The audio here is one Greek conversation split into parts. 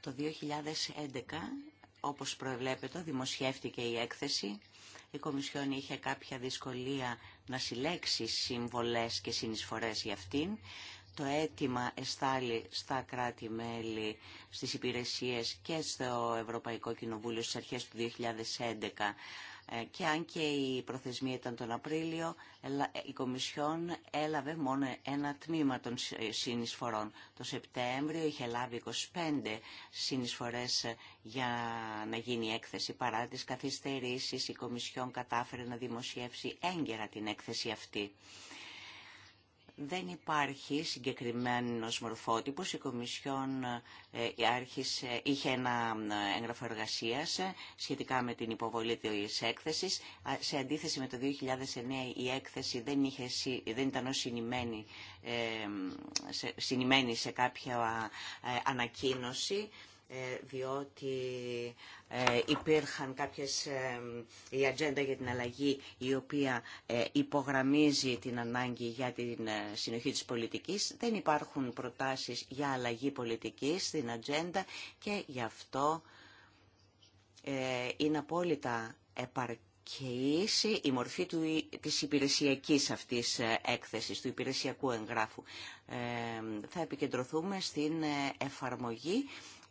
Το 2011, όπως προβλέπετο, δημοσιεύτηκε η έκθεση. Η Κομισιόν είχε κάποια δυσκολία να συλλέξει συμβολές και συνεισφορές για αυτήν. Το αίτημα εστάλει στα κράτη-μέλη, στις υπηρεσίες και στο Ευρωπαϊκό Κοινοβούλιο στις αρχές του 2011 ε, και αν και η προθεσμία ήταν τον Απρίλιο, ε, η Κομισιόν έλαβε μόνο ένα τμήμα των ε, συνεισφορών. Το Σεπτέμβριο είχε λάβει 25 συνεισφορές για να γίνει έκθεση. Παρά τις καθυστερήσεις, η Κομισιόν κατάφερε να δημοσιεύσει έγκαιρα την έκθεση αυτή δεν υπάρχει συγκεκριμένος μορφότυπος. Η Κομισιόν ε, είχε ένα ε, έγγραφο εργασία ε, σχετικά με την υποβολή της έκθεσης. Σε αντίθεση με το 2009 η έκθεση δεν, είχε, δεν ήταν ως συνημένη, σε, κάποια ανακοίνωση. Ε, διότι ε, υπήρχαν κάποιες, ε, η ατζέντα για την αλλαγή η οποία υπογραμμίζει την ανάγκη για την συνοχή της πολιτικής. Δεν υπάρχουν προτάσεις για αλλαγή πολιτικής στην ατζέντα και γι' αυτό είναι απόλυτα ίση η μορφή του, της υπηρεσιακής αυτής έκθεσης, του υπηρεσιακού εγγράφου. θα επικεντρωθούμε στην εφαρμογή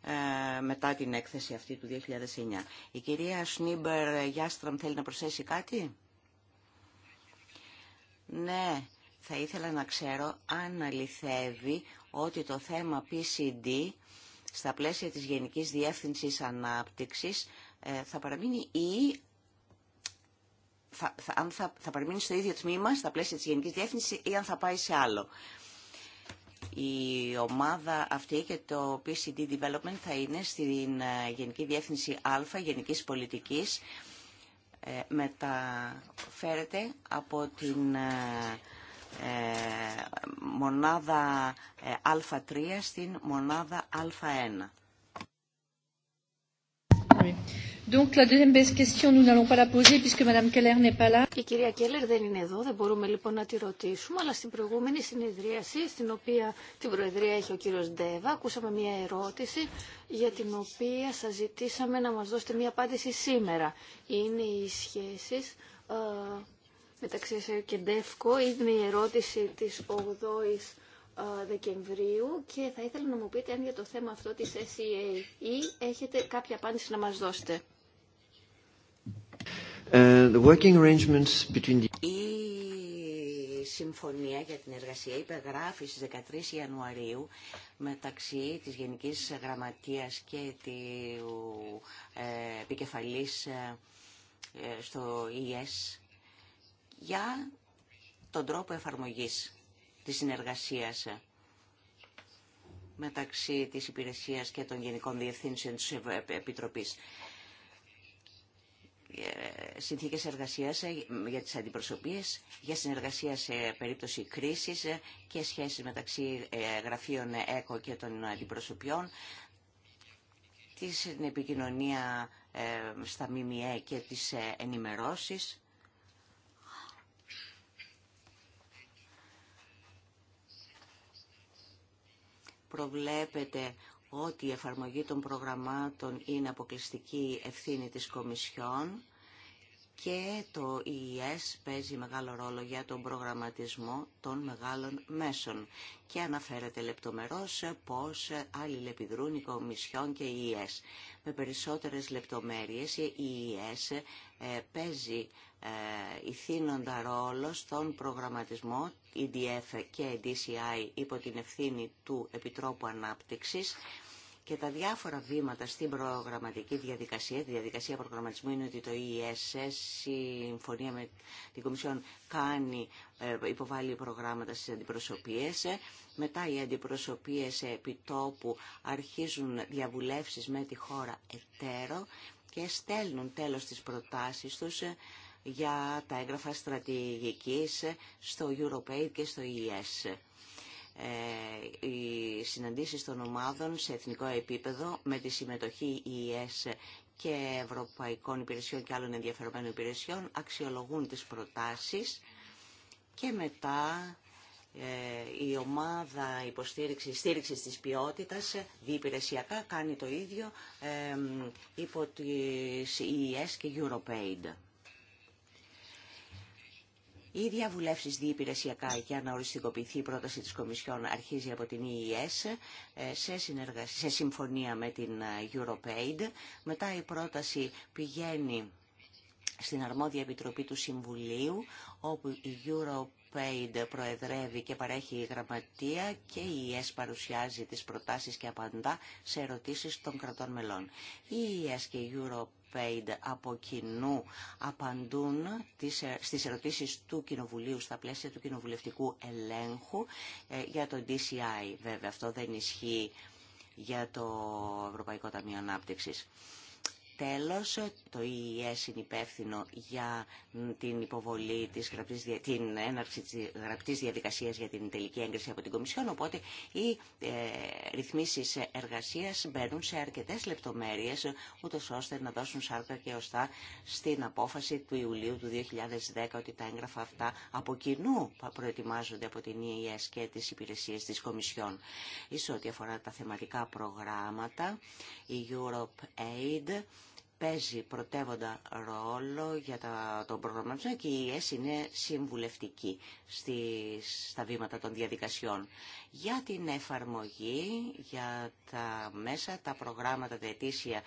ε, μετά την έκθεση αυτή του 2009. Η κυρία Σνίμπερ Γιάστραμ θέλει να προσθέσει κάτι. Ναι, θα ήθελα να ξέρω αν αληθεύει ότι το θέμα PCD στα πλαίσια της Γενικής Διεύθυνσης Ανάπτυξης ε, θα παραμείνει ή θα, αν θα, παραμείνει στο ίδιο τμήμα στα πλαίσια της Γενικής Διεύθυνσης ή αν θα πάει σε άλλο. Η ομάδα αυτή και το PCD Development θα είναι στην ε, Γενική Διεύθυνση Α Γενικής Πολιτικής. Ε, μεταφέρεται από την ε, μονάδα Α3 στην μονάδα Α1. Η κυρία Κέλλερ δεν είναι εδώ, δεν μπορούμε λοιπόν να τη ρωτήσουμε, αλλά στην προηγούμενη συνεδρίαση, στην οποία την Προεδρία έχει ο κύριος Ντέβα, ακούσαμε μια ερώτηση για την οποία σας ζητήσαμε να μας δώσετε μια απάντηση σήμερα. Είναι οι σχέσεις ε, μεταξύ ΕΣΕΡ και ΝΤΕΦΚΟ, είναι η ερώτηση της 8ης ε, Δεκεμβρίου και θα ήθελα να μου πείτε αν για το θέμα αυτό της SEA ή e έχετε κάποια απάντηση να μας δώσετε. Ε, Η συμφωνία για την εργασία υπεγράφει στις 13 Ιανουαρίου μεταξύ της Γενικής Γραμματείας και του ε, επικεφαλής ε, ε, στο ΙΕΣ για τον τρόπο εφαρμογής της συνεργασίας μεταξύ της υπηρεσίας και των Γενικών Διευθύνσεων της Επιτροπής. Ε, συνθήκες εργασίας ε, για τις αντιπροσωπείες, για συνεργασία σε περίπτωση κρίσης ε, και σχέσεις μεταξύ γραφείων ΕΚΟ και των αντιπροσωπιών, την επικοινωνία στα ΜΜΕ και τις ενημερώσεις. Προβλέπεται ότι η εφαρμογή των προγραμμάτων είναι αποκλειστική ευθύνη της Κομισιόν και το ΙΕΣ e παίζει μεγάλο ρόλο για τον προγραμματισμό των μεγάλων μέσων και αναφέρεται λεπτομερώς πώς αλληλεπιδρούν οι Κομισιόν και η ΙΕΣ. E Με περισσότερες λεπτομέρειες η ΙΕΣ e παίζει ε, ηθήνοντα ρόλο στον προγραμματισμό EDF και DCI υπό την ευθύνη του Επιτρόπου Ανάπτυξης και τα διάφορα βήματα στην προγραμματική διαδικασία, τη διαδικασία προγραμματισμού είναι ότι το ESS, η συμφωνία με την Κομισιόν, κάνει, ε, υποβάλλει προγράμματα στις αντιπροσωπείες. Ε, μετά οι αντιπροσωπείες επιτόπου αρχίζουν διαβουλεύσεις με τη χώρα εταίρο και στέλνουν τέλος τις προτάσεις τους ε, για τα έγγραφα στρατηγικής στο EuroPaid και στο ES. Ε, οι συναντήσεις των ομάδων σε εθνικό επίπεδο με τη συμμετοχή ΙΕΣ και Ευρωπαϊκών Υπηρεσιών και άλλων ενδιαφερομένων υπηρεσιών αξιολογούν τις προτάσεις και μετά ε, η ομάδα υποστήριξης, στήριξης της ποιότητας ε, διυπηρεσιακά κάνει το ίδιο υπό τις ΙΕΣ και EuroPaid. Οι διαβουλεύσεις διυπηρεσιακά για να οριστικοποιηθεί η πρόταση της Κομισιόν αρχίζει από την ΕΕ σε, συνεργασία, σε συμφωνία με την ε, EuroPaid. Μετά η πρόταση πηγαίνει στην αρμόδια επιτροπή του Συμβουλίου, όπου η EuroPaid προεδρεύει και παρέχει η γραμματεία και η ΕΕΣ παρουσιάζει τις προτάσεις και απαντά σε ερωτήσεις των κρατών μελών. Η και η από κοινού απαντούν ε, στις ερωτήσεις του Κοινοβουλίου στα πλαίσια του Κοινοβουλευτικού Ελέγχου ε, για το DCI. Βέβαια αυτό δεν ισχύει για το Ευρωπαϊκό Ταμείο Ανάπτυξης. Τέλος, το ΙΕΣ είναι υπεύθυνο για την υποβολή της γραπτής, την έναρξη της γραπτής διαδικασίας για την τελική έγκριση από την Κομισιόν, οπότε οι ε, ρυθμίσεις εργασίας μπαίνουν σε αρκετές λεπτομέρειες, ούτως ώστε να δώσουν σάρκα και ωστά στην απόφαση του Ιουλίου του 2010 ότι τα έγγραφα αυτά από κοινού προετοιμάζονται από την ΙΕΣ και τις υπηρεσίες της Κομισιόν. Ίσως ό,τι αφορά τα θεματικά προγράμματα, η Europe Aid, παίζει πρωτεύοντα ρόλο για τα, τον προγραμματισμό και η ΕΣ είναι συμβουλευτική στις, στα βήματα των διαδικασιών. Για την εφαρμογή, για τα μέσα, τα προγράμματα, τα ετήσια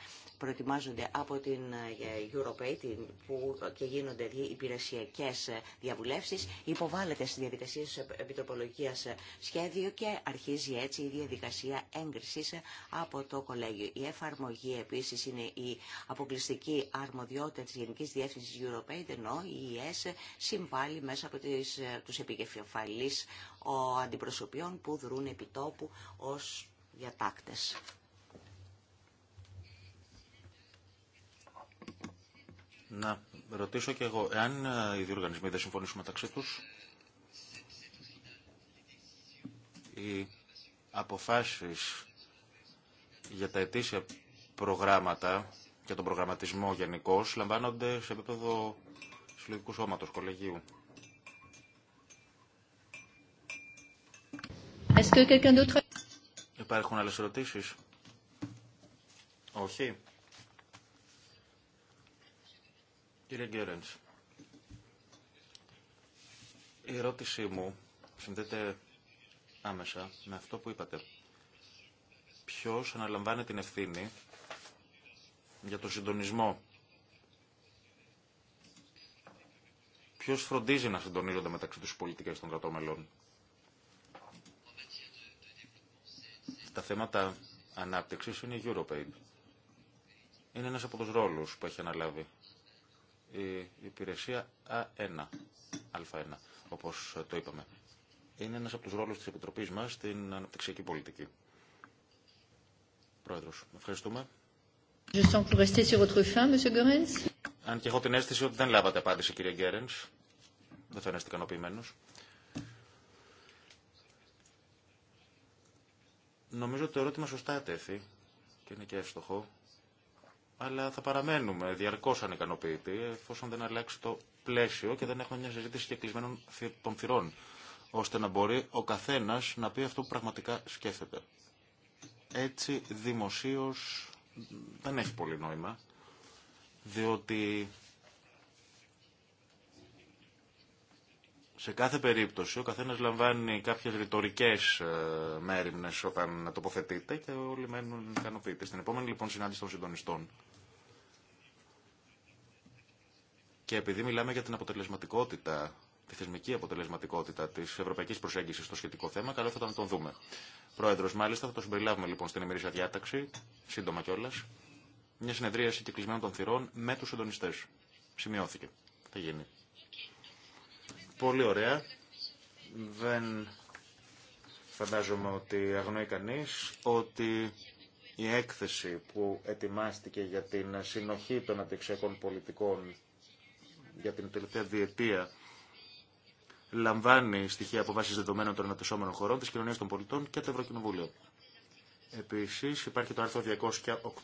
προετοιμάζονται από την ε, Europay που ε, και γίνονται υπηρεσιακές ε, διαβουλεύσει, υποβάλλεται στη διαδικασία τη επιτροπολογία σχέδιο και αρχίζει έτσι η διαδικασία έγκρισης από το κολέγιο. Η εφαρμογή επίση είναι η αποκλειστική αρμοδιότητα της γενική διεύθυνση Europay, ενώ η ΕΣ συμβάλλει μέσα από του επικεφαλεί αντιπροσωπείων που δρούν επιτόπου ω διατάκτες. Να ρωτήσω και εγώ, εάν ε, οι δύο οργανισμοί δεν συμφωνήσουν μεταξύ τους, οι αποφάσεις για τα ετήσια προγράμματα και τον προγραμματισμό γενικώ λαμβάνονται σε επίπεδο συλλογικού σώματος, κολεγίου. Υπάρχουν άλλες ερωτήσεις? Όχι. Κύριε Γκέρενς, η ερώτησή μου συνδέεται άμεσα με αυτό που είπατε. Ποιος αναλαμβάνει την ευθύνη για το συντονισμό. Ποιος φροντίζει να συντονίζονται μεταξύ τους πολιτικές των κρατών μελών. Τα θέματα ανάπτυξης είναι η Europaid. Είναι ένας από τους ρόλους που έχει αναλάβει η υπηρεσία Α1, Α1, όπως το είπαμε. Είναι ένας από τους ρόλους της Επιτροπής μας στην αναπτυξιακή πολιτική. Πρόεδρος, ευχαριστούμε. Αν και έχω την αίσθηση ότι δεν λάβατε απάντηση, κύριε Γκέρενς. Δεν φαίνεστε ικανοποιημένο. Νομίζω ότι το ερώτημα σωστά έτεθη και είναι και εύστοχο αλλά θα παραμένουμε διαρκώ ανικανοποιητοί εφόσον δεν αλλάξει το πλαίσιο και δεν έχουμε μια συζήτηση και κλεισμένων των θυρών, ώστε να μπορεί ο καθένα να πει αυτό που πραγματικά σκέφτεται. Έτσι δημοσίω δεν έχει πολύ νόημα, διότι σε κάθε περίπτωση ο καθένας λαμβάνει κάποιες ρητορικές ε, μέρημνες όταν τοποθετείται και όλοι μένουν ικανοποιητές. Στην επόμενη λοιπόν συνάντηση των συντονιστών Και επειδή μιλάμε για την αποτελεσματικότητα, τη θεσμική αποτελεσματικότητα τη ευρωπαϊκή προσέγγιση στο σχετικό θέμα, καλό θα ήταν να τον δούμε. Πρόεδρο, μάλιστα, θα το συμπεριλάβουμε λοιπόν στην ημερήσια διάταξη, σύντομα κιόλα, μια συνεδρίαση κυκλισμένων των θυρών με του συντονιστέ. Σημειώθηκε. Θα γίνει. Πολύ ωραία. Δεν φαντάζομαι ότι αγνοεί κανεί ότι η έκθεση που ετοιμάστηκε για την συνοχή των αντιξιακών πολιτικών για την τελευταία διετία λαμβάνει στοιχεία από βάσει δεδομένων των αναπτυσσόμενων χωρών, τη κοινωνία των πολιτών και το Ευρωκοινοβούλιο. Επίση, υπάρχει το άρθρο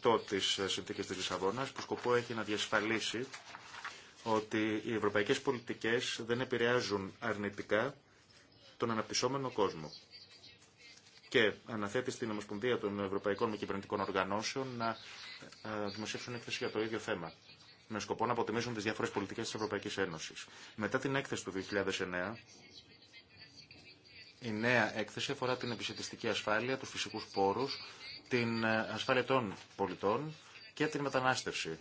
208 τη Συνθήκη τη Λισαβόνα, που σκοπό έχει να διασφαλίσει ότι οι ευρωπαϊκέ πολιτικέ δεν επηρεάζουν αρνητικά τον αναπτυσσόμενο κόσμο. Και αναθέτει στην Ομοσπονδία των Ευρωπαϊκών Μη Κυβερνητικών Οργανώσεων να ε, δημοσιεύσουν έκθεση για το ίδιο θέμα με σκοπό να αποτιμήσουν τι διάφορε πολιτικέ τη Ευρωπαϊκή Ένωση. Μετά την έκθεση του 2009, η νέα έκθεση αφορά την επισκεπτική ασφάλεια, του φυσικού πόρου, την ε, ασφάλεια των πολιτών και την μετανάστευση.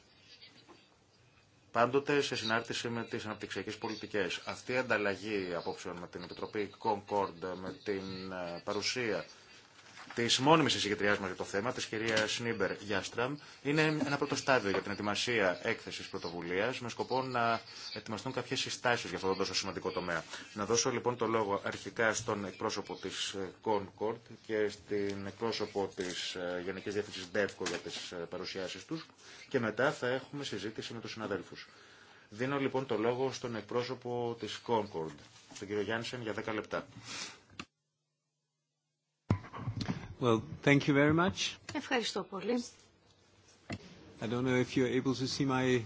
Πάντοτε σε συνάρτηση με τι αναπτυξιακέ πολιτικέ. Αυτή η ανταλλαγή απόψεων με την Επιτροπή Concord, με την ε, παρουσία τη μόνιμη συζητριά μα για το θέμα, τη κυρία Σνίμπερ Γιάστραμ, είναι ένα πρώτο στάδιο για την ετοιμασία έκθεση πρωτοβουλία με σκοπό να ετοιμαστούν κάποιε συστάσει για αυτό το τόσο σημαντικό τομέα. Να δώσω λοιπόν το λόγο αρχικά στον εκπρόσωπο τη ε, Concord και στην εκπρόσωπο τη ε, Γενική Διεύθυνση ΔΕΒΚΟ για τι ε, παρουσιάσει του και μετά θα έχουμε συζήτηση με του συναδέλφου. Δίνω λοιπόν το λόγο στον εκπρόσωπο τη Concord, τον κύριο Γιάννησεν, για 10 λεπτά. Well, thank you very much. Ευχαριστώ πολύ. I don't know if you're able to see my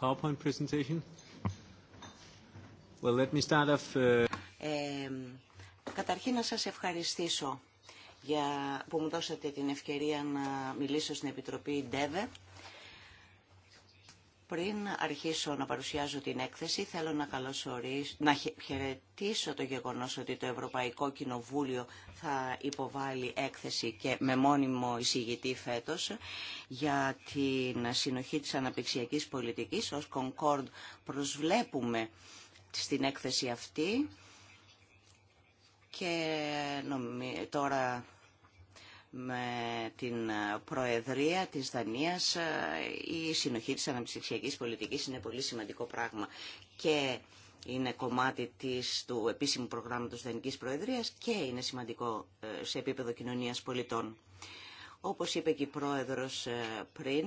PowerPoint presentation. Well, let me start off. Ε, καταρχήν να σας ευχαριστήσω για που μου δώσατε την ευκαιρία να μιλήσω στην Επιτροπή ΔΕΒΕ. Πριν αρχίσω να παρουσιάζω την έκθεση, θέλω να, καλωσορίσω, να χαιρετήσω το γεγονός ότι το Ευρωπαϊκό Κοινοβούλιο θα υποβάλει έκθεση και με μόνιμο εισηγητή φέτος για την συνοχή της αναπτυξιακής πολιτικής. Ως Concord προσβλέπουμε στην έκθεση αυτή και τώρα με την Προεδρία της Δανίας η συνοχή της αναπτυξιακής πολιτικής είναι πολύ σημαντικό πράγμα και είναι κομμάτι της, του επίσημου προγράμματος Δανικής Προεδρίας και είναι σημαντικό ε, σε επίπεδο κοινωνίας πολιτών. Όπως είπε και η Πρόεδρος ε, πριν,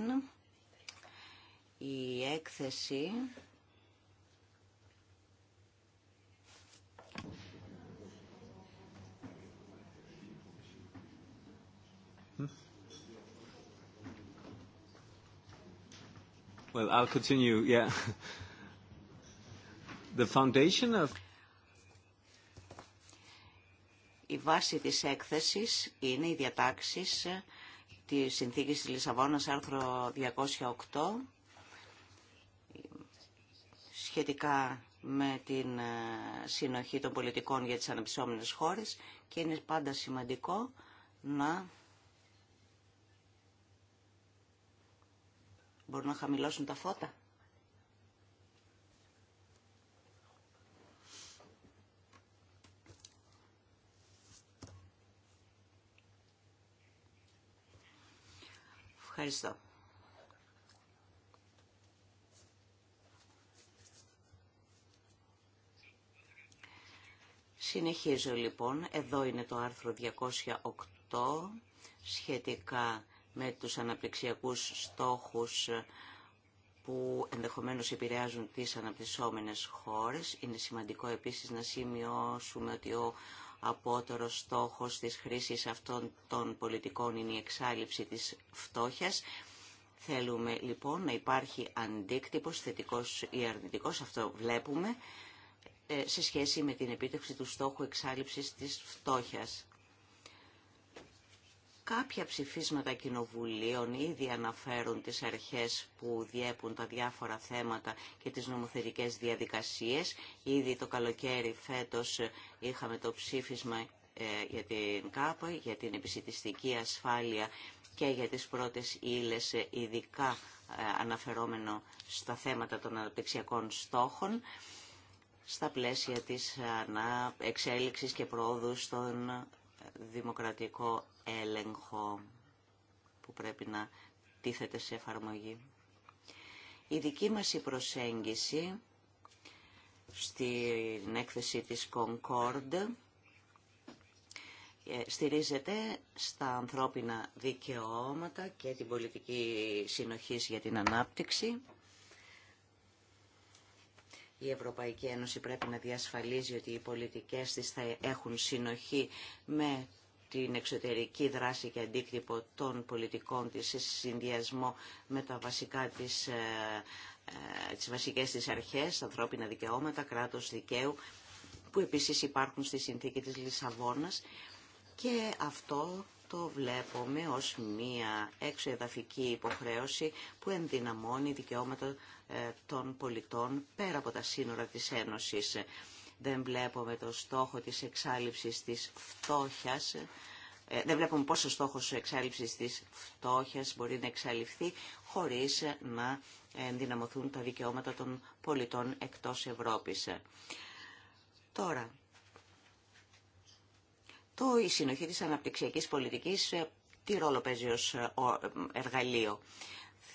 η έκθεση Well, continue. Yeah. The foundation of... Η βάση της έκθεσης είναι οι διατάξεις της Συνθήκης της Λισαβόνας, άρθρο 208, σχετικά με την ε, συνοχή των πολιτικών για τις αναπτυσσόμενες χώρες και είναι πάντα σημαντικό να Μπορούν να χαμηλώσουν τα φώτα. Ευχαριστώ. Συνεχίζω λοιπόν, εδώ είναι το άρθρο 208 σχετικά με τους αναπτυξιακούς στόχους που ενδεχομένως επηρεάζουν τις αναπτυσσόμενες χώρες. Είναι σημαντικό επίσης να σημειώσουμε ότι ο απότερος στόχος της χρήσης αυτών των πολιτικών είναι η εξάλληψη της φτώχειας. Θέλουμε λοιπόν να υπάρχει αντίκτυπος θετικός ή αρνητικός, αυτό βλέπουμε, ε, σε σχέση με την επίτευξη του στόχου εξάλληψης της φτώχειας. Κάποια ψηφίσματα κοινοβουλίων ήδη αναφέρουν τις αρχές που διέπουν τα διάφορα θέματα και τις νομοθετικές διαδικασίες. Ήδη το καλοκαίρι φέτος είχαμε το ψήφισμα ε, για την ΚΑΠΑ, για την επισητιστική ασφάλεια και για τις πρώτες ύλες ε, ειδικά ε, αναφερόμενο στα θέματα των αναπτυξιακών στόχων στα πλαίσια της εξέλιξης και προόδου στον δημοκρατικό έλεγχο που πρέπει να τίθεται σε εφαρμογή. Η δική μας η προσέγγιση στην έκθεση της Concord ε, στηρίζεται στα ανθρώπινα δικαιώματα και την πολιτική συνοχής για την ανάπτυξη η Ευρωπαϊκή Ένωση πρέπει να διασφαλίζει ότι οι πολιτικές της θα έχουν συνοχή με την εξωτερική δράση και αντίκτυπο των πολιτικών της σε συνδυασμό με τα βασικά της, ε, ε τις βασικές της αρχές, ανθρώπινα δικαιώματα, κράτος δικαίου, που επίσης υπάρχουν στη συνθήκη της Λισαβόνας και αυτό το βλέπουμε ως μια έξω υποχρέωση που ενδυναμώνει δικαιώματα ε, των πολιτών πέρα από τα σύνορα της Ένωσης. Δεν βλέπουμε το στόχο της εξάλληψης της φτώχειας, ε, δεν βλέπουμε πόσο στόχος εξάλληψης της φτώχειας μπορεί να εξαλειφθεί χωρίς να ενδυναμωθούν τα δικαιώματα των πολιτών εκτός Ευρώπης. Τώρα, το, η συνοχή της αναπτυξιακής πολιτικής ε, τι ρόλο παίζει ως ε, ε, εργαλείο.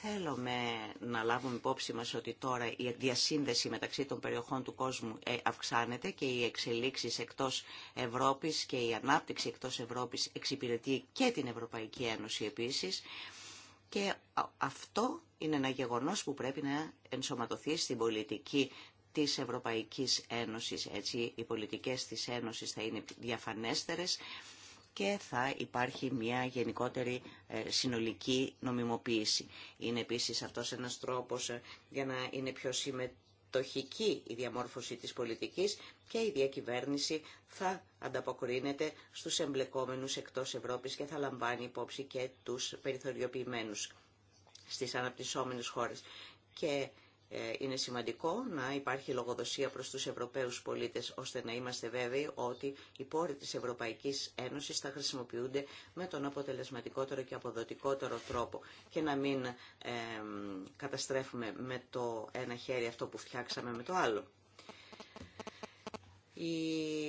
Θέλουμε να λάβουμε υπόψη μας ότι τώρα η διασύνδεση μεταξύ των περιοχών του κόσμου αυξάνεται και οι εξελίξεις εκτός Ευρώπης και η ανάπτυξη εκτός Ευρώπης εξυπηρετεί και την Ευρωπαϊκή Ένωση επίσης. Και αυτό είναι ένα γεγονός που πρέπει να ενσωματωθεί στην πολιτική της Ευρωπαϊκής Ένωσης. Έτσι οι πολιτικές της Ένωσης θα είναι διαφανέστερες και θα υπάρχει μια γενικότερη ε, συνολική νομιμοποίηση. Είναι επίσης αυτός ένας τρόπος ε, για να είναι πιο συμμετοχική η διαμόρφωση της πολιτικής και η διακυβέρνηση θα ανταποκρίνεται στους εμπλεκόμενους εκτός Ευρώπης και θα λαμβάνει υπόψη και τους περιθωριοποιημένους στις αναπτυσσόμενες χώρες. Και ε, είναι σημαντικό να υπάρχει λογοδοσία προς τους Ευρωπαίους πολίτες, ώστε να είμαστε βέβαιοι ότι οι πόροι της Ευρωπαϊκής Ένωσης θα χρησιμοποιούνται με τον αποτελεσματικότερο και αποδοτικότερο τρόπο και να μην καταστρέφουμε με το ένα χέρι αυτό που φτιάξαμε με το άλλο. Η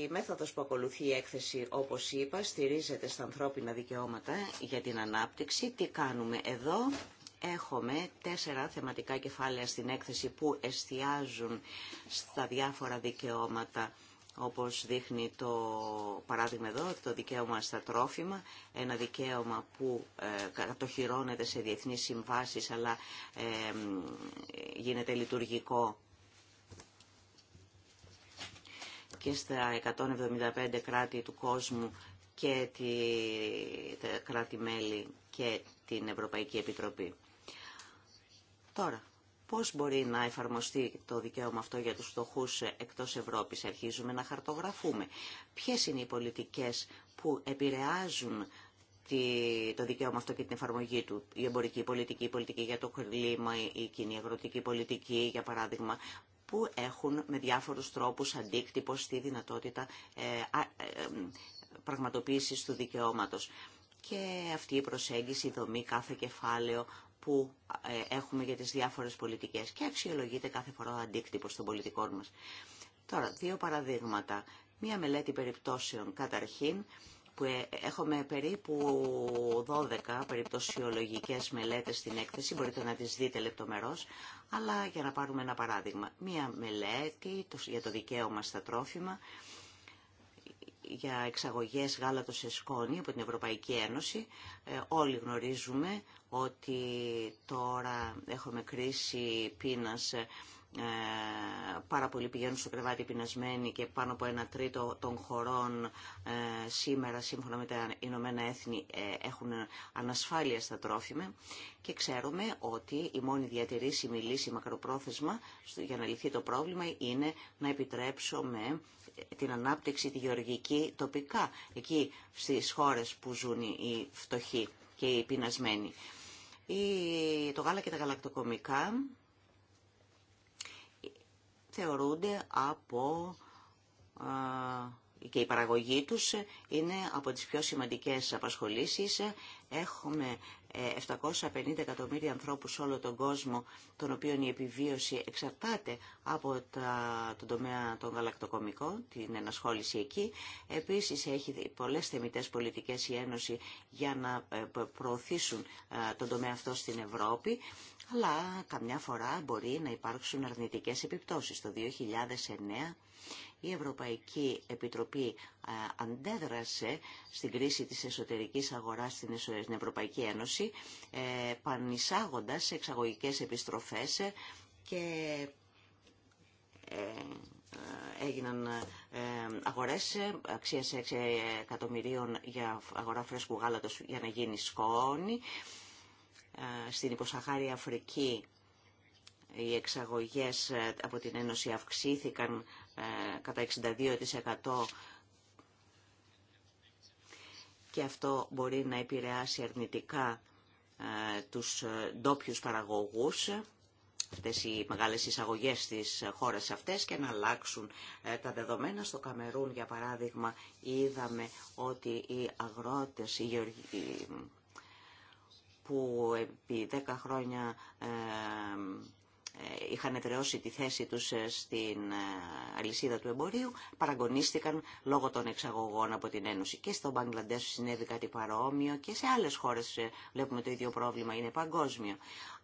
μέθοδος που ακολουθεί η έκθεση, όπως είπα, στηρίζεται στα ανθρώπινα δικαιώματα για την ανάπτυξη. Τι κάνουμε εδώ, Έχουμε τέσσερα θεματικά κεφάλαια στην έκθεση που εστιάζουν στα διάφορα δικαιώματα όπως δείχνει το παράδειγμα εδώ, το δικαίωμα στα τρόφιμα, ένα δικαίωμα που ε, κατοχυρώνεται σε διεθνείς συμβάσεις αλλά ε, γίνεται λειτουργικό και στα 175 κράτη του κόσμου και τη, τα κράτη-μέλη και την Ευρωπαϊκή Επιτροπή. Τώρα, πώς μπορεί να εφαρμοστεί το δικαίωμα αυτό για τους φτωχούς εκτός Ευρώπης. Αρχίζουμε να χαρτογραφούμε. Ποιες είναι οι πολιτικές που επηρεάζουν το δικαίωμα αυτό και την εφαρμογή του. Η εμπορική πολιτική, η πολιτική για το κλίμα, η κοινή αγροτική πολιτική, για παράδειγμα, που έχουν με διάφορους τρόπους αντίκτυπο στη δυνατότητα ε, ε, πραγματοποίησης του δικαιώματος. Και αυτή η προσέγγιση, η δομή, κάθε κεφάλαιο που ε, έχουμε για τις διάφορες πολιτικές και αξιολογείται κάθε φορά ο αντίκτυπος των πολιτικών μας. Τώρα, δύο παραδείγματα. Μία μελέτη περιπτώσεων καταρχήν, που ε, έχουμε περίπου 12 περιπτωσιολογικές μελέτες στην έκθεση, μπορείτε να τις δείτε λεπτομερώς, αλλά για να πάρουμε ένα παράδειγμα. Μία μελέτη για το δικαίωμα στα τρόφιμα, για εξαγωγές γάλατος σε σκόνη από την Ευρωπαϊκή Ένωση. Ε, όλοι γνωρίζουμε ότι τώρα έχουμε κρίση πείνας ε, πάρα πολλοί πηγαίνουν στο κρεβάτι πεινασμένοι και πάνω από ένα τρίτο των χωρών ε, σήμερα σύμφωνα με τα Ηνωμένα Έθνη έχουν ανασφάλεια στα τρόφιμα και ξέρουμε ότι η μόνη διατηρήσιμη λύση μακροπρόθεσμα για να λυθεί το πρόβλημα είναι να επιτρέψουμε την ανάπτυξη τη γεωργική τοπικά, εκεί στις χώρες που ζουν οι φτωχοί και οι πεινασμένοι. Το γάλα και τα γαλακτοκομικά θεωρούνται από και η παραγωγή τους είναι από τις πιο σημαντικές απασχολήσεις. Έχουμε 750 εκατομμύρια ανθρώπους σε όλο τον κόσμο, των οποίων η επιβίωση εξαρτάται από τα, τον τομέα των γαλακτοκομικών, την ενασχόληση εκεί. Επίσης έχει πολλές θεμητές πολιτικές η Ένωση για να ε, προωθήσουν ε, τον τομέα αυτό στην Ευρώπη, αλλά καμιά φορά μπορεί να υπάρξουν αρνητικές επιπτώσεις. Το 2009 η Ευρωπαϊκή Επιτροπή ε, αντέδρασε στην κρίση της εσωτερικής αγοράς στην Ευρωπαϊκή Ένωση, ε, πανισάγοντας εξαγωγικές επιστροφές ε, και έγιναν αγορές αξίας 6 εκατομμυρίων για αγορά φρέσκου γάλατος για να γίνει σκόνη. Στην υποσαχάρια Αφρική οι εξαγωγές ε, από την Ένωση αυξήθηκαν ε, κατά 62% και αυτό μπορεί να επηρεάσει αρνητικά ε, τους ντόπιου παραγωγούς αυτές οι μεγάλες εισαγωγές της χώρες αυτές και να αλλάξουν τα δεδομένα. Στο Καμερούν, για παράδειγμα, είδαμε ότι οι αγρότες που επί 10 χρόνια ε, είχαν εκρεώσει τη θέση τους ε, στην ε, αλυσίδα του εμπορίου, παραγωνίστηκαν λόγω των εξαγωγών από την Ένωση. Και στο Μπαγκλαντές συνέβη κάτι παρόμοιο και σε άλλες χώρες βλέπουμε το ίδιο πρόβλημα, είναι παγκόσμιο.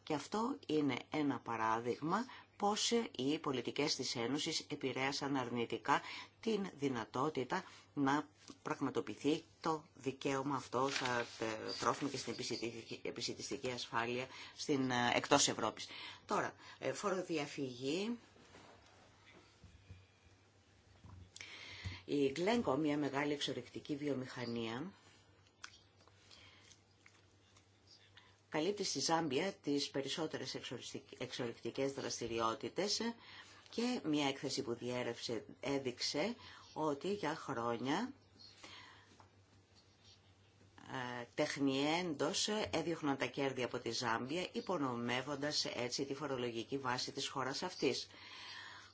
Και αυτό είναι ένα παράδειγμα πώς οι πολιτικές της Ένωσης επηρέασαν αρνητικά την δυνατότητα να πραγματοποιηθεί το δικαίωμα αυτό στα ε, τρόφιμα και στην επισητιστική ασφάλεια στην, ε, εκτός Ευρώπης. Τώρα, ε, φοροδιαφυγή... Η Γκλέγκο, μια μεγάλη εξορρυκτική βιομηχανία, καλύπτει στη Ζάμπια τις περισσότερες εξορυκτικές δραστηριότητες και μια έκθεση που διέρευσε έδειξε ότι για χρόνια ε, τεχνιέντος έδιωχναν τα κέρδη από τη Ζάμπια υπονομεύοντας έτσι τη φορολογική βάση της χώρας αυτής.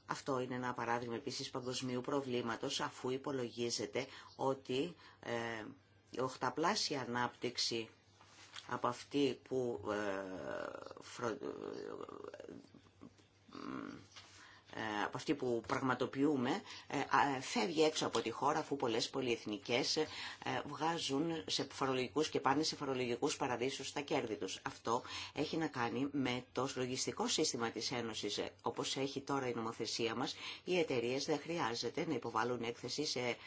Αυτό είναι ένα παράδειγμα επίσης παγκοσμίου προβλήματος αφού υπολογίζεται ότι ε, η οχταπλάσια ανάπτυξη από αυτή που ε, ε, ε, από αυτή που πραγματοποιούμε φεύγει έξω από τη χώρα αφού πολλές πολυεθνικές βγάζουν σε φορολογικούς και πάνε σε φορολογικούς παραδείσους τα κέρδη τους. Αυτό έχει να κάνει με το λογιστικό σύστημα της Ένωσης όπως έχει τώρα η νομοθεσία μας. Οι εταιρείε δεν χρειάζεται να υποβάλουν έκθεση σε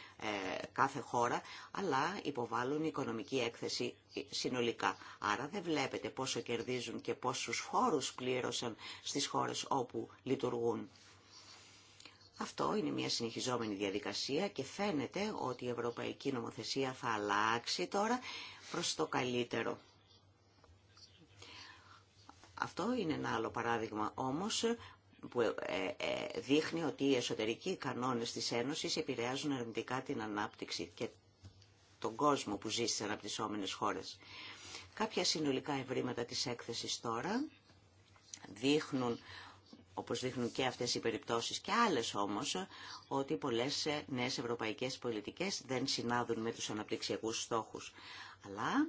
κάθε χώρα αλλά υποβάλλουν οικονομική έκθεση συνολικά. Άρα δεν βλέπετε πόσο κερδίζουν και πόσους φόρους πλήρωσαν στις χώρες όπου λειτουργούν. Αυτό είναι μια συνεχιζόμενη διαδικασία και φαίνεται ότι η ευρωπαϊκή νομοθεσία θα αλλάξει τώρα προς το καλύτερο. Αυτό είναι ένα άλλο παράδειγμα όμως που ε, ε, δείχνει ότι οι εσωτερικοί κανόνες της Ένωσης επηρεάζουν αρνητικά την ανάπτυξη τον κόσμο που ζει στι αναπτυσσόμενες χώρες. Κάποια συνολικά ευρήματα τη έκθεσης τώρα δείχνουν όπως δείχνουν και αυτές οι περιπτώσεις και άλλες όμως, ότι πολλές νέες ευρωπαϊκές πολιτικές δεν συνάδουν με τους αναπτυξιακούς στόχους. Αλλά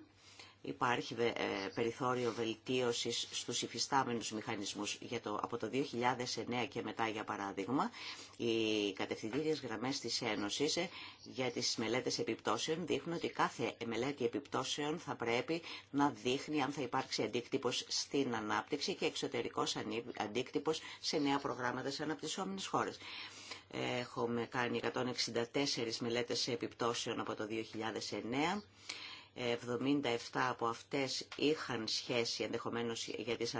Υπάρχει ε, περιθώριο βελτίωσης στους υφιστάμενους μηχανισμούς για το, από το 2009 και μετά, για παράδειγμα, οι κατευθυντήριες γραμμές της Ένωσης ε, για τις μελέτες επιπτώσεων δείχνουν ότι κάθε μελέτη επιπτώσεων θα πρέπει να δείχνει αν θα υπάρξει αντίκτυπος στην ανάπτυξη και εξωτερικός αντίκτυπος σε νέα προγράμματα σε αναπτυσσόμενες χώρες. Έχουμε κάνει 164 μελέτες επιπτώσεων από το 2009 77 από αυτές είχαν σχέση ενδεχομένως για τις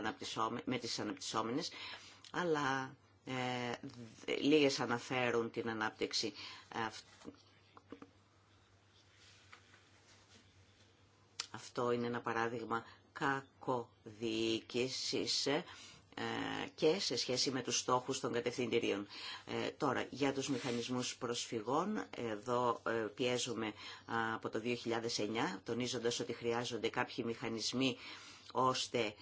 με τις αναπτυσσόμενες, αλλά ε, λίγες αναφέρουν την ανάπτυξη. Αυτό είναι ένα παράδειγμα κακοδιοίκησης ε, και σε σχέση με τους στόχους των κατευθυντηρίων. Ε, τώρα, για τους μηχανισμούς προσφυγών, εδώ ε, πιέζουμε από το 2009, τονίζοντας ότι χρειάζονται κάποιοι μηχανισμοί ώστε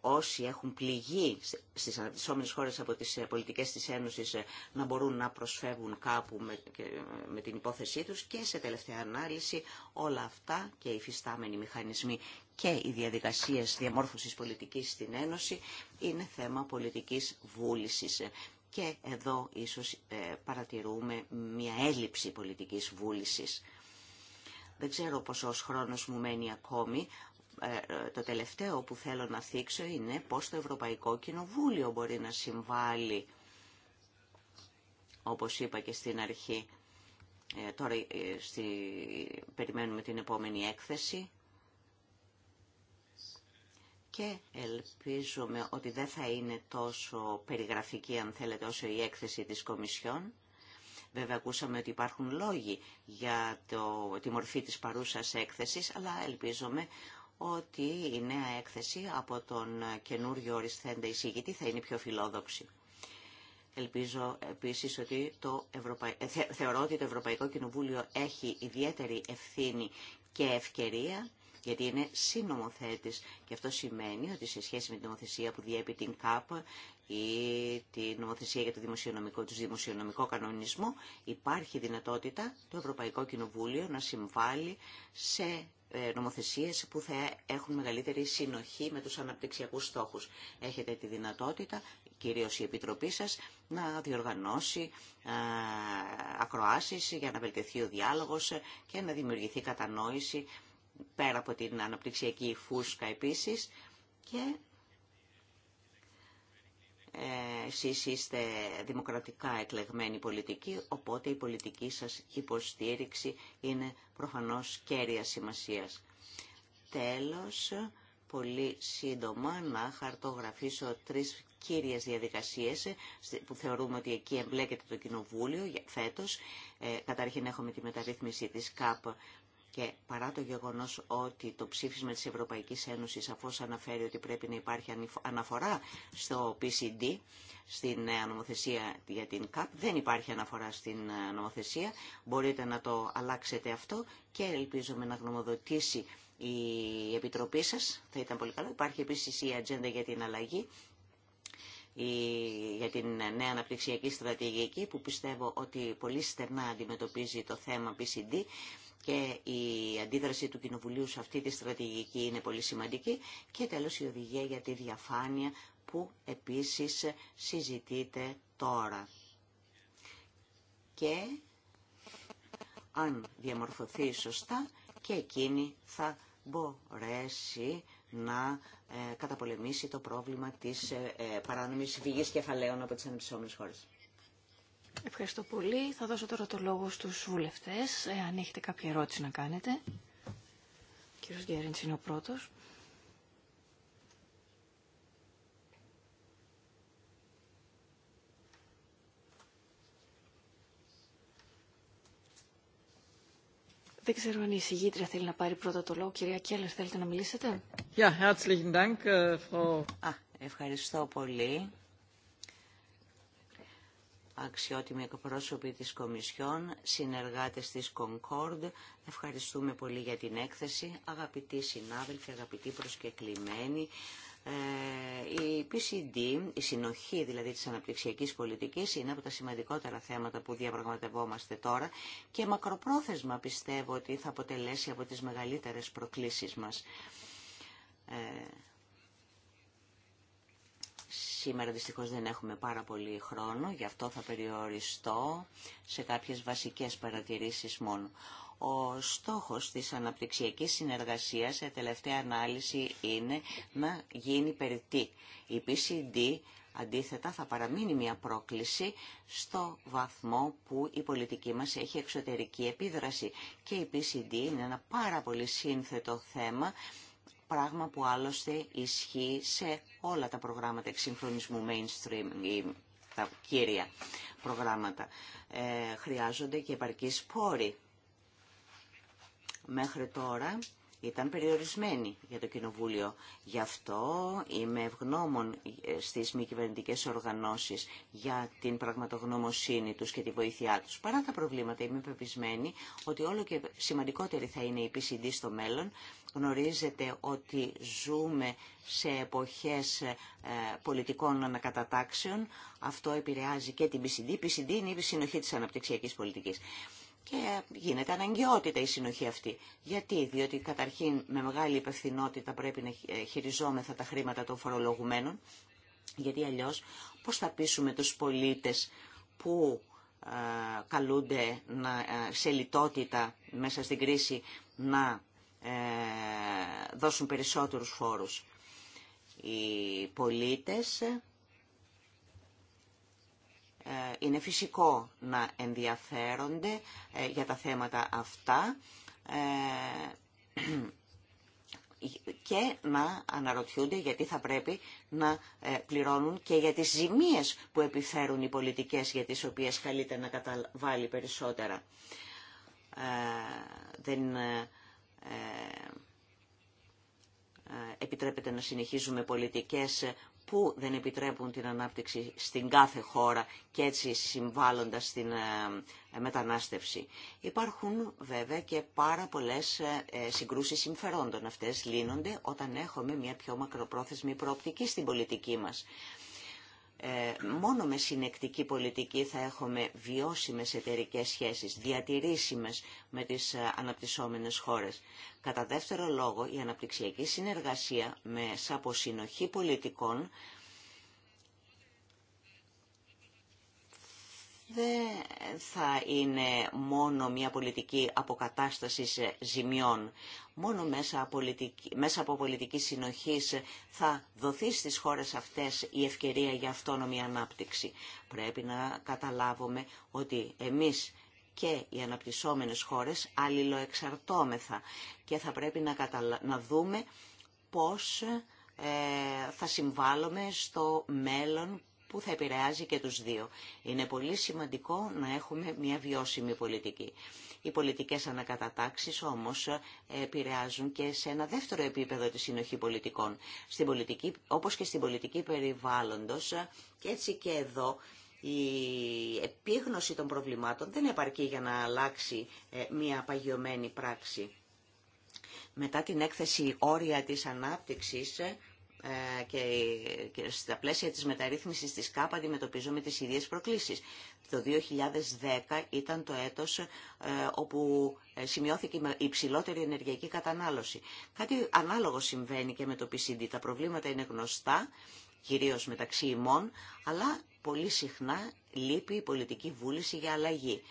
όσοι έχουν πληγεί στις αναπτυσσόμενες χώρες από τις ε, πολιτικές της Ένωσης να μπορούν να προσφεύγουν κάπου με την υπόθεσή τους και σε τελευταία ανάλυση όλα αυτά και οι φυστάμενοι μηχανισμοί και οι διαδικασίες διαμόρφωσης πολιτικής στην Ένωση είναι θέμα πολιτικής βούλησης. Και εδώ ίσως ε, παρατηρούμε μια έλλειψη πολιτικής βούλησης. Δεν ξέρω πόσο χρόνος μου μένει ακόμη. Ε, ε, το τελευταίο που θέλω να θίξω είναι πώς το Ευρωπαϊκό Κοινοβούλιο μπορεί να συμβάλλει, όπως είπα και στην αρχή. Τώρα στη... περιμένουμε την επόμενη έκθεση και ελπίζουμε ότι δεν θα είναι τόσο περιγραφική αν θέλετε όσο η έκθεση της Κομισιόν. Βέβαια ακούσαμε ότι υπάρχουν λόγοι για το, τη μορφή της παρούσας έκθεσης, αλλά ελπίζουμε ότι η νέα έκθεση από τον καινούριο οριστέντα εισηγητή θα είναι πιο φιλόδοξη. Ελπίζω επίσης ότι το Ευρωπαϊ... Ε, θεωρώ ότι το Ευρωπαϊκό Κοινοβούλιο έχει ιδιαίτερη ευθύνη και ευκαιρία γιατί είναι συνομοθέτης. Και αυτό σημαίνει ότι σε σχέση με την νομοθεσία που διέπει την ΚΑΠ ή την νομοθεσία για το δημοσιονομικό, του δημοσιονομικό κανονισμό, υπάρχει δυνατότητα το Ευρωπαϊκό Κοινοβούλιο να συμβάλλει σε ε, νομοθεσίες που θα έχουν μεγαλύτερη συνοχή με τους αναπτυξιακούς στόχους. Έχετε τη δυνατότητα, κυρίως η Επιτροπή σας, να διοργανώσει ε, ακροάσεις για να βελτιωθεί ο διάλογος και να δημιουργηθεί κατανόηση πέρα από την αναπτυξιακή φούσκα επίσης και ε, εσείς είστε δημοκρατικά εκλεγμένοι πολιτικοί, οπότε η πολιτική σας υποστήριξη είναι προφανώς κέρια σημασίας. Τέλος, πολύ σύντομα να χαρτογραφήσω τρεις κύριες διαδικασίες ε, που θεωρούμε ότι εκεί εμπλέκεται το Κοινοβούλιο φέτος. Ε, καταρχήν έχουμε τη μεταρρύθμιση της ΚΑΠ και παρά το γεγονός ότι το ψήφισμα της Ευρωπαϊκής Ένωσης σαφώς αναφέρει ότι πρέπει να υπάρχει αναφορά στο PCD, στην ε, νομοθεσία για την ΚΑΠ, δεν υπάρχει αναφορά στην ε, νομοθεσία, μπορείτε να το αλλάξετε αυτό και ελπίζουμε να γνωμοδοτήσει η Επιτροπή σας, θα ήταν πολύ καλό. Υπάρχει επίσης η ατζέντα για την αλλαγή, για την νέα αναπτυξιακή στρατηγική που πιστεύω ότι πολύ στερνά αντιμετωπίζει το θέμα PCD και η αντίδραση του Κοινοβουλίου σε αυτή τη στρατηγική είναι πολύ σημαντική και τέλος η οδηγία για τη διαφάνεια που επίσης συζητείται τώρα. Και αν διαμορφωθεί σωστά και εκείνη θα μπορέσει να ε, καταπολεμήσει το πρόβλημα της ε, ε, παράνομης φυγής κεφαλαίων από τις ανεψόμενες χώρες. Ευχαριστώ πολύ. Θα δώσω τώρα το λόγο στους βουλευτές, αν έχετε κάποια ερώτηση να κάνετε. Ο κύριος Γκέρινς είναι ο πρώτος. Δεν ξέρω αν η συγγήτρια θέλει να πάρει πρώτα το λόγο. Κυρία Κέλλερ, θέλετε να μιλήσετε. Äh, ευχαριστώ πολύ αξιότιμοι εκπρόσωποι της Κομισιόν, συνεργάτες της Concord. Ευχαριστούμε πολύ για την έκθεση. Αγαπητοί συνάδελφοι, αγαπητοί προσκεκλημένοι, ε, η PCD, η συνοχή δηλαδή της αναπτυξιακής πολιτικής, είναι από τα σημαντικότερα θέματα που διαπραγματευόμαστε τώρα και μακροπρόθεσμα πιστεύω ότι θα αποτελέσει από τις μεγαλύτερες προκλήσεις μας. Ε, Σήμερα δυστυχώς δεν έχουμε πάρα πολύ χρόνο, γι' αυτό θα περιοριστώ σε κάποιες βασικές παρατηρήσεις μόνο. Ο στόχος της αναπτυξιακής συνεργασίας σε τελευταία ανάλυση είναι να γίνει περιττή. Η PCD αντίθετα θα παραμείνει μια πρόκληση στο βαθμό που η πολιτική μας έχει εξωτερική επίδραση. Και η PCD είναι ένα πάρα πολύ σύνθετο θέμα πράγμα που άλλωστε ισχύει σε όλα τα προγράμματα εξυγχρονισμού mainstream, τα κύρια προγράμματα. Ε, χρειάζονται και επαρκείς πόροι. Μέχρι τώρα ήταν περιορισμένη για το Κοινοβούλιο. Γι' αυτό είμαι ευγνώμων ε, στις μη κυβερνητικέ οργανώσεις για την πραγματογνωμοσύνη τους και τη βοήθειά τους. Παρά τα προβλήματα είμαι πεπισμένη ότι όλο και σημαντικότερη θα είναι η PCD στο μέλλον. Γνωρίζετε ότι ζούμε σε εποχές ε, πολιτικών ανακατατάξεων. Αυτό επηρεάζει και την PCD. Η PCD είναι η συνοχή της αναπτυξιακής πολιτικής. Και γίνεται αναγκαιότητα η συνοχή αυτή. Γιατί, διότι καταρχήν με μεγάλη υπευθυνότητα πρέπει να χειριζόμεθα τα χρήματα των φορολογουμένων, γιατί αλλιώς πώς θα πείσουμε τους πολίτες που ε, καλούνται να, ε, σε λιτότητα μέσα στην κρίση να ε, δώσουν περισσότερους φόρους. Οι πολίτες είναι φυσικό να ενδιαφέρονται ε, για τα θέματα αυτά ε, και να αναρωτιούνται γιατί θα πρέπει να ε, πληρώνουν και για τις ζημίες που επιφέρουν οι πολιτικές για τις οποίες καλείται να καταβάλει περισσότερα. Δεν επιτρέπεται να συνεχίζουμε πολιτικές που δεν επιτρέπουν την ανάπτυξη στην κάθε χώρα και έτσι συμβάλλοντας στην ε, ε, μετανάστευση. Υπάρχουν βέβαια και πάρα πολλές ε, συγκρούσεις συμφερόντων. Αυτές λύνονται όταν έχουμε μια πιο μακροπρόθεσμη προοπτική στην πολιτική μας. Ε, μόνο με συνεκτική πολιτική θα έχουμε βιώσιμες εταιρικέ σχέσεις, διατηρήσιμες με τις ε, αναπτυσσόμενες χώρες. Κατά δεύτερο λόγο, η αναπτυξιακή συνεργασία με σαποσυνοχή πολιτικών δεν θα είναι μόνο μια πολιτική αποκατάστασης ζημιών. Μόνο μέσα, από πολιτική, μέσα συνοχής θα δοθεί στις χώρες αυτές η ευκαιρία για αυτόνομη ανάπτυξη. Πρέπει να καταλάβουμε ότι εμείς και οι αναπτυσσόμενες χώρες αλληλοεξαρτώμεθα και θα πρέπει να, καταλα... να δούμε πώς ε, θα συμβάλλουμε στο μέλλον που θα επηρεάζει και τους δύο. Είναι πολύ σημαντικό να έχουμε μια βιώσιμη πολιτική. Οι πολιτικές ανακατατάξεις όμως επηρεάζουν και σε ένα δεύτερο επίπεδο τη συνοχή πολιτικών. Στην πολιτική, όπως και στην πολιτική περιβάλλοντος και έτσι και εδώ η επίγνωση των προβλημάτων δεν επαρκεί για να αλλάξει ε, μια παγιωμένη πράξη. Μετά την έκθεση «Όρια της ανάπτυξης» ε, ε, και στα πλαίσια της μεταρρύθμισης της ΚΑΠ αντιμετωπίζουμε τις ίδιες προκλήσεις. Το 2010 ήταν το έτος ε, όπου ε, σημειώθηκε η υψηλότερη ενεργειακή κατανάλωση. Κάτι ανάλογο συμβαίνει και με το PCD. Τα προβλήματα είναι γνωστά, κυρίως μεταξύ ημών, αλλά πολύ συχνά λείπει η πολιτική βούληση για αλλαγή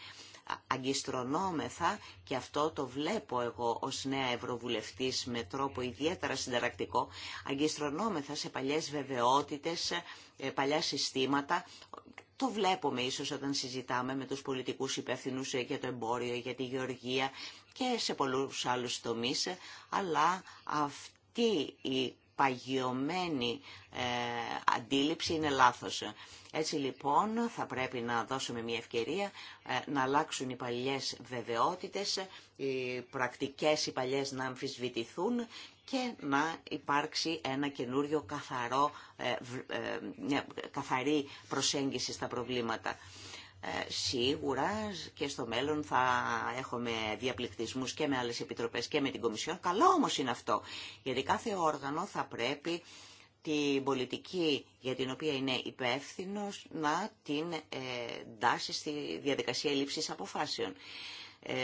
αγκιστρωνόμεθα και αυτό το βλέπω εγώ ως νέα ευρωβουλευτής με τρόπο ιδιαίτερα συνταρακτικό, αγκιστρωνόμεθα σε παλιές βεβαιότητες, ε, παλιά συστήματα, το βλέπουμε ίσως όταν συζητάμε με τους πολιτικούς υπεύθυνους ε, για το εμπόριο, για τη γεωργία και σε πολλούς άλλους τομείς, ε, αλλά αυτή η παγιωμένη ε, αντίληψη είναι λάθος. Έτσι λοιπόν θα πρέπει να δώσουμε μια ευκαιρία ε, να αλλάξουν οι παλιές βεβαιότητες, οι πρακτικές οι παλιές να αμφισβητηθούν και να υπάρξει ένα καινούριο καθαρό, ε, μια καθαρή προσέγγιση στα προβλήματα. Ε, σίγουρα και στο μέλλον θα έχουμε διαπληκτισμούς και με άλλες επιτροπές και με την Κομισιόν. Καλό όμως είναι αυτό, γιατί κάθε όργανο θα πρέπει την πολιτική για την οποία είναι υπεύθυνο να την ε, τάσει στη διαδικασία λήψης αποφάσεων. Ε,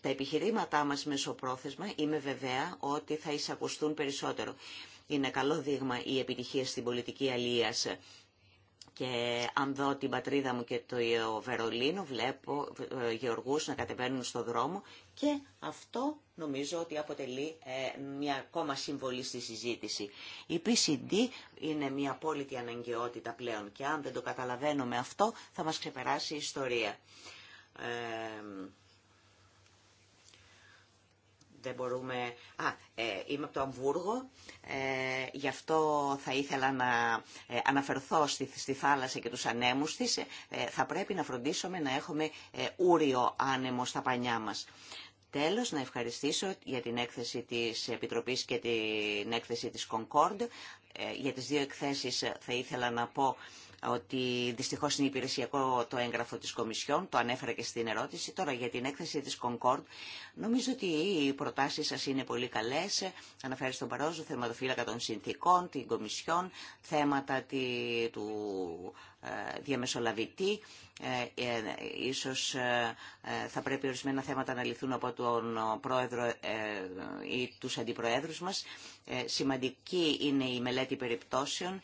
τα επιχειρήματά μας μεσοπρόθεσμα είμαι βεβαία ότι θα εισακουστούν περισσότερο. Είναι καλό δείγμα η επιτυχία στην πολιτική αλίας και αν δω την πατρίδα μου και το Βερολίνο, βλέπω ε, γεωργούς να κατεβαίνουν στο δρόμο και αυτό νομίζω ότι αποτελεί ε, μια ακόμα συμβολή στη συζήτηση. Η PCD είναι μια απόλυτη αναγκαιότητα πλέον και αν δεν το καταλαβαίνουμε αυτό θα μας ξεπεράσει η ιστορία. Ε, δεν μπορούμε... Α, ε, είμαι από το Αμβούργο, ε, γι' αυτό θα ήθελα να ε, αναφερθώ στη, στη θάλασσα και τους ανέμους της. Ε, θα πρέπει να φροντίσουμε να έχουμε ούριο άνεμο στα πανιά μας. Τέλος, να ευχαριστήσω για την έκθεση της Επιτροπής και την έκθεση της Concord. Για τις δύο εκθέσεις θα ήθελα να πω ότι δυστυχώ είναι υπηρεσιακό το έγγραφο τη Κομισιόν, το ανέφερα και στην ερώτηση. Τώρα για την έκθεση της Concord, νομίζω ότι οι προτάσει σα είναι πολύ καλέ. Αναφέρει στον Παρόζο, θεματοφύλακα των συνθήκων, την Κομισιόν, θέματα του ε, διαμεσολαβητή. Ε, ε, ίσως θα πρέπει ορισμένα θέματα να λυθούν από τον πρόεδρο ή τους αντιπροέδρους μας. Σημαντική είναι η μελέτη περιπτώσεων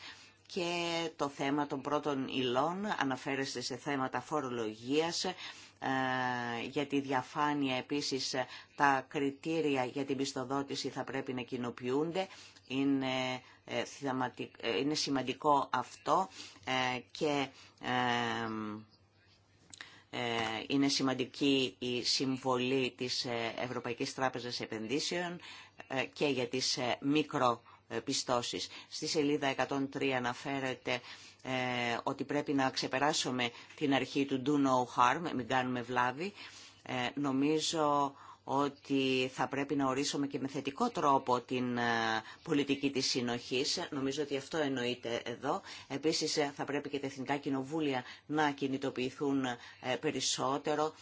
και το θέμα των πρώτων υλών αναφέρεστε σε θέματα φορολογίας, ε, για τη διαφάνεια επίσης ε, τα κριτήρια για την πιστοδότηση θα πρέπει να κοινοποιούνται. Είναι, ε, είναι σημαντικό αυτό και είναι σημαντική η συμβολή της Ευρωπαϊκής Τράπεζας Επενδύσεων και για τις μικρο ε, πιστώσεις. Στη σελίδα 103 αναφέρεται ε, ότι πρέπει να ξεπεράσουμε την αρχή του do no harm, μην κάνουμε βλάβη. Ε, νομίζω ότι θα πρέπει να ορίσουμε και με θετικό τρόπο την ε, πολιτική της συνοχής. Νομίζω ότι αυτό εννοείται εδώ. Επίσης ε, θα πρέπει και τα εθνικά κοινοβούλια να κινητοποιηθούν ε, περισσότερο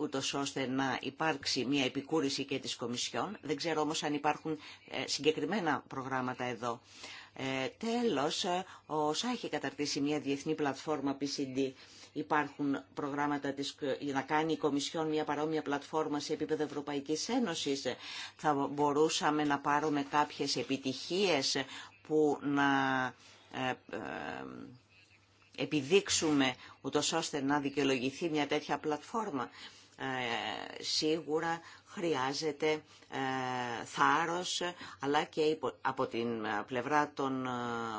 ούτω ώστε να υπάρξει μια επικούρηση και της Κομισιόν. Δεν ξέρω όμως αν υπάρχουν συγκεκριμένα προγράμματα εδώ. τέλος, ο ΣΑ έχει καταρτήσει μια διεθνή πλατφόρμα PCD Υπάρχουν προγράμματα της, για να κάνει η Κομισιόν μια παρόμοια πλατφόρμα σε επίπεδο Ευρωπαϊκής Ένωσης. Θα μπορούσαμε να πάρουμε κάποιες επιτυχίες που να ε, ε, επιδείξουμε ούτως ώστε να δικαιολογηθεί μια τέτοια πλατφόρμα. Ε, σίγουρα χρειάζεται ε, θάρρος, αλλά και από την πλευρά των ε,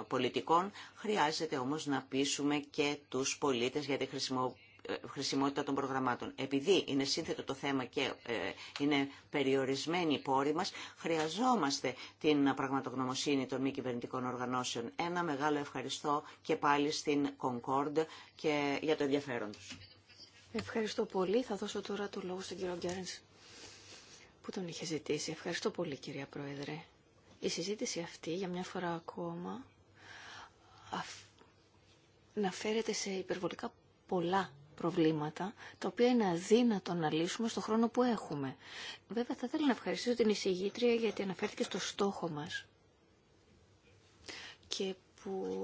πολιτικών χρειάζεται όμως να πείσουμε και τους πολίτες για τη ε, χρησιμότητα των προγραμμάτων. Επειδή είναι σύνθετο το θέμα και είναι περιορισμένοι οι πόροι μας, χρειαζόμαστε την πραγματογνωμοσύνη των μη κυβερνητικών οργανώσεων. Ένα μεγάλο ευχαριστώ και πάλι στην Concord και για το ενδιαφέρον τους. Ευχαριστώ πολύ. Θα δώσω τώρα το λόγο στον κύριο Γκέρνς που τον είχε ζητήσει. Ευχαριστώ πολύ κυρία Πρόεδρε. Η συζήτηση αυτή για μια φορά ακόμα να φέρεται σε υπερβολικά πολλά προβλήματα, τα οποία είναι αδύνατο να λύσουμε στο χρόνο που έχουμε. Βέβαια, θα ήθελα να ευχαριστήσω την εισηγήτρια γιατί αναφέρθηκε στο στόχο μας και που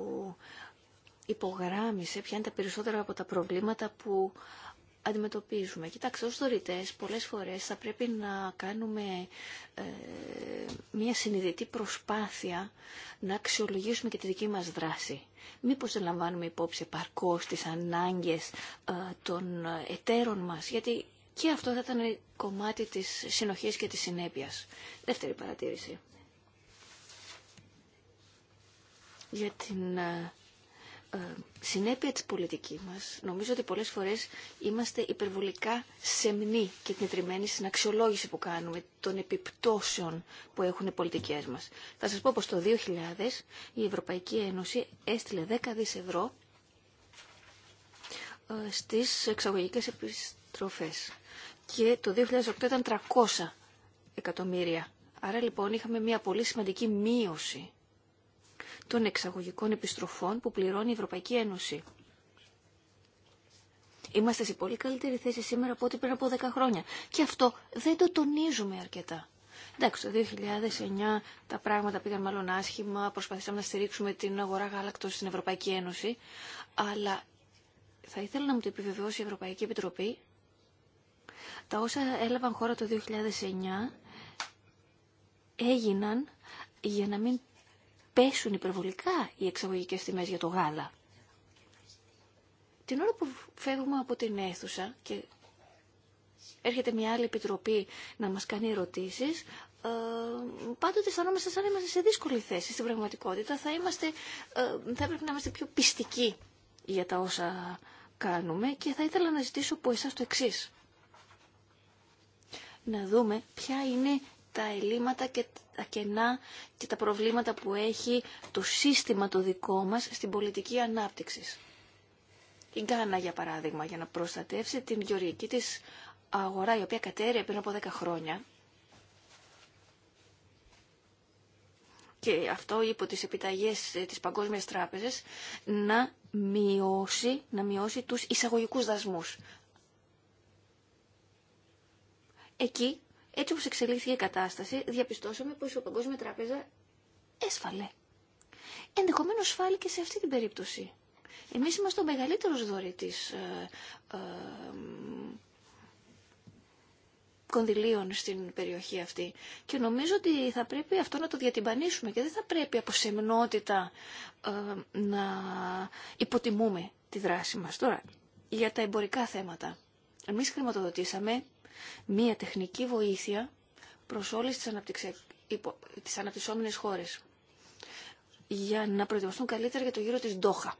υπογράμμισε ποια είναι τα περισσότερα από τα προβλήματα που αντιμετωπίζουμε. Κοιτάξτε, ως δωρητές πολλές φορές θα πρέπει να κάνουμε ε, μια συνειδητή προσπάθεια να αξιολογήσουμε και τη δική μας δράση. Μήπως δεν λαμβάνουμε υπόψη επαρκώς τις ανάγκες ε, των εταίρων μας, γιατί και αυτό θα ήταν κομμάτι της συνοχής και της συνέπειας. Δεύτερη παρατήρηση. Για την ε, ε, συνέπεια της πολιτικής μας, νομίζω ότι πολλές φορές είμαστε υπερβολικά σεμνοί και κνητρημένοι στην αξιολόγηση που κάνουμε των επιπτώσεων που έχουν οι πολιτικές μας. Θα σας πω πως το 2000 η Ευρωπαϊκή Ένωση έστειλε 10 δις ευρώ ε, στις εξαγωγικές επιστροφές και το 2008 ήταν 300 εκατομμύρια. Άρα λοιπόν είχαμε μια πολύ σημαντική μείωση των εξαγωγικών επιστροφών που πληρώνει η Ευρωπαϊκή Ένωση. Είμαστε σε πολύ καλύτερη θέση σήμερα από ό,τι πριν από 10 χρόνια. Και αυτό δεν το τονίζουμε αρκετά. Εντάξει, το 2009 τα πράγματα πήγαν μάλλον άσχημα, προσπαθήσαμε να στηρίξουμε την αγορά γάλακτος στην Ευρωπαϊκή Ένωση, αλλά θα ήθελα να μου το επιβεβαιώσει η Ευρωπαϊκή Επιτροπή. Τα όσα έλαβαν χώρα το 2009 έγιναν για να μην πέσουν υπερβολικά οι εξαγωγικές τιμές για το γάλα. Την ώρα που φεύγουμε από την αίθουσα και έρχεται μια άλλη επιτροπή να μας κάνει ερωτήσεις, ε, πάντοτε αισθανόμαστε σαν να είμαστε σε δύσκολη θέση. Στην πραγματικότητα θα, είμαστε, ε, θα έπρεπε να είμαστε πιο πιστικοί για τα όσα κάνουμε και θα ήθελα να ζητήσω από εσάς το εξής. Να δούμε ποια είναι τα ελλείμματα και τα κενά και τα προβλήματα που έχει το σύστημα το δικό μας στην πολιτική ανάπτυξη. Η Γκάνα, για παράδειγμα, για να προστατεύσει την γεωργική της αγορά, η οποία κατέρευε πριν από 10 χρόνια, και αυτό υπό τις επιταγές ε, της Παγκόσμιας Τράπεζας, να μειώσει, να μειώσει τους εισαγωγικούς δασμούς. Εκεί έτσι όπως εξελίχθηκε η κατάσταση, διαπιστώσαμε πως η Παγκόσμια Τράπεζα έσφαλε. Ενδεχομένως σφάλει και σε αυτή την περίπτωση. Εμείς είμαστε ο μεγαλύτερος δωρητής ε, ε, κονδυλίων στην περιοχή αυτή. Και νομίζω ότι θα πρέπει αυτό να το διατυμπανίσουμε και δεν θα πρέπει από σεμνότητα ε, να υποτιμούμε τη δράση μας. Τώρα, για τα εμπορικά θέματα. Εμείς χρηματοδοτήσαμε μία τεχνική βοήθεια προς όλες τις, αναπτυσσόμενες χώρες για να προετοιμαστούν καλύτερα για το γύρο της Ντόχα.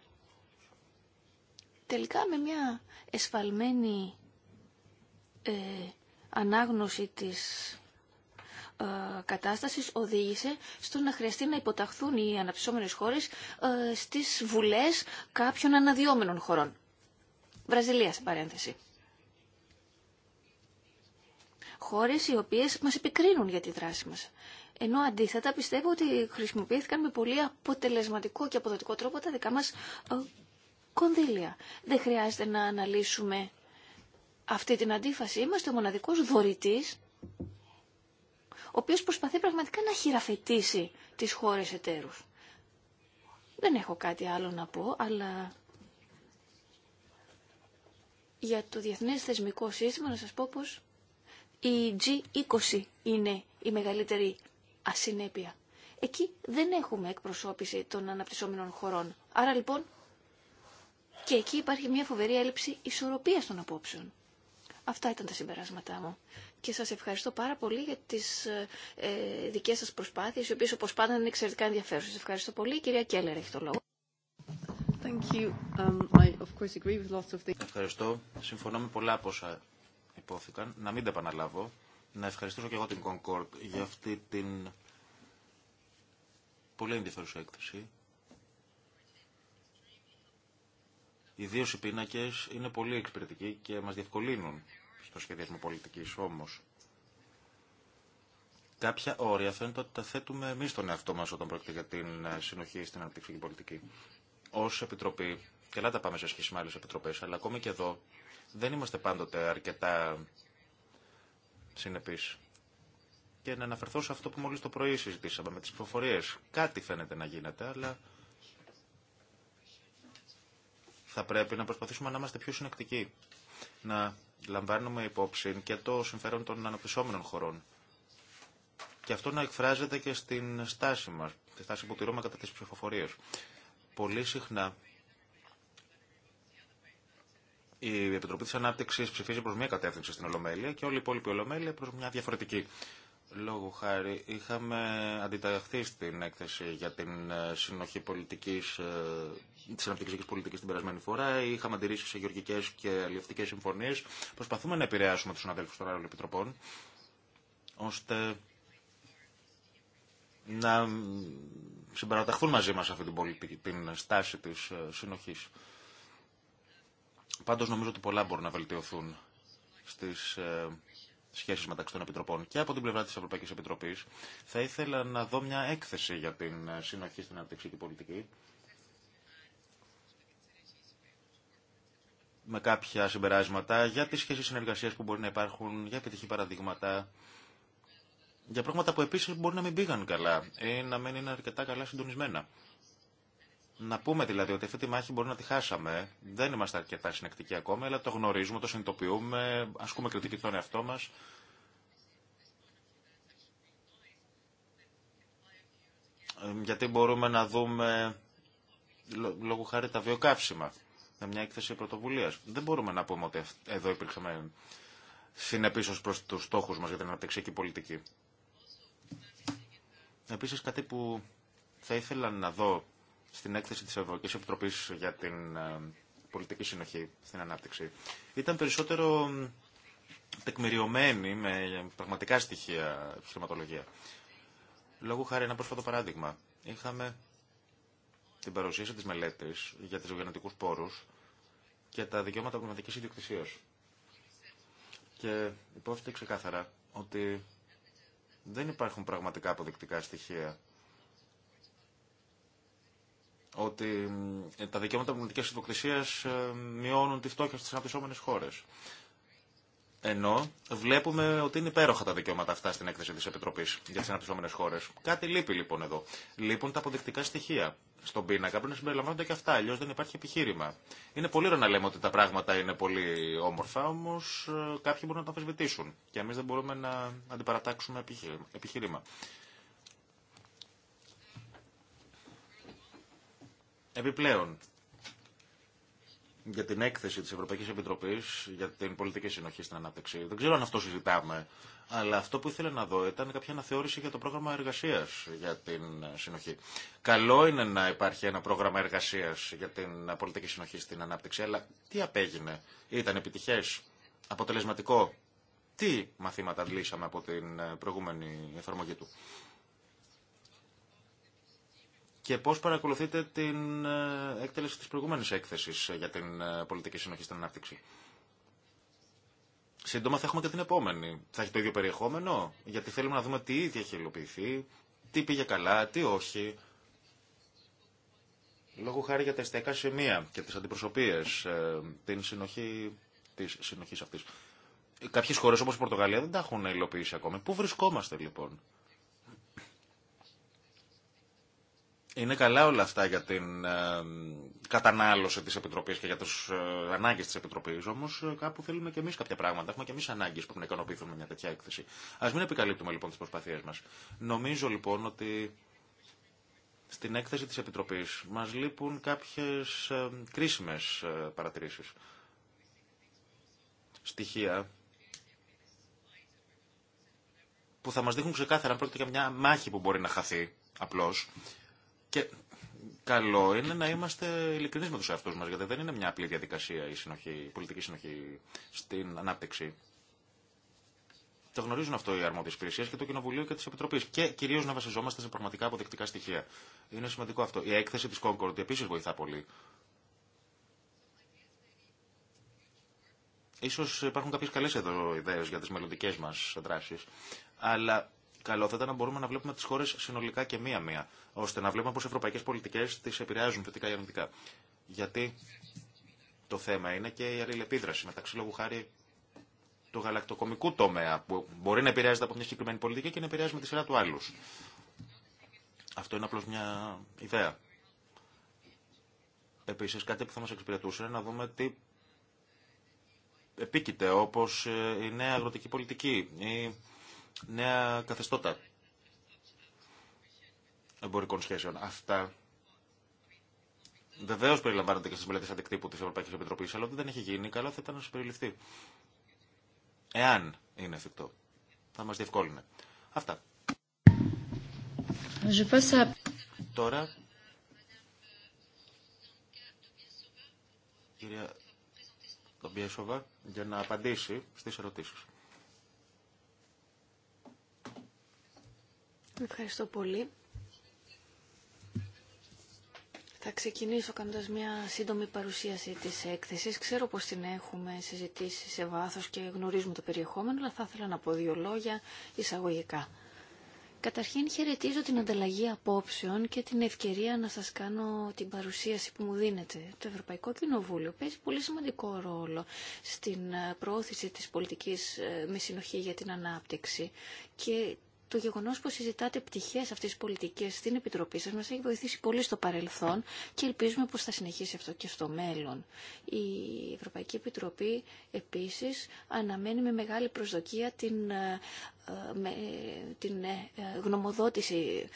Τελικά με μια εσφαλμένη ε, ανάγνωση της ε, κατάστασης οδήγησε στο να χρειαστεί να υποταχθούν οι αναπτυσσόμενες χώρες ε, στις βουλές κάποιων αναδυόμενων χωρών. Βραζιλία σε παρένθεση χώρες οι οποίες μας επικρίνουν για τη δράση μας. Ενώ αντίθετα πιστεύω ότι χρησιμοποιήθηκαν με πολύ αποτελεσματικό και αποδοτικό τρόπο τα δικά μας ε, κονδύλια. Δεν χρειάζεται να αναλύσουμε αυτή την αντίφαση. Είμαστε ο μοναδικός δωρητής ο οποίος προσπαθεί πραγματικά να χειραφετήσει τις χώρες εταίρους. Δεν έχω κάτι άλλο να πω, αλλά για το Διεθνές Θεσμικό Σύστημα να σας πω πως η G20 είναι η μεγαλύτερη ασυνέπεια. Εκεί δεν έχουμε εκπροσώπηση των αναπτυσσόμενων χωρών. Άρα λοιπόν και εκεί υπάρχει μια φοβερή έλλειψη ισορροπίας των απόψεων. Αυτά ήταν τα συμπεράσματά μου. Και σας ευχαριστώ πάρα πολύ για τις ε, δικές σας προσπάθειες, οι οποίες όπως πάντα είναι εξαιρετικά ενδιαφέρουσες. Σας ευχαριστώ πολύ. Η Κυρία Κέλλερ έχει το λόγο. Thank you. Um, I of course agree with lots of the... Ευχαριστώ. Συμφωνώ με πολλά από όσα υπόθηκαν, να μην τα επαναλάβω. Να ευχαριστήσω και εγώ την Concord για αυτή την πολύ ενδιαφέρουσα έκθεση. Οι οι πίνακε είναι πολύ εξυπηρετικοί και μα διευκολύνουν στο σχεδιασμό πολιτική. Όμω, κάποια όρια φαίνεται ότι τα θέτουμε εμεί στον εαυτό μα όταν πρόκειται για την ε, συνοχή στην αναπτυξιακή πολιτική. Ω Επιτροπή, καλά τα πάμε σε σχέση με άλλε επιτροπέ, αλλά ακόμη και εδώ δεν είμαστε πάντοτε αρκετά συνεπείς. Και να αναφερθώ σε αυτό που μόλις το πρωί συζητήσαμε με τις προφορίες. Κάτι φαίνεται να γίνεται, αλλά θα πρέπει να προσπαθήσουμε να είμαστε πιο συνεκτικοί. Να λαμβάνουμε υπόψη και το συμφέρον των αναπτυσσόμενων χωρών. Και αυτό να εκφράζεται και στην στάση μας, τη στάση που τηρούμε κατά τις ψηφοφορίες. Πολύ συχνά η Επιτροπή τη Ανάπτυξη ψηφίζει προ μια κατεύθυνση στην Ολομέλεια και όλη η υπόλοιπη Ολομέλεια προ μια διαφορετική. Λόγω χάρη, είχαμε αντιταχθεί στην έκθεση για την ε, συνοχή πολιτικής, ε, της πολιτική πολιτικής την περασμένη φορά. Είχαμε αντιρρήσει σε γεωργικές και αλληλευτικές συμφωνίε. Προσπαθούμε να επηρεάσουμε του συναδέλφου των άλλων επιτροπών, ώστε να συμπαραταχθούν μαζί μα αυτή την, πολιτική, την στάση τη ε, συνοχή. Πάντως νομίζω ότι πολλά μπορούν να βελτιωθούν στις ε, σχέσεις μεταξύ των Επιτροπών και από την πλευρά της Ευρωπαϊκής Επιτροπής. Θα ήθελα να δω μια έκθεση για την ε, συνοχή στην αναπτυξική πολιτική. με κάποια συμπεράσματα για τις σχέσεις συνεργασίας που μπορεί να υπάρχουν, για επιτυχή παραδείγματα, για πράγματα που επίσης μπορεί να μην πήγαν καλά ή να μην είναι αρκετά καλά συντονισμένα. Να πούμε δηλαδή ότι αυτή τη μάχη μπορεί να τη χάσαμε. Δεν είμαστε αρκετά συνεκτικοί ακόμα, αλλά το γνωρίζουμε, το συνειδητοποιούμε, ασκούμε κριτική στον εαυτό μα. Γιατί μπορούμε να δούμε λόγω χάρη τα βιοκαύσιμα με μια έκθεση πρωτοβουλία. Δεν μπορούμε να πούμε ότι εδώ υπήρχε συνεπεί προς προ του στόχου μα για την αναπτυξιακή πολιτική. Επίση, κάτι που θα ήθελα να δω στην έκθεση της Ευρωπαϊκής Επιτροπής για την ε, πολιτική συνοχή στην ανάπτυξη ήταν περισσότερο τεκμηριωμένη με πραγματικά στοιχεία επιχειρηματολογία. Λόγω χάρη ένα πρόσφατο παράδειγμα. Είχαμε την παρουσίαση της μελέτης για τις γενετικούς πόρους και τα δικαιώματα πνευματικής ιδιοκτησίας. Και υπόθηκε ξεκάθαρα ότι δεν υπάρχουν πραγματικά αποδεικτικά στοιχεία ότι ε, τα δικαιώματα πολιτική υποκτησίας ε, μειώνουν τη φτώχεια στι αναπτυσσόμενε χώρε. Ενώ βλέπουμε ότι είναι υπέροχα τα δικαιώματα αυτά στην έκθεση τη Επιτροπή για τι αναπτυσσόμενε χώρε. Κάτι λείπει λοιπόν εδώ. Λείπουν τα αποδεικτικά στοιχεία στον πίνακα. Πρέπει να συμπεριλαμβάνονται και αυτά. Αλλιώ δεν υπάρχει επιχείρημα. Είναι πολύ ωραίο να λέμε ότι τα πράγματα είναι πολύ όμορφα, όμω ε, κάποιοι μπορούν να τα αμφισβητήσουν. Και εμεί δεν μπορούμε να αντιπαρατάξουμε επιχείρημα. Επιπλέον, για την έκθεση της Ευρωπαϊκής Επιτροπής για την πολιτική συνοχή στην ανάπτυξη. Δεν ξέρω αν αυτό συζητάμε, αλλά αυτό που ήθελα να δω ήταν κάποια αναθεώρηση για το πρόγραμμα εργασίας για την συνοχή. Καλό είναι να υπάρχει ένα πρόγραμμα εργασίας για την πολιτική συνοχή στην ανάπτυξη, αλλά τι απέγινε, ήταν επιτυχές, αποτελεσματικό, τι μαθήματα λύσαμε από την προηγούμενη εφαρμογή του και πώς παρακολουθείτε την ε, εκτέλεση της προηγούμενης έκθεσης ε, για την ε, πολιτική συνοχή στην ανάπτυξη. Σύντομα θα έχουμε και την επόμενη. Θα έχει το ίδιο περιεχόμενο, γιατί θέλουμε να δούμε τι ήδη έχει υλοποιηθεί, τι πήγε καλά, τι όχι. Λόγω χάρη για τα εστιακά σημεία και τις αντιπροσωπείες, την συνοχή της συνοχής αυτής. Κάποιες χώρες όπως η Πορτογαλία δεν τα έχουν υλοποιήσει ακόμα. Πού βρισκόμαστε λοιπόν. Είναι καλά όλα αυτά για την ε, κατανάλωση τη Επιτροπή και για τις ε, ανάγκες της Επιτροπής, όμως ε, κάπου θέλουμε και εμεί κάποια πράγματα. Έχουμε και εμεί ανάγκε που να ικανοποιηθούμε μια τέτοια έκθεση. Α μην επικαλύπτουμε λοιπόν τι προσπαθίες μα. Νομίζω λοιπόν ότι στην έκθεση τη Επιτροπή μα λείπουν κάποιες κρίσιμες παρατηρήσεις. Στοιχεία που θα μα δείχνουν ξεκάθαρα αν πρόκειται για μια μάχη που μπορεί να χαθεί απλώ. Και καλό είναι να είμαστε ειλικρινεί με του εαυτού μα, γιατί δεν είναι μια απλή διαδικασία η, συνοχή, η πολιτική συνοχή στην ανάπτυξη. Το γνωρίζουν αυτό οι αρμόδιε υπηρεσίε και το Κοινοβουλίο και τη Επιτροπή. Και κυρίω να βασιζόμαστε σε πραγματικά αποδεκτικά στοιχεία. Είναι σημαντικό αυτό. Η έκθεση τη Concord επίση βοηθά πολύ. Ίσως υπάρχουν κάποιες καλές εδώ ιδέες για τις μελλοντικέ μας δράσεις, αλλά Καλό θα ήταν να μπορούμε να βλέπουμε τι χώρε συνολικά και μία-μία, ώστε να βλέπουμε πώ οι ευρωπαϊκέ πολιτικέ τι επηρεάζουν θετικά ή αρνητικά. Γιατί το θέμα είναι και η αλληλεπίδραση μεταξύ λόγου χάρη του γαλακτοκομικού τομέα, που μπορεί να επηρεάζεται από μια συγκεκριμένη πολιτική και να επηρεάζει με τη σειρά του άλλου. Αυτό είναι απλώ μια ιδέα. Επίση, κάτι που θα μα εξυπηρετούσε είναι να δούμε τι επίκειται, όπω ε, η νέα αγροτική πολιτική, η νέα καθεστώτα εμπορικών σχέσεων. Αυτά βεβαίω περιλαμβάνονται και στι μελέτε αντικτύπου τη Ευρωπαϊκή Επιτροπή, αλλά ότι δεν έχει γίνει, καλό θα ήταν να συμπεριληφθεί. Εάν είναι εφικτό. Θα μα διευκόλυνε. Αυτά. Τώρα. Κυρία Τομπιέσοβα, για να απαντήσει στις ερωτήσεις. Ευχαριστώ πολύ. Θα ξεκινήσω κάνοντας μια σύντομη παρουσίαση της έκθεσης. Ξέρω πως την έχουμε συζητήσει σε βάθος και γνωρίζουμε το περιεχόμενο, αλλά θα ήθελα να πω δύο λόγια εισαγωγικά. Καταρχήν χαιρετίζω την ανταλλαγή απόψεων και την ευκαιρία να σας κάνω την παρουσίαση που μου δίνετε. Το Ευρωπαϊκό Κοινοβούλιο παίζει πολύ σημαντικό ρόλο στην προώθηση της πολιτικής ε, με συνοχή για την ανάπτυξη και το γεγονό που συζητάτε πτυχέ αυτή τη πολιτική στην Επιτροπή σα μα έχει βοηθήσει πολύ στο παρελθόν και ελπίζουμε πω θα συνεχίσει αυτό και στο μέλλον. Η Ευρωπαϊκή Επιτροπή επίση αναμένει με μεγάλη προσδοκία την, ε, με, την ε, γνωμοδότηση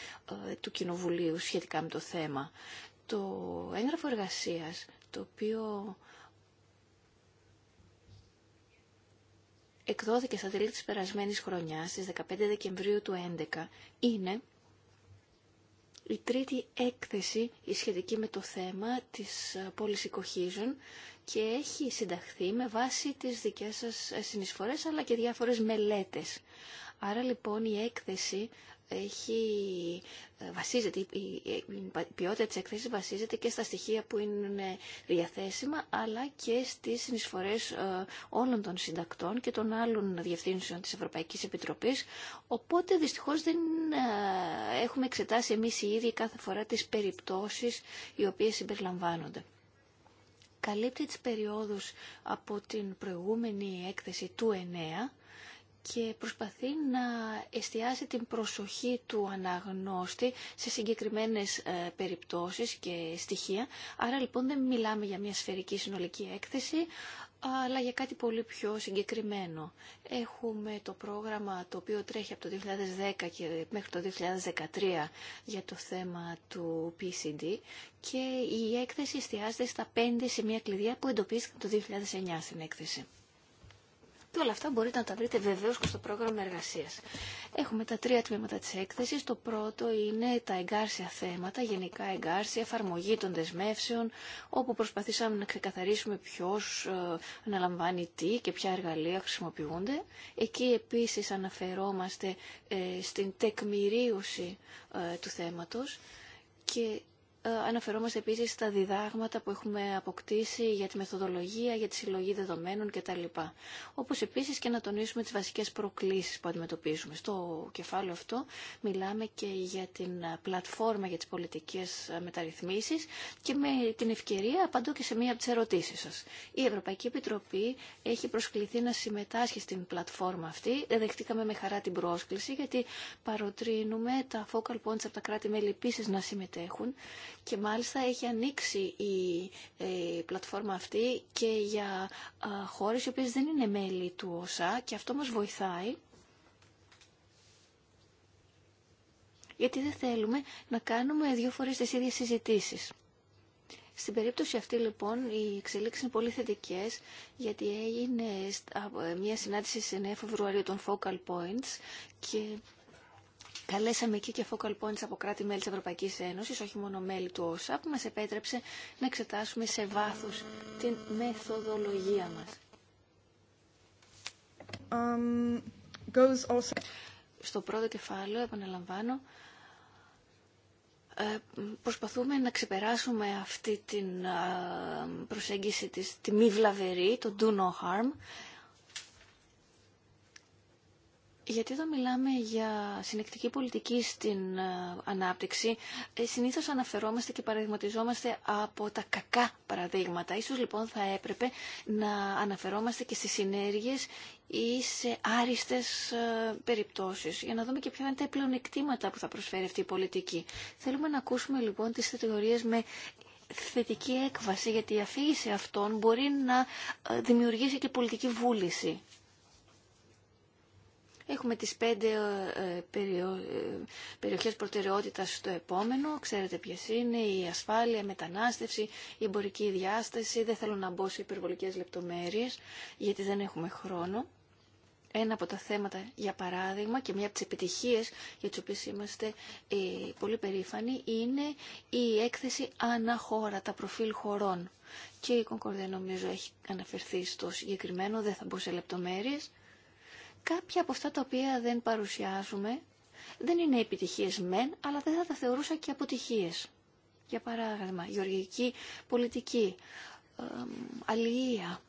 ε, του Κοινοβουλίου σχετικά με το θέμα. Το έγγραφο εργασία το οποίο εκδόθηκε στα τέλη της περασμένης χρονιάς, στις 15 Δεκεμβρίου του 2011, είναι η τρίτη έκθεση η σχετική με το θέμα της ε, πόλης οικοχίζων και έχει συνταχθεί με βάση τις δικές σας ε, συνεισφορές αλλά και διάφορες μελέτες. Άρα λοιπόν η έκθεση έχει, ε, βασίζεται, η ποιότητα της εκθέσης βασίζεται και στα στοιχεία που είναι διαθέσιμα, αλλά και στις συνεισφορές ε, όλων των συντακτών και των άλλων διευθύνσεων της Ευρωπαϊκής Επιτροπής. Οπότε δυστυχώς δεν ε, έχουμε εξετάσει εμείς οι ίδιοι κάθε φορά τις περιπτώσεις οι οποίες συμπεριλαμβάνονται καλύπτει τις περιόδους από την προηγούμενη έκθεση του 9 και προσπαθεί να εστιάσει την προσοχή του αναγνώστη σε συγκεκριμένες ε, περιπτώσεις και στοιχεία. Άρα λοιπόν δεν μιλάμε για μια σφαιρική συνολική έκθεση, αλλά για κάτι πολύ πιο συγκεκριμένο. Έχουμε το πρόγραμμα το οποίο τρέχει από το 2010 και μέχρι το 2013 για το θέμα του PCD και η έκθεση εστιάζεται στα πέντε σημεία κλειδιά που εντοπίστηκαν το 2009 στην έκθεση. Και όλα αυτά μπορείτε να τα βρείτε βεβαίως και στο πρόγραμμα εργασία. Έχουμε τα τρία τμήματα της έκθεσης. Το πρώτο είναι τα εγκάρσια θέματα, γενικά εγκάρσια, εφαρμογή των δεσμεύσεων, όπου προσπαθήσαμε να ξεκαθαρίσουμε ποιο αναλαμβάνει ε, τι και ποια εργαλεία χρησιμοποιούνται. Εκεί επίσης αναφερόμαστε ε, στην τεκμηρίωση ε, του θέματο. και ε, αναφερόμαστε επίσης στα διδάγματα που έχουμε αποκτήσει για τη μεθοδολογία, για τη συλλογή δεδομένων κτλ. Όπως επίσης και να τονίσουμε τις βασικές προκλήσεις που αντιμετωπίζουμε. Στο κεφάλαιο αυτό μιλάμε και για την πλατφόρμα για τις πολιτικές μεταρρυθμίσεις και με την ευκαιρία απαντώ και σε μία από τις ερωτήσεις σας. Η Ευρωπαϊκή Επιτροπή έχει προσκληθεί να συμμετάσχει στην πλατφόρμα αυτή. Ε, δεχτήκαμε με χαρά την πρόσκληση γιατί παροτρύνουμε τα focal points από τα κράτη-μέλη να συμμετέχουν και μάλιστα έχει ανοίξει η ε, πλατφόρμα αυτή και για χώρες οι οποίες δεν είναι μέλη του ΩΣΑ και αυτό μας βοηθάει γιατί δεν θέλουμε να κάνουμε δύο φορές τις ίδιες συζητήσεις. Στην περίπτωση αυτή λοιπόν οι εξελίξεις είναι πολύ θετικέ γιατί έγινε μια συνάντηση σε 9 Φεβρουαρίου των Focal Points και Καλέσαμε εκεί και focal points από κράτη-μέλη της Ευρωπαϊκής Ένωσης, όχι μόνο μέλη του ΩΣΑ, που μας επέτρεψε να εξετάσουμε σε βάθος την μεθοδολογία μας. Um, goes also... Στο πρώτο κεφάλαιο, επαναλαμβάνω, ε, προσπαθούμε να ξεπεράσουμε αυτή την ε, προσέγγιση της, τη μη βλαβερή, το do no harm, γιατί όταν μιλάμε για συνεκτική πολιτική στην ε, ανάπτυξη, ε, συνήθως αναφερόμαστε και παραδειγματιζόμαστε από τα κακά παραδείγματα. Ίσως λοιπόν θα έπρεπε να αναφερόμαστε και στις συνέργειες ή σε άριστες ε, περιπτώσεις, για να δούμε και ποια είναι τα πλεονεκτήματα που θα προσφέρει αυτή η πολιτική. Θέλουμε να ακούσουμε λοιπόν τις θεωρίες με θετική έκβαση, γιατί η αφήγηση αυτών μπορεί να δημιουργήσει και πολιτική βούληση. Έχουμε τις πέντε ε, ε, περιοχές προτεραιότητας στο επόμενο. Ξέρετε ποιες είναι η ασφάλεια, η μετανάστευση, η εμπορική διάσταση. Δεν θέλω να μπω σε υπερβολικές λεπτομέρειες γιατί δεν έχουμε χρόνο. Ένα από τα θέματα, για παράδειγμα, και μια από τις επιτυχίες για τις οποίες είμαστε ε, πολύ περήφανοι, είναι η έκθεση αναχώρα, τα προφίλ χωρών. Και η Κονκορδία νομίζω έχει αναφερθεί στο συγκεκριμένο, δεν θα μπω σε λεπτομέρειες. Κάποια από αυτά τα οποία δεν παρουσιάζουμε δεν είναι επιτυχίες μεν, αλλά δεν θα τα θεωρούσα και αποτυχίες. Για παράδειγμα, γεωργική πολιτική, αλληλεία.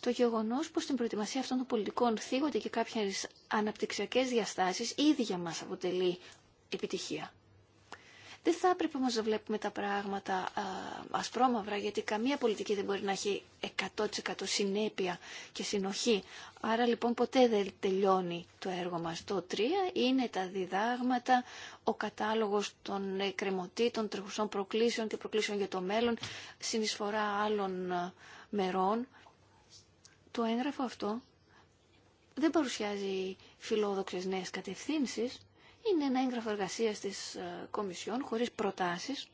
Το γεγονό πω στην προετοιμασία αυτών των πολιτικών θίγονται και κάποιε αναπτυξιακέ διαστάσει ήδη για μα αποτελεί επιτυχία. Δεν θα έπρεπε όμω να βλέπουμε τα πράγματα ασπρόμαυρα, γιατί καμία πολιτική δεν μπορεί να έχει 100% συνέπεια και συνοχή. Άρα λοιπόν ποτέ δεν τελειώνει το έργο μας. Το 3 είναι τα διδάγματα, ο κατάλογος των κρεμωτήτων, τρεχουσών προκλήσεων και προκλήσεων για το μέλλον, συνεισφορά άλλων μερών. Το έγγραφο αυτό δεν παρουσιάζει φιλόδοξες νέες κατευθύνσεις, είναι ένα έγγραφο εργασία της ε, Κομισιόν χωρίς προτάσεις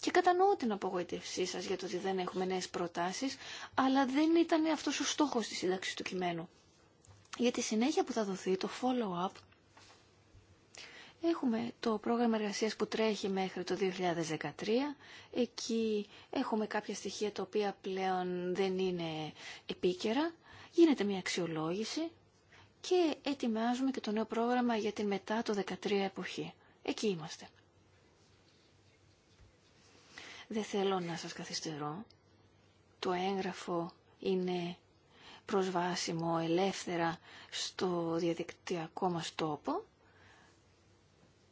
και κατανοώ την απογοήτευσή σα για το ότι δεν έχουμε νέες προτάσεις, αλλά δεν ήταν αυτός ο στόχος της συνταξη του κειμένου. Για τη συνέχεια που θα δοθεί, το follow-up, Έχουμε το πρόγραμμα εργασίας που τρέχει μέχρι το 2013. Εκεί έχουμε κάποια στοιχεία τα οποία πλέον δεν είναι επίκαιρα. Γίνεται μια αξιολόγηση και ετοιμάζουμε και το νέο πρόγραμμα για τη μετά το 13 εποχή. Εκεί είμαστε. Δεν θέλω να σας καθυστερώ. Το έγγραφο είναι προσβάσιμο ελεύθερα στο διαδικτυακό μας τόπο.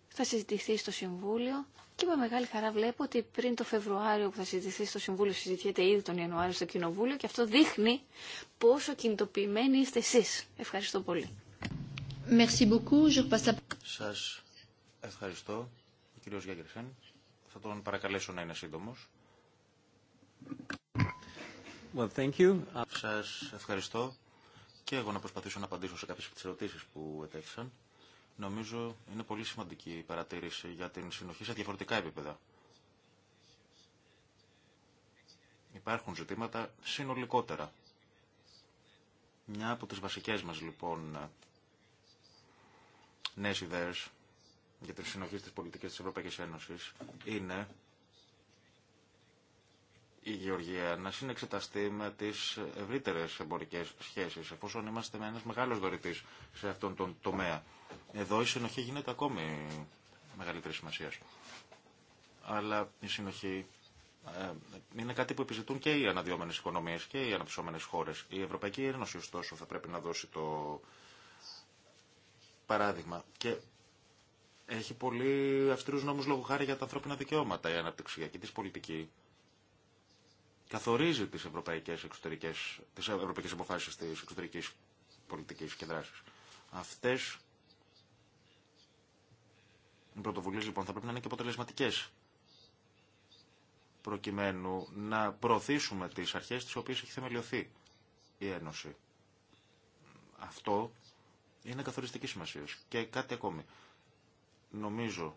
Θα συζητηθεί στο Συμβούλιο και με μεγάλη χαρά βλέπω ότι πριν το Φεβρουάριο που θα συζητηθεί στο Συμβούλιο, συζητιέται ήδη τον Ιανουάριο στο Κοινοβούλιο και αυτό δείχνει πόσο κινητοποιημένοι είστε εσεί. Ευχαριστώ πολύ. Σας ευχαριστώ. κύριος Γιάγκερσεν. Θα τον παρακαλέσω να είναι σύντομος. Well, thank you. Σας ευχαριστώ. Και εγώ να προσπαθήσω να απαντήσω σε κάποιες από τις ερωτήσεις που ετέθησαν. Νομίζω είναι πολύ σημαντική η παρατήρηση για την συνοχή σε διαφορετικά επίπεδα. Υπάρχουν ζητήματα συνολικότερα. Μια από τις βασικές μας λοιπόν νέες ιδέες για την συνοχή στις πολιτικές της Ευρωπαϊκής Ένωσης είναι η Γεωργία να συνεξεταστεί με τι ευρύτερε εμπορικέ σχέσει, εφόσον είμαστε με ένας μεγάλος σε αυτόν τον τομέα. Εδώ η συνοχή γίνεται ακόμη μεγαλύτερη σημασία. Αλλά η συνοχή ε, είναι κάτι που επιζητούν και οι αναδυόμενες οικονομίε και οι αναπτυσσόμενες χώρε. Η Ευρωπαϊκή Ένωση, ωστόσο, θα πρέπει να δώσει το παράδειγμα. Και έχει πολύ αυστηρού νόμου λόγω χάρη για τα ανθρώπινα δικαιώματα. Η αναπτυξιακή τη πολιτική καθορίζει τις ευρωπαϊκές, εξωτερικές, τις ευρωπαϊκές αποφάσεις της εξωτερικής πολιτικής και δράσης. Αυτές οι πρωτοβουλίες λοιπόν θα πρέπει να είναι και αποτελεσματικέ προκειμένου να προωθήσουμε τις αρχές τις οποίες έχει θεμελιωθεί η Ένωση. Αυτό είναι καθοριστική σημασία. Και κάτι ακόμη. Νομίζω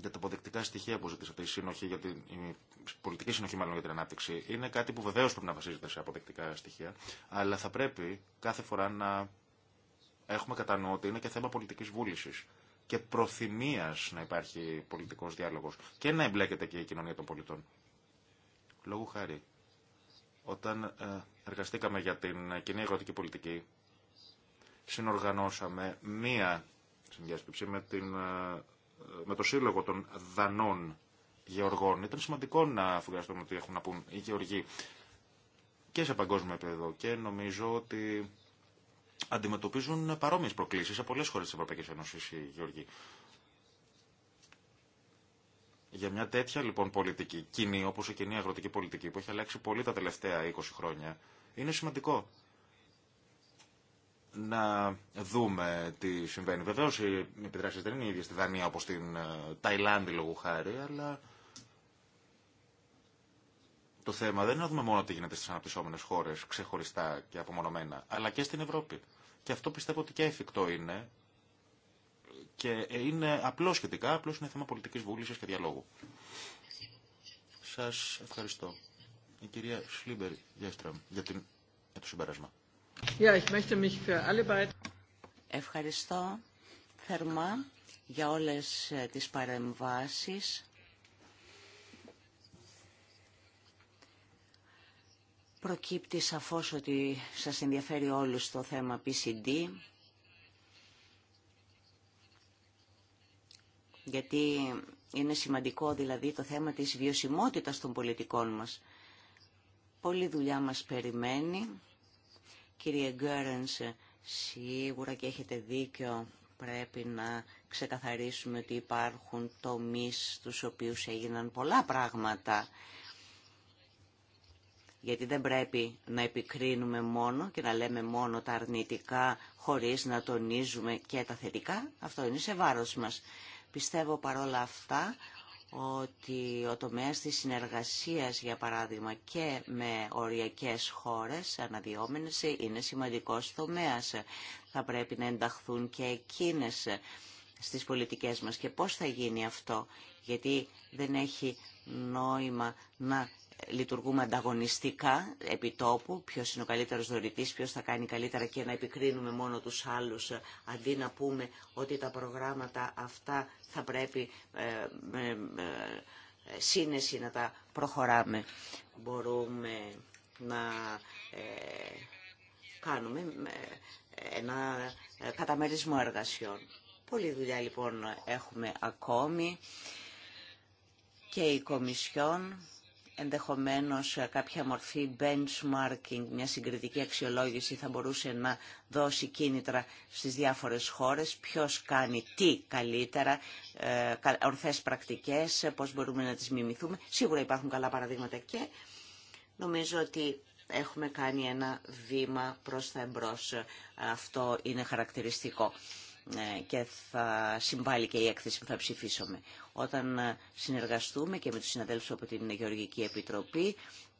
για τα αποδεκτικά στοιχεία που ζητήσατε, η, συνοχή, για την, η πολιτική συνοχή μάλλον για την ανάπτυξη, είναι κάτι που βεβαίω πρέπει να βασίζεται σε αποδεκτικά στοιχεία, αλλά θα πρέπει κάθε φορά να έχουμε κατά νου ότι είναι και θέμα πολιτική βούληση και προθυμία να υπάρχει πολιτικό διάλογο και να εμπλέκεται και η κοινωνία των πολιτών. Λόγου χάρη, όταν ε, εργαστήκαμε για την κοινή αγροτική πολιτική, συνοργανώσαμε μία συνδιάσκεψη με την ε, ε, με το σύλλογο των Δανών Γεωργών. Ήταν σημαντικό να φουγκραστούμε ότι έχουν να πούν οι Γεωργοί και σε παγκόσμιο επίπεδο και νομίζω ότι αντιμετωπίζουν παρόμοιες προκλήσεις σε πολλές χώρες της Ευρωπαϊκής Ένωσης οι Γεωργοί. Για μια τέτοια λοιπόν πολιτική κοινή, όπως η κοινή αγροτική πολιτική που έχει αλλάξει πολύ τα τελευταία 20 χρόνια, είναι σημαντικό να δούμε τι συμβαίνει. Βεβαίω οι επιδράσει δεν είναι οι ίδιε στη Δανία όπω στην ε, Ταϊλάνδη λόγου χάρη, αλλά το θέμα δεν είναι να δούμε μόνο τι γίνεται στι αναπτυσσόμενε χώρε ξεχωριστά και απομονωμένα, αλλά και στην Ευρώπη. Και αυτό πιστεύω ότι και εφικτό είναι και είναι απλό σχετικά, απλώ είναι θέμα πολιτική βούληση και διαλόγου. Σα ευχαριστώ. Η κυρία Σλίμπερ Γέστραμ για, για το συμπέρασμα. Ευχαριστώ θερμά για όλες ε, τις παρεμβάσεις. Προκύπτει σαφώς ότι σας ενδιαφέρει όλους το θέμα PCD, γιατί είναι σημαντικό δηλαδή το θέμα της βιωσιμότητας των πολιτικών μας. Πολύ δουλειά μας περιμένει. Κύριε Γκέρενς, σίγουρα και έχετε δίκιο, πρέπει να ξεκαθαρίσουμε ότι υπάρχουν τομείς στους οποίους έγιναν πολλά πράγματα γιατί δεν πρέπει να επικρίνουμε μόνο και να λέμε μόνο τα αρνητικά χωρίς να τονίζουμε και τα θετικά. Αυτό είναι σε βάρος μας. Πιστεύω παρόλα αυτά ότι ο τομέας της συνεργασίας, για παράδειγμα, και με οριακές χώρες αναδυόμενες είναι σημαντικός τομέας. Θα πρέπει να ενταχθούν και εκείνες στις πολιτικές μας. Και πώς θα γίνει αυτό, γιατί δεν έχει νόημα να λειτουργούμε ανταγωνιστικά επί τόπου, ποιος είναι ο καλύτερος δωρητής, ποιος θα κάνει καλύτερα και να επικρίνουμε μόνο τους άλλους, ε, αντί να πούμε ότι τα προγράμματα αυτά θα πρέπει ε, ε σύνεση να τα προχωράμε. Μπορούμε να ε, κάνουμε ένα καταμερισμό εργασιών. Πολλή δουλειά λοιπόν έχουμε ακόμη και η Κομισιόν ενδεχομένως κάποια μορφή benchmarking, μια συγκριτική αξιολόγηση θα μπορούσε να δώσει κίνητρα στις διάφορες χώρες, ποιος κάνει τι καλύτερα, ε, ορθές πρακτικές, πώς μπορούμε να τις μιμηθούμε. Σίγουρα υπάρχουν καλά παραδείγματα και νομίζω ότι έχουμε κάνει ένα βήμα προς τα εμπρός. Αυτό είναι χαρακτηριστικό ε, και θα συμβάλλει και η έκθεση που θα ψηφίσουμε όταν ε, συνεργαστούμε και με τους συναδέλφους από την Γεωργική Επιτροπή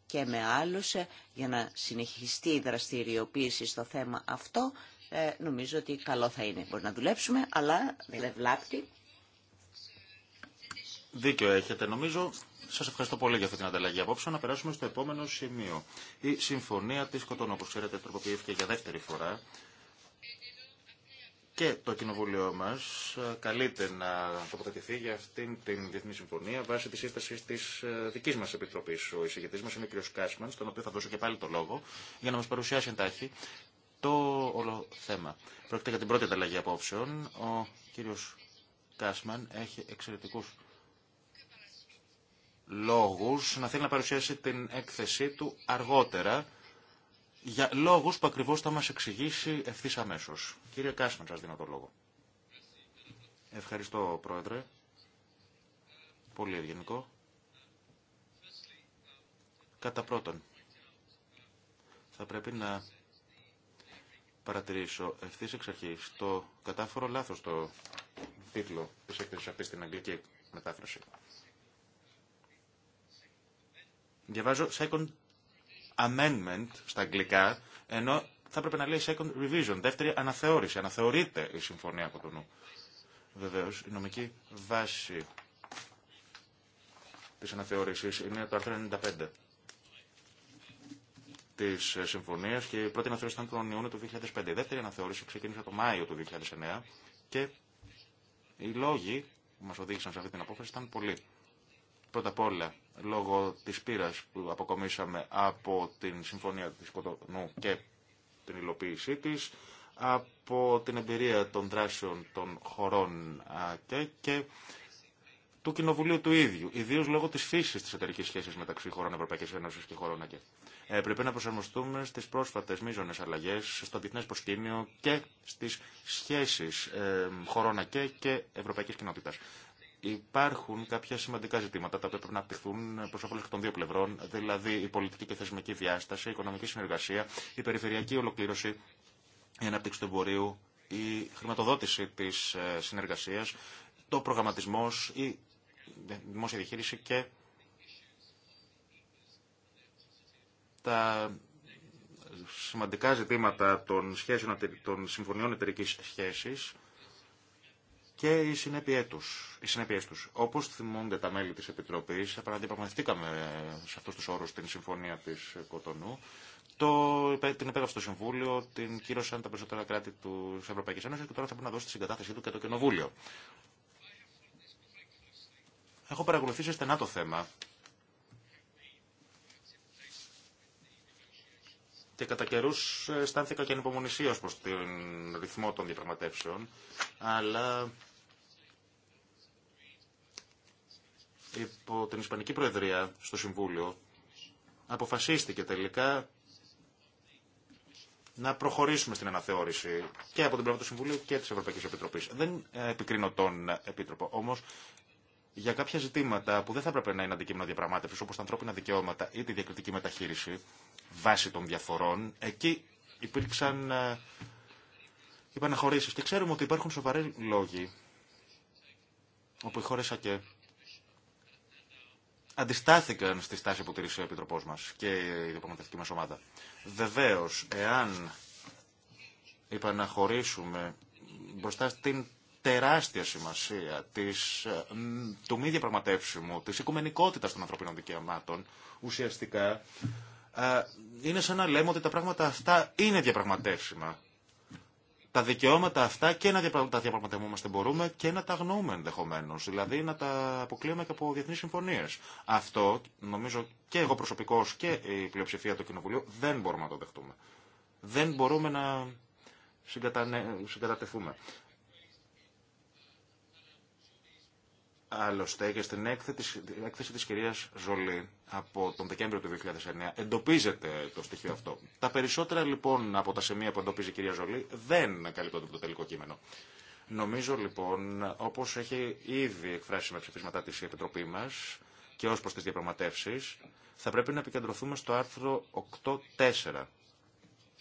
και με άλλους ε, για να συνεχιστεί η δραστηριοποίηση στο θέμα αυτό, ε, νομίζω ότι καλό θα είναι. Μπορεί να δουλέψουμε, αλλά δεν βλάπτει. Δίκιο έχετε. Νομίζω σας ευχαριστώ πολύ για αυτή την ανταλλαγή απόψε. Να περάσουμε στο επόμενο σημείο. Η Συμφωνία της Κοτονόπου, ξέρετε, τροποποιήθηκε για δεύτερη φορά και το κοινοβούλιο μας ε, καλείται να τοποθετηθεί για αυτήν την Διεθνή Συμφωνία βάσει της σύσταση της ε, δικής μας Επιτροπής. Ο εισηγητή μας είναι ο κ. Κάσμαν, στον οποίο θα δώσω και πάλι το λόγο, για να μας παρουσιάσει εντάχει το όλο θέμα. Πρόκειται για την πρώτη ανταλλαγή απόψεων. Ο κ. Κάσμαν έχει εξαιρετικού λόγου να θέλει να παρουσιάσει την έκθεσή του αργότερα για λόγους που ακριβώς θα μας εξηγήσει ευθύς αμέσως. Κύριε Κάσμαν, σας δίνω το λόγο. Ευχαριστώ, Πρόεδρε. Πολύ ευγενικό. Κατά πρώτον, θα πρέπει να παρατηρήσω ευθύ εξ αρχή το κατάφορο λάθο το τίτλο τη έκθεση αυτή στην αγγλική μετάφραση. Διαβάζω second amendment στα αγγλικά, ενώ θα έπρεπε να λέει second revision, δεύτερη αναθεώρηση. Αναθεωρείται η Συμφωνία νου. Βεβαίω, η νομική βάση τη αναθεώρηση είναι το άρθρο 95 τη Συμφωνία και η πρώτη αναθεώρηση ήταν τον Ιούνιο του 2005. Η δεύτερη αναθεώρηση ξεκίνησε το Μάιο του 2009 και οι λόγοι που μα οδήγησαν σε αυτή την απόφαση ήταν πολλοί. Πρώτα απ' όλα, λόγω της πείρας που αποκομίσαμε από την Συμφωνία της Κοτονού και την υλοποίησή της, από την εμπειρία των δράσεων των χωρών και, και του Κοινοβουλίου του ίδιου, ιδίω λόγω τη φύση τη εταιρική σχέση μεταξύ χωρών Ευρωπαϊκή Ένωση και χωρών ΑΚΕ. Ε, πρέπει να προσαρμοστούμε στι πρόσφατε μείζονε αλλαγέ, στο διεθνέ προσκήνιο και στι σχέσει ε, χωρών ΑΚΕ και Ευρωπαϊκή Κοινότητα. Υπάρχουν κάποια σημαντικά ζητήματα τα οποία πρέπει να απτυχθούν προ όφελο των δύο πλευρών, δηλαδή η πολιτική και θεσμική διάσταση, η οικονομική συνεργασία, η περιφερειακή ολοκλήρωση, η ανάπτυξη του εμπορίου, η χρηματοδότηση τη ε, συνεργασία, το προγραμματισμό, η δημόσια διαχείριση και τα σημαντικά ζητήματα των, σχέσεων, συμφωνιών εταιρική σχέσης και οι συνέπειέ τους. Οι Όπως θυμούνται τα μέλη της Επιτροπής, επαναδιαπραγματευτήκαμε σε αυτούς τους όρους την συμφωνία της Κοτονού, το, την επέγραψε στο Συμβούλιο, την κύρωσαν τα περισσότερα κράτη της Ευρωπαϊκής Ένωσης και τώρα θα πρέπει να δώσει τη συγκατάθεσή του και το Κοινοβούλιο. Έχω παρακολουθήσει στενά το θέμα και κατά καιρού αισθάνθηκα και ανυπομονησία προ τον ρυθμό των διαπραγματεύσεων. Αλλά υπό την Ισπανική Προεδρία στο Συμβούλιο αποφασίστηκε τελικά να προχωρήσουμε στην αναθεώρηση και από την πλευρά του Συμβουλίου και τη Ευρωπαϊκή Επιτροπή. Δεν ε, επικρίνω τον Επίτροπο. Όμω για κάποια ζητήματα που δεν θα έπρεπε να είναι αντικείμενο διαπραγμάτευση, όπω τα ανθρώπινα δικαιώματα ή τη διακριτική μεταχείριση βάσει των διαφορών, εκεί υπήρξαν ε, υπαναχωρήσει. Και ξέρουμε ότι υπάρχουν σοβαροί λόγοι όπου η χώρα ΣΑΚΕ αντιστάθηκαν στη στάση που τηρήσε ο Επιτροπό μα και η διαπραγματευτική μα ομάδα. Βεβαίω, εάν υπαναχωρήσουμε μπροστά στην τεράστια σημασία της, ε, του μη διαπραγματεύσιμου, της οικουμενικότητας των ανθρωπίνων δικαιωμάτων, ουσιαστικά ε, είναι σαν να λέμε ότι τα πράγματα αυτά είναι διαπραγματεύσιμα τα δικαιώματα αυτά και να τα διαπραγματευόμαστε μπορούμε και να τα αγνοούμε ενδεχομένω. Δηλαδή να τα αποκλείουμε και από διεθνεί συμφωνίε. Αυτό νομίζω και εγώ προσωπικώ και η πλειοψηφία του Κοινοβουλίου δεν μπορούμε να το δεχτούμε. Δεν μπορούμε να συγκατανε... συγκατατεθούμε. Άλλωστε και στην έκθεση της κυρίας Ζολή από τον Δεκέμβριο του 2009 εντοπίζεται το στοιχείο αυτό. Τα περισσότερα λοιπόν από τα σημεία που εντοπίζει η κυρία Ζολή δεν καλύπτονται από το τελικό κείμενο. Νομίζω λοιπόν, όπως έχει ήδη εκφράσει με ψηφίσματά της η Επιτροπή μας και ως προς τις διαπραγματεύσεις, θα πρέπει να επικεντρωθούμε στο άρθρο 8.4.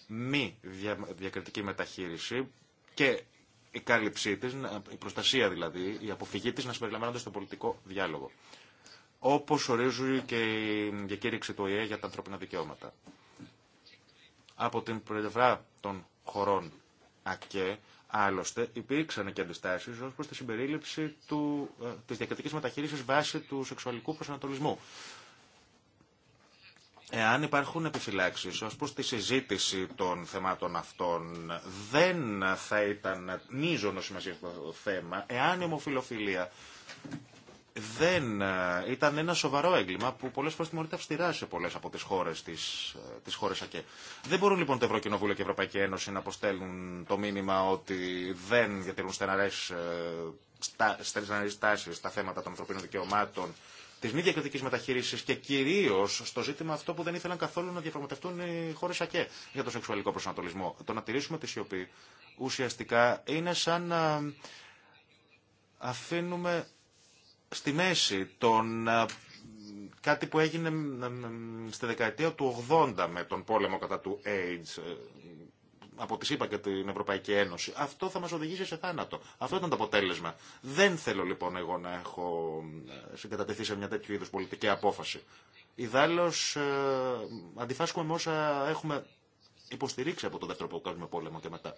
Μη διακριτική μεταχείριση και η κάλυψή τη, η προστασία δηλαδή, η αποφυγή τη να συμπεριλαμβάνονται στο πολιτικό διάλογο. Όπως ορίζει και η διακήρυξη του ΟΗΕ για τα ανθρώπινα δικαιώματα. Από την πλευρά των χωρών ΑΚΕ, άλλωστε, υπήρξαν και αντιστάσει ω προ τη συμπερίληψη τη ε, της μεταχείριση μεταχείρισης βάσει του σεξουαλικού προσανατολισμού. Εάν υπάρχουν επιφυλάξεις ως προς τη συζήτηση των θεμάτων αυτών, δεν θα ήταν μείζονο σημασία το θέμα, εάν η ομοφιλοφιλία δεν ε, ήταν ένα σοβαρό έγκλημα που πολλές φορές τιμωρείται αυστηρά σε πολλές από τις χώρες, τις, ε, τις χώρες ΑΚΕ. Δεν μπορούν λοιπόν το Ευρωκοινοβούλιο και η Ευρωπαϊκή Ένωση να αποστέλουν το μήνυμα ότι δεν διατηρούν στεναρές ε, στεναρές τάσεις στα θέματα των ανθρωπίνων δικαιωμάτων τη μη διακριτική μεταχείριση και κυρίω στο ζήτημα αυτό που δεν ήθελαν καθόλου να διαπραγματευτούν οι χώρε ΑΚΕ για το σεξουαλικό προσανατολισμό. Το να τηρήσουμε τη σιωπή ουσιαστικά είναι σαν να αφήνουμε στη μέση τον κάτι που έγινε στη δεκαετία του 80 με τον πόλεμο κατά του AIDS από τη ΣΥΠΑ και την Ευρωπαϊκή Ένωση. Αυτό θα μας οδηγήσει σε θάνατο. Αυτό ήταν το αποτέλεσμα. Δεν θέλω λοιπόν εγώ να έχω ε, συγκατατεθεί σε μια τέτοιου είδους πολιτική απόφαση. Ιδάλλως ε, αντιφάσκουμε με όσα έχουμε υποστηρίξει από τον δεύτερο παγκόσμιο πόλεμο και μετά.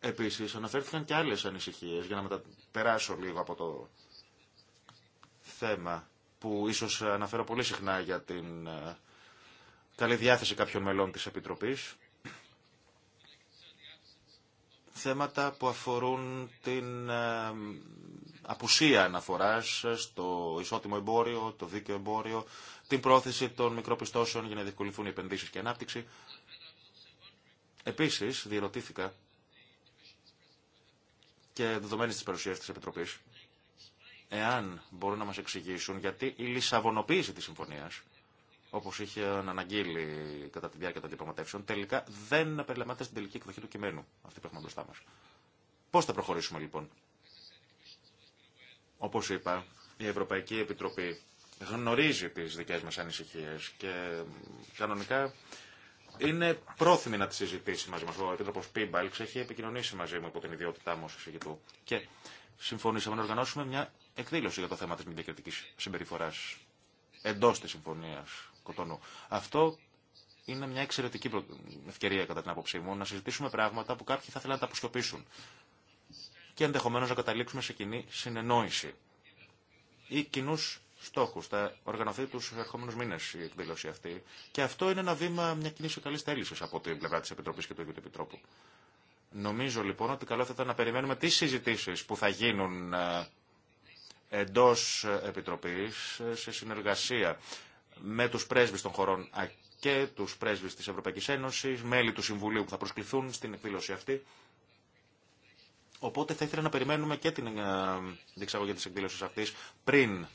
Επίσης αναφέρθηκαν και άλλες ανησυχίες για να μεταπεράσω λίγο από το θέμα που ίσως αναφέρω πολύ συχνά για την ε, καλή διάθεση κάποιων μελών της Επιτροπής. Θέματα που αφορούν την ε, απουσία αναφοράς στο ισότιμο εμπόριο, το δίκαιο εμπόριο, την πρόθεση των μικροπιστώσεων για να διευκολυνθούν οι επενδύσεις και η ανάπτυξη. Επίσης, διερωτήθηκα και δεδομένη της παρουσίας της Επιτροπής, εάν μπορούν να μας εξηγήσουν γιατί η λισαβονοποίηση της συμφωνίας όπω είχε αναγγείλει κατά τη διάρκεια των διαπραγματεύσεων, τελικά δεν περιλαμβάνεται στην τελική εκδοχή του κειμένου αυτή που έχουμε μπροστά μα. Πώ θα προχωρήσουμε λοιπόν. Όπω είπα, η Ευρωπαϊκή Επιτροπή γνωρίζει τι δικέ μα ανησυχίε και κανονικά είναι πρόθυμη να τη συζητήσει μαζί μα. Ο Επίτροπο Πίμπαλξ έχει επικοινωνήσει μαζί μου υπό την ιδιότητά μου ω εισηγητού και συμφωνήσαμε να οργανώσουμε μια εκδήλωση για το θέμα τη μη διακριτική συμπεριφορά εντό τη συμφωνία αυτό είναι μια εξαιρετική ευκαιρία κατά την άποψή μου να συζητήσουμε πράγματα που κάποιοι θα ήθελαν να τα αποσκοπήσουν και ενδεχομένω να καταλήξουμε σε κοινή συνεννόηση ή κοινού στόχου. Θα οργανωθεί του ερχόμενου μήνε η εκδήλωση αυτή και αυτό είναι ένα βήμα μια κοινή καλή θέληση από την πλευρά τη Επιτροπή και του ίδιου του Επιτρόπου. Νομίζω λοιπόν ότι καλό θα ήταν να περιμένουμε τι συζητήσει που θα γίνουν ε, εντό Επιτροπή ε, σε συνεργασία με τους πρέσβεις των χωρών και τους πρέσβεις της Ευρωπαϊκής Ένωσης, μέλη του Συμβουλίου που θα προσκληθούν στην εκδήλωση αυτή. Οπότε θα ήθελα να περιμένουμε και την ε, διεξαγωγή της εκδήλωσης αυτής πριν ε,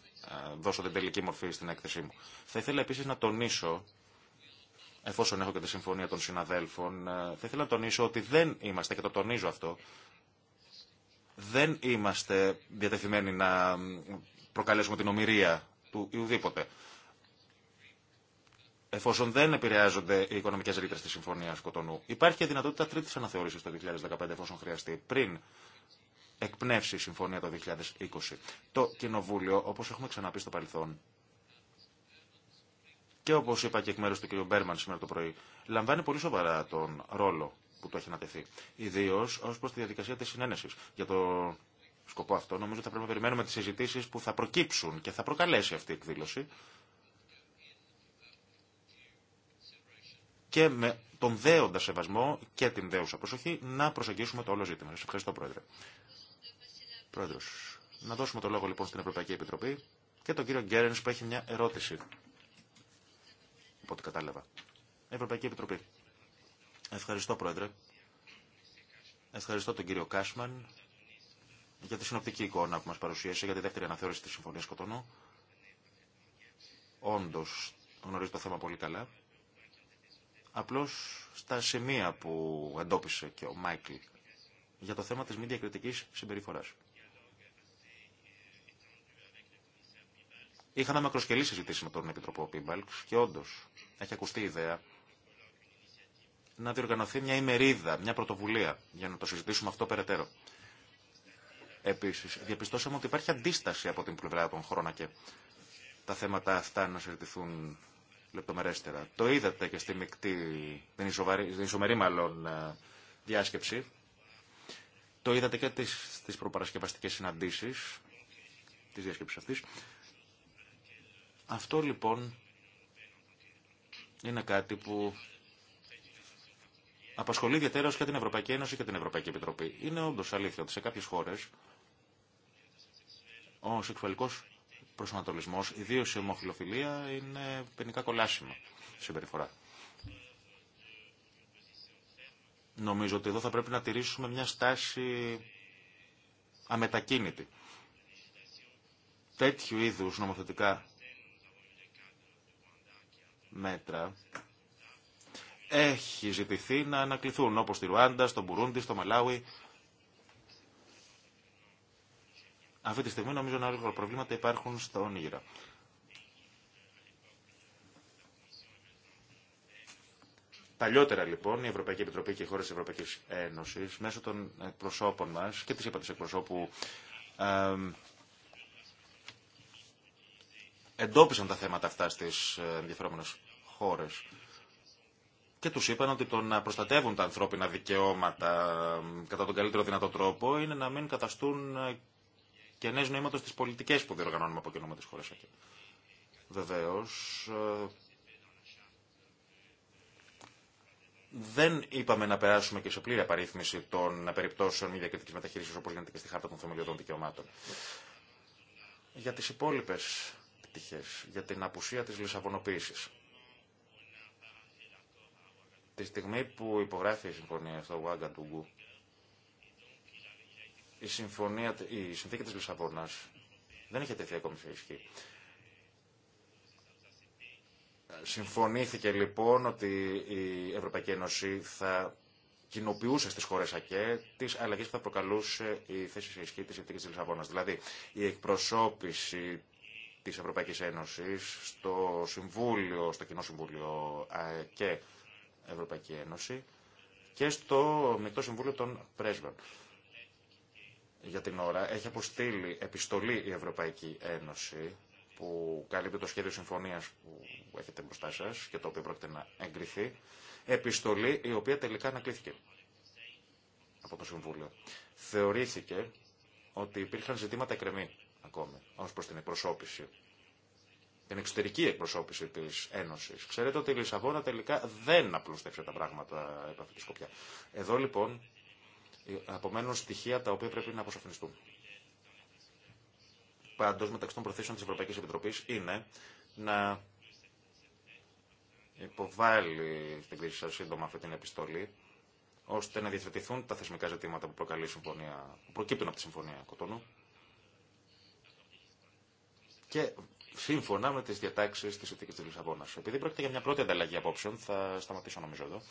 δώσω την τελική μορφή στην έκθεσή μου. Θα ήθελα επίσης να τονίσω, εφόσον έχω και τη συμφωνία των συναδέλφων, ε, θα ήθελα να τονίσω ότι δεν είμαστε, και το τονίζω αυτό, δεν είμαστε διατεθειμένοι να προκαλέσουμε την ομοιρία του ή ουδήποτε εφόσον δεν επηρεάζονται οι οικονομικέ ρήτρε τη Συμφωνία Κοτονού. Υπάρχει και δυνατότητα τρίτη αναθεώρηση το 2015, εφόσον χρειαστεί, πριν εκπνεύσει η Συμφωνία το 2020. Το Κοινοβούλιο, όπω έχουμε ξαναπεί στο παρελθόν, και όπω είπα και εκ μέρου του κ. Μπέρμαν σήμερα το πρωί, λαμβάνει πολύ σοβαρά τον ρόλο που του έχει ανατεθεί. Ιδίω ω προ τη διαδικασία τη συνένεση. Για το σκοπό αυτό, νομίζω θα πρέπει να περιμένουμε τι συζητήσει που θα προκύψουν και θα προκαλέσει αυτή η εκδήλωση και με τον δέοντα σεβασμό και την δέουσα προσοχή να προσεγγίσουμε το όλο ζήτημα. Σας ευχαριστώ, Πρόεδρε. Πρόεδρος, να δώσουμε το λόγο λοιπόν στην Ευρωπαϊκή Επιτροπή και τον κύριο Γκέρενς που έχει μια ερώτηση. Οπότε κατάλαβα. Ευρωπαϊκή Επιτροπή. Ευχαριστώ, Πρόεδρε. Ευχαριστώ τον κύριο Κάσμαν για τη συνοπτική εικόνα που μας παρουσίασε για τη δεύτερη αναθεώρηση της Συμφωνίας Κοτονού. Όντως, γνωρίζει το θέμα πολύ καλά Απλώς στα σημεία που εντόπισε και ο Μάικλ για το θέμα της μη διακριτικής συμπεριφοράς. Είχα ένα μακροσκελή συζήτηση με τον Επιτροπό Πίμπαλξ και όντω έχει ακουστεί η ιδέα να διοργανωθεί μια ημερίδα, μια πρωτοβουλία για να το συζητήσουμε αυτό περαιτέρω. Επίση, διαπιστώσαμε ότι υπάρχει αντίσταση από την πλευρά των χρόνων και τα θέματα αυτά να συζητηθούν λεπτομερέστερα. Το είδατε και στη μεικτή, την, ισοβαρή, ισομερή μάλλον ε, διάσκεψη. Το είδατε και τις, τις προπαρασκευαστικές συναντήσεις της διάσκεψης αυτής. Αυτό λοιπόν είναι κάτι που απασχολεί ιδιαίτερα και την Ευρωπαϊκή Ένωση και την Ευρωπαϊκή Επιτροπή. Είναι όντω αλήθεια ότι σε κάποιες χώρες ο σεξουαλικό προσανατολισμό, ιδίω η ομοφιλοφιλία, είναι ποινικά κολάσιμο συμπεριφορά. Νομίζω ότι εδώ θα πρέπει να τηρήσουμε μια στάση αμετακίνητη. Τέτοιου είδους νομοθετικά μέτρα έχει ζητηθεί να ανακληθούν όπως στη Ρουάντα, στο Μπουρούντι, στο Μαλάουι Αυτή τη στιγμή νομίζω να προβλήματα υπάρχουν στον Ήρα. Παλιότερα λοιπόν η Ευρωπαϊκή Επιτροπή και οι χώρε τη Ευρωπαϊκή Ένωση μέσω των προσώπων μα και τη ύπαρξη εκπροσώπου ε, εντόπισαν τα θέματα αυτά στι ε, ενδιαφερόμενε χώρε και του είπαν ότι το να προστατεύουν τα ανθρώπινα δικαιώματα κατά τον καλύτερο δυνατό τρόπο είναι να μην καταστούν ε, και νέες στι τις πολιτικές που διοργανώνουμε από κοινό με τι χώρε εκεί. δεν είπαμε να περάσουμε και σε πλήρη απαρίθμηση των περιπτώσεων μη διακριτική μεταχείριση όπω γίνεται και στη Χάρτα των Θεμελιωδών Δικαιωμάτων. Για τι υπόλοιπε πτυχέ, για την απουσία τη λισαβονοποίηση. Τη στιγμή που υπογράφει η συμφωνία στο Ουάγκα του Γκου, η, συμφωνία, η συνθήκη της Λισαβόνας δεν είχε τεθεί ακόμη σε ισχύ. Συμφωνήθηκε λοιπόν ότι η Ευρωπαϊκή Ένωση θα κοινοποιούσε στις χώρες ΑΚΕ τις αλλαγές που θα προκαλούσε η θέση σε ισχύ της συνθήκης τη Λισαβόνα. Δηλαδή, η εκπροσώπηση της Ευρωπαϊκής Ένωσης στο Συμβούλιο, στο Κοινό Συμβούλιο και Ευρωπαϊκή Ένωση και στο Μεικτό Συμβούλιο των Πρέσβων για την ώρα έχει αποστείλει επιστολή η Ευρωπαϊκή Ένωση που καλύπτει το σχέδιο συμφωνίας που έχετε μπροστά σας και το οποίο πρόκειται να εγκριθεί. Επιστολή η οποία τελικά ανακλήθηκε από το Συμβούλιο. Θεωρήθηκε ότι υπήρχαν ζητήματα εκκρεμή ακόμη ω προς την εκπροσώπηση την εξωτερική εκπροσώπηση τη Ένωση. Ξέρετε ότι η Λισαβόνα τελικά δεν απλούστευσε τα πράγματα από αυτή τη σκοπιά. Εδώ λοιπόν Απομένουν στοιχεία τα οποία πρέπει να αποσαφινιστούν. Πάντω, μεταξύ των προθέσεων τη Ευρωπαϊκή Επιτροπή είναι να υποβάλει στην κρίση σα σύντομα αυτή την επιστολή, ώστε να διευθετηθούν τα θεσμικά ζητήματα που, προκαλεί προκύπτουν από τη Συμφωνία Κοτονού και σύμφωνα με τι διατάξει τη Συνθήκης τη Λισαβόνα. Επειδή πρόκειται για μια πρώτη ανταλλαγή απόψεων, θα σταματήσω νομίζω εδώ.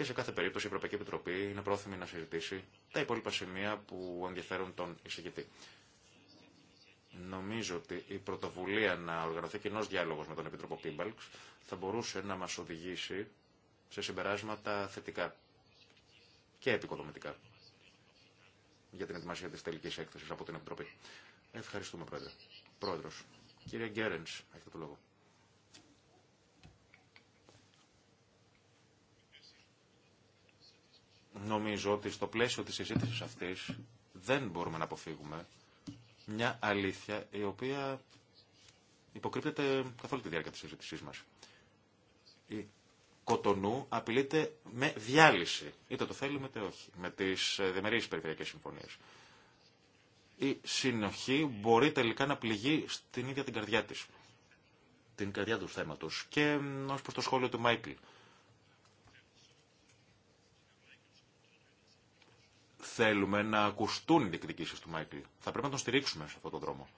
Και σε κάθε περίπτωση η Ευρωπαϊκή Επιτροπή είναι πρόθυμη να συζητήσει τα υπόλοιπα σημεία που ενδιαφέρουν τον εισηγητή. Νομίζω ότι η πρωτοβουλία να οργανωθεί κοινό διάλογο με τον Επιτροπό Πίμπαλξ θα μπορούσε να μα οδηγήσει σε συμπεράσματα θετικά και επικοδομητικά για την ετοιμασία τη τελική έκθεση από την Επιτροπή. Ευχαριστούμε, Πρόεδρε. Πρόεδρο, κύριε Γκέρεν, έχετε το λόγο. Νομίζω ότι στο πλαίσιο της συζήτηση αυτής δεν μπορούμε να αποφύγουμε μια αλήθεια η οποία υποκρύπτεται καθ' τη διάρκεια της συζήτησής μας. Η Κοτονού απειλείται με διάλυση, είτε το θέλουμε είτε όχι, με τις διμερείς περιφερειακές συμφωνίες. Η συνοχή μπορεί τελικά να πληγεί στην ίδια την καρδιά της, την καρδιά του θέματος. Και ως προς το σχόλιο του Μάικλ, θέλουμε να ακουστούν οι διεκδικήσει του Μάικλ. Θα πρέπει να τον στηρίξουμε σε αυτόν τον δρόμο.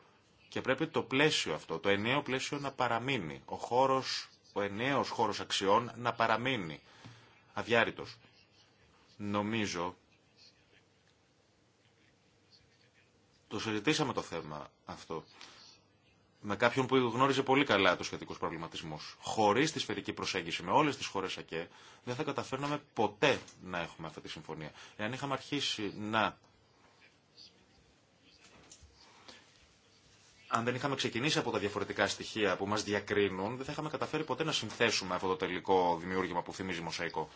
Και πρέπει το πλαίσιο αυτό, το ενιαίο πλαίσιο να παραμείνει. Ο χώρος, ο ενιαίος χώρος αξιών να παραμείνει αδιάρρητος. Νομίζω, το συζητήσαμε το θέμα αυτό με κάποιον που γνώριζε πολύ καλά του σχετικού προβληματισμού. Χωρί τη σφαιρική προσέγγιση με όλε τι χώρε ΑΚΕ, δεν θα καταφέρναμε ποτέ να έχουμε αυτή τη συμφωνία. Εάν είχαμε αρχίσει να. Αν δεν είχαμε ξεκινήσει από τα διαφορετικά στοιχεία που μα διακρίνουν, δεν θα είχαμε καταφέρει ποτέ να συνθέσουμε αυτό το τελικό δημιούργημα που θυμίζει μοσαϊκό.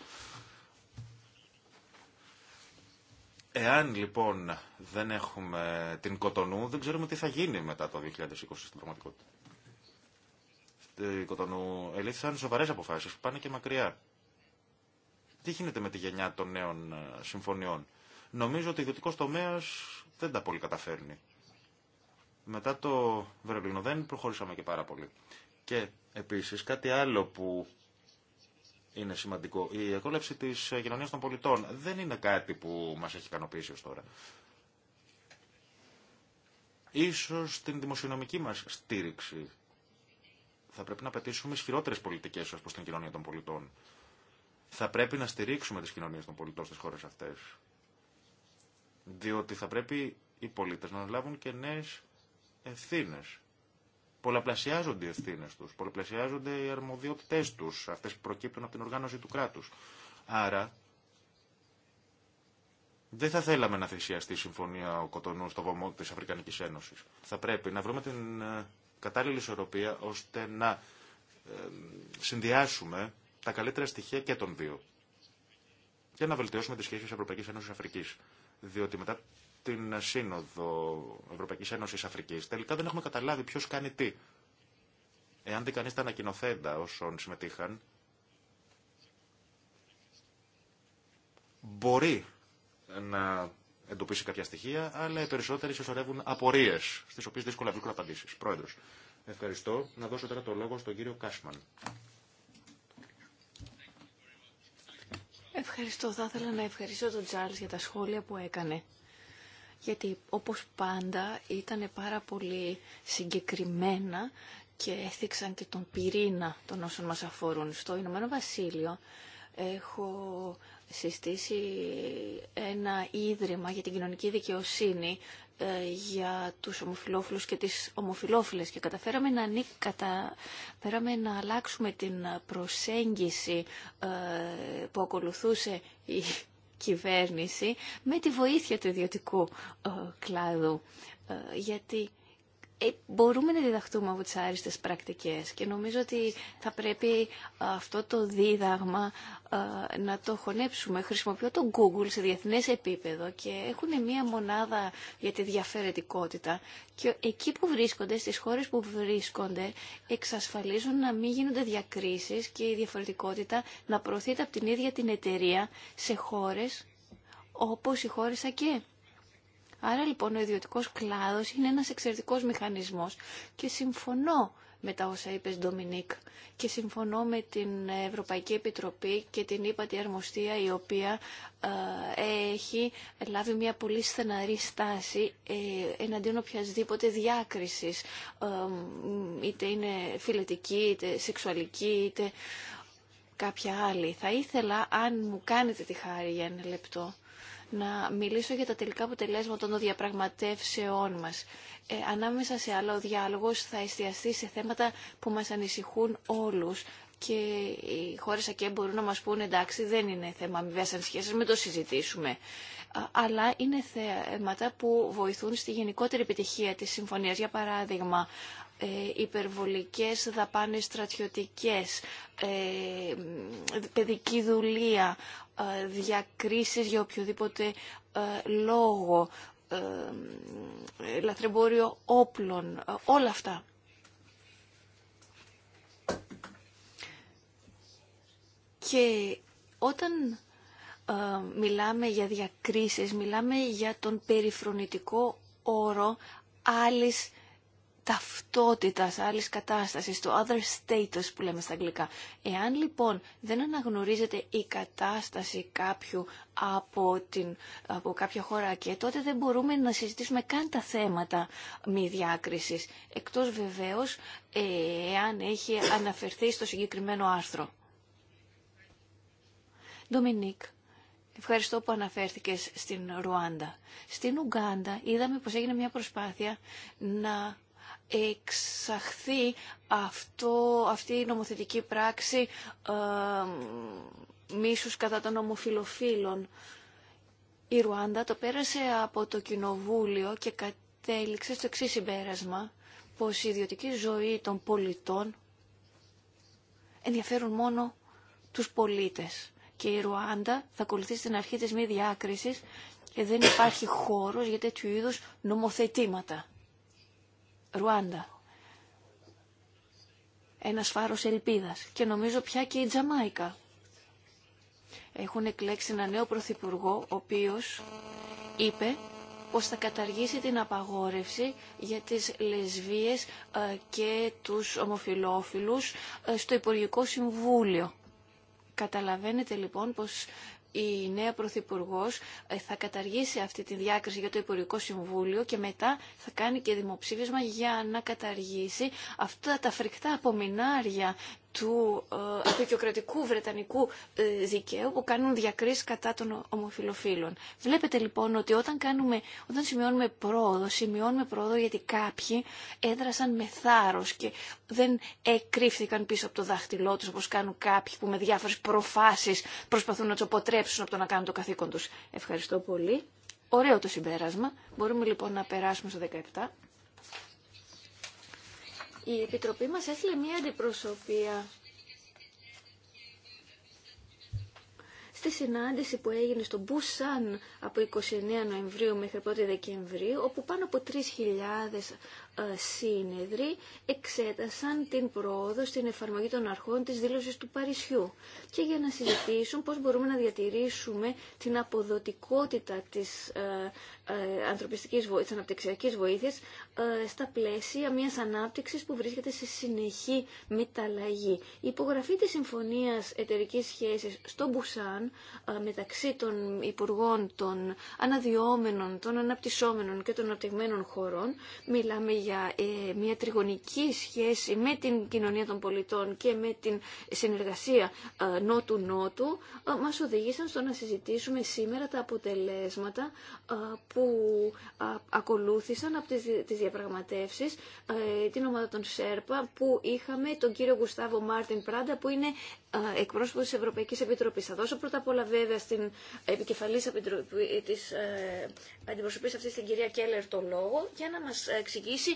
Εάν λοιπόν δεν έχουμε την Κοτονού, δεν ξέρουμε τι θα γίνει μετά το 2020 στην πραγματικότητα. Στην ε, Κοτονού ελήφθησαν σοβαρέ αποφάσεις που πάνε και μακριά. Τι γίνεται με τη γενιά των νέων ε, συμφωνιών. Νομίζω ότι ο ιδιωτικό τομέα δεν τα πολύ καταφέρνει. Μετά το Βερολίνο δεν προχωρήσαμε και πάρα πολύ. Και επίσης κάτι άλλο που είναι σημαντικό. Η εκόλευση τη κοινωνία των πολιτών δεν είναι κάτι που μα έχει ικανοποιήσει ω τώρα. Ίσως την δημοσιονομική μας στήριξη θα πρέπει να πετήσουμε ισχυρότερε πολιτικέ ω προ την κοινωνία των πολιτών. Θα πρέπει να στηρίξουμε τι κοινωνίε των πολιτών στι χώρε αυτέ. Διότι θα πρέπει οι πολίτε να αναλάβουν και νέε ευθύνε. Πολλαπλασιάζονται οι ευθύνε του, πολλαπλασιάζονται οι αρμοδιότητέ του, αυτέ που προκύπτουν από την οργάνωση του κράτου. Άρα, δεν θα θέλαμε να θυσιαστεί η Συμφωνία ο Κοτονού στο βωμό τη Αφρικανική Ένωση. Θα πρέπει να βρούμε την ε, κατάλληλη ισορροπία ώστε να ε, συνδυάσουμε τα καλύτερα στοιχεία και των δύο. Και να βελτιώσουμε τι σχέσει Ευρωπαϊκή Ένωση Αφρική. Διότι μετά στην Σύνοδο Ευρωπαϊκή Ένωση Αφρική. Τελικά δεν έχουμε καταλάβει ποιο κάνει τι. Εάν δει κανεί τα ανακοινοθέντα όσων συμμετείχαν, μπορεί να εντοπίσει κάποια στοιχεία, αλλά οι περισσότεροι συσσωρεύουν απορίε, στι οποίε δύσκολα βρίσκουν απαντήσει. Πρόεδρο. Ευχαριστώ. Να δώσω τώρα το λόγο στον κύριο Κάσμαν. Ευχαριστώ. Θα ήθελα να ευχαριστώ τον Τζάρλς για τα σχόλια που έκανε γιατί όπως πάντα ήταν πάρα πολύ συγκεκριμένα και έθιξαν και τον πυρήνα των όσων μας αφορούν. Στο Ηνωμένο Βασίλειο έχω συστήσει ένα ίδρυμα για την κοινωνική δικαιοσύνη ε, για τους ομοφιλόφιλους και τις ομοφιλόφιλες και καταφέραμε να, νι... καταφέραμε να αλλάξουμε την προσέγγιση ε, που ακολουθούσε η κυβέρνηση με τη βοήθεια του ιδιωτικού ε, κλάδου. Ε, γιατί ε, μπορούμε να διδαχτούμε από τι άριστε πρακτικές και νομίζω ότι θα πρέπει ε, αυτό το δίδαγμα ε, να το χωνέψουμε. Χρησιμοποιώ το Google σε διεθνέ επίπεδο και έχουν μία μονάδα για τη διαφορετικότητα και εκεί που βρίσκονται, στις χώρες που βρίσκονται, εξασφαλίζουν να μην γίνονται διακρίσεις και η διαφορετικότητα να προωθείται από την ίδια την εταιρεία σε χώρες όπω οι χώρε ΑΚΕ. Άρα λοιπόν ο ιδιωτικός κλάδος είναι ένας εξαιρετικός μηχανισμός και συμφωνώ με τα όσα είπες Ντομινίκ και συμφωνώ με την Ευρωπαϊκή Επιτροπή και την ύπατη αρμοστία η οποία ε, έχει λάβει μια πολύ στεναρή στάση ε, εναντίον οποιασδήποτε διάκρισης ε, είτε είναι φιλετική, είτε σεξουαλική, είτε κάποια άλλη. Θα ήθελα αν μου κάνετε τη χάρη για ένα λεπτό να μιλήσω για τα τελικά αποτελέσματα των διαπραγματεύσεών μας. Ε, ανάμεσα σε άλλο, ο διάλογος θα εστιαστεί σε θέματα που μας ανησυχούν όλους και οι χώρες ΑΚΕ μπορούν να μας πούν εντάξει δεν είναι θέμα αμοιβές ανησυχίες, με το συζητήσουμε. Αλλά είναι θέματα που βοηθούν στη γενικότερη επιτυχία της συμφωνίας. Για παράδειγμα, ε, υπερβολικές δαπάνες στρατιωτικές, ε, παιδική δουλεία, ε, διακρίσεις για οποιοδήποτε ε, λόγο, ε, λατρεμπόριο όπλων, όλα αυτά. Και όταν μιλάμε για διακρίσεις, μιλάμε για τον περιφρονητικό όρο άλλης ταυτότητας, άλλης κατάστασης, το other status που λέμε στα αγγλικά. Εάν λοιπόν δεν αναγνωρίζεται η κατάσταση κάποιου από, την, από κάποια χώρα και τότε δεν μπορούμε να συζητήσουμε καν τα θέματα μη διάκρισης, εκτός βεβαίως ε, εάν έχει αναφερθεί στο συγκεκριμένο άρθρο. Ντομινίκ, Ευχαριστώ που αναφέρθηκες στην Ρουάντα. Στην Ουγκάντα είδαμε πως έγινε μια προσπάθεια να εξαχθεί αυτό, αυτή η νομοθετική πράξη ε, μίσους κατά των ομοφιλοφίλων. Η Ρουάντα το πέρασε από το κοινοβούλιο και κατέληξε στο εξή συμπέρασμα πως η ιδιωτική ζωή των πολιτών ενδιαφέρουν μόνο τους πολίτες. Και η Ρουάντα θα ακολουθήσει την αρχή της μη διάκρισης και δεν υπάρχει χώρος για τέτοιου είδους νομοθετήματα. Ρουάντα. Ένα φάρος ελπίδας και νομίζω πια και η Τζαμάικα. Έχουν εκλέξει ένα νέο πρωθυπουργό, ο οποίος είπε πως θα καταργήσει την απαγόρευση για τις λεσβίες ε, και τους ομοφιλόφιλους ε, στο Υπουργικό Συμβούλιο. Καταλαβαίνετε λοιπόν πως η νέα Πρωθυπουργό ε, θα καταργήσει αυτή τη διάκριση για το Υπουργικό Συμβούλιο και μετά θα κάνει και δημοψήφισμα για να καταργήσει αυτά τα φρικτά απομεινάρια του ε, απεικιοκρατικού βρετανικού ε, δικαίου που κάνουν διακρίσει κατά των ομοφιλοφίλων. Βλέπετε λοιπόν ότι όταν, κάνουμε, όταν σημειώνουμε πρόοδο, σημειώνουμε πρόοδο γιατί κάποιοι έδρασαν με θάρρο και δεν εκρύφθηκαν πίσω από το δάχτυλό του όπω κάνουν κάποιοι που με διάφορε προφάσει προσπαθούν να του αποτρέψουν από το να κάνουν το καθήκον του. Ευχαριστώ πολύ. Ωραίο το συμπέρασμα. Μπορούμε λοιπόν να περάσουμε στο 17 η Επιτροπή μας έστειλε μία αντιπροσωπεία στη συνάντηση που έγινε στο Μπουσάν από 29 Νοεμβρίου μέχρι 1 Δεκεμβρίου, όπου πάνω από 3.000 σύνεδροι εξέτασαν την πρόοδο στην εφαρμογή των αρχών της δήλωσης του Παρισιού και για να συζητήσουν πώς μπορούμε να διατηρήσουμε την αποδοτικότητα της ε, ε, ανθρωπιστικής βοήθειας, αναπτυξιακής βοήθειας ε, στα πλαίσια μιας ανάπτυξης που βρίσκεται σε συνεχή μεταλλαγή. Η υπογραφή της Συμφωνίας Εταιρικής Σχέσης στο Μπουσάν μεταξύ των Υπουργών των αναδυόμενων των Αναπτυσσόμενων και των Αναπτυγμένων χωρών μιλάμε για ε, μια τριγωνική σχέση με την κοινωνία των πολιτών και με την συνεργασία ε, νότου-νότου ε, μας οδήγησαν στο να συζητήσουμε σήμερα τα αποτελέσματα που ακολούθησαν από τις διαπραγματεύσεις την ομάδα των ΣΕΡΠΑ που είχαμε τον κύριο Γουστάβο Μάρτιν Πράντα που είναι εκπρόσωπος της Ευρωπαϊκής Επιτροπής. Θα δώσω πρώτα απ' όλα βέβαια στην επικεφαλής της αντιπροσωπής αυτής την κυρία Κέλλερ το λόγο για να μας εξηγήσει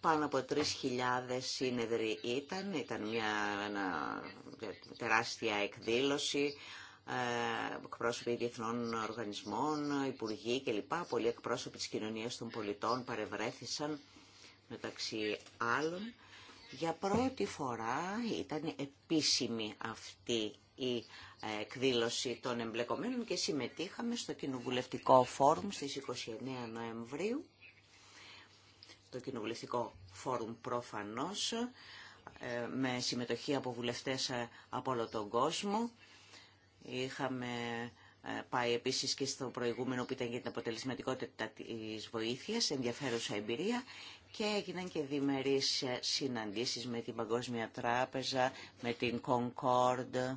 Πάνω από 3.000 σύνεδροι ήταν, ήταν μια, τεράστια εκδήλωση, ε, εκπρόσωποι διεθνών οργανισμών, υπουργοί κλπ. Πολλοί εκπρόσωποι της κοινωνίας των πολιτών παρευρέθησαν μεταξύ άλλων. Για πρώτη φορά ήταν επίσημη αυτή η ε, εκδήλωση των εμπλεκομένων και συμμετείχαμε στο Κοινοβουλευτικό Φόρουμ στις 29 Νοεμβρίου το Κοινοβουλευτικό Φόρουμ προφανώς, ε, με συμμετοχή από βουλευτές ε, από όλο τον κόσμο. Είχαμε ε, πάει επίσης και στο προηγούμενο που ήταν για την αποτελεσματικότητα της βοήθειας, ενδιαφέρουσα εμπειρία και έγιναν και διμερείς συναντήσεις με την Παγκόσμια Τράπεζα, με την Concord,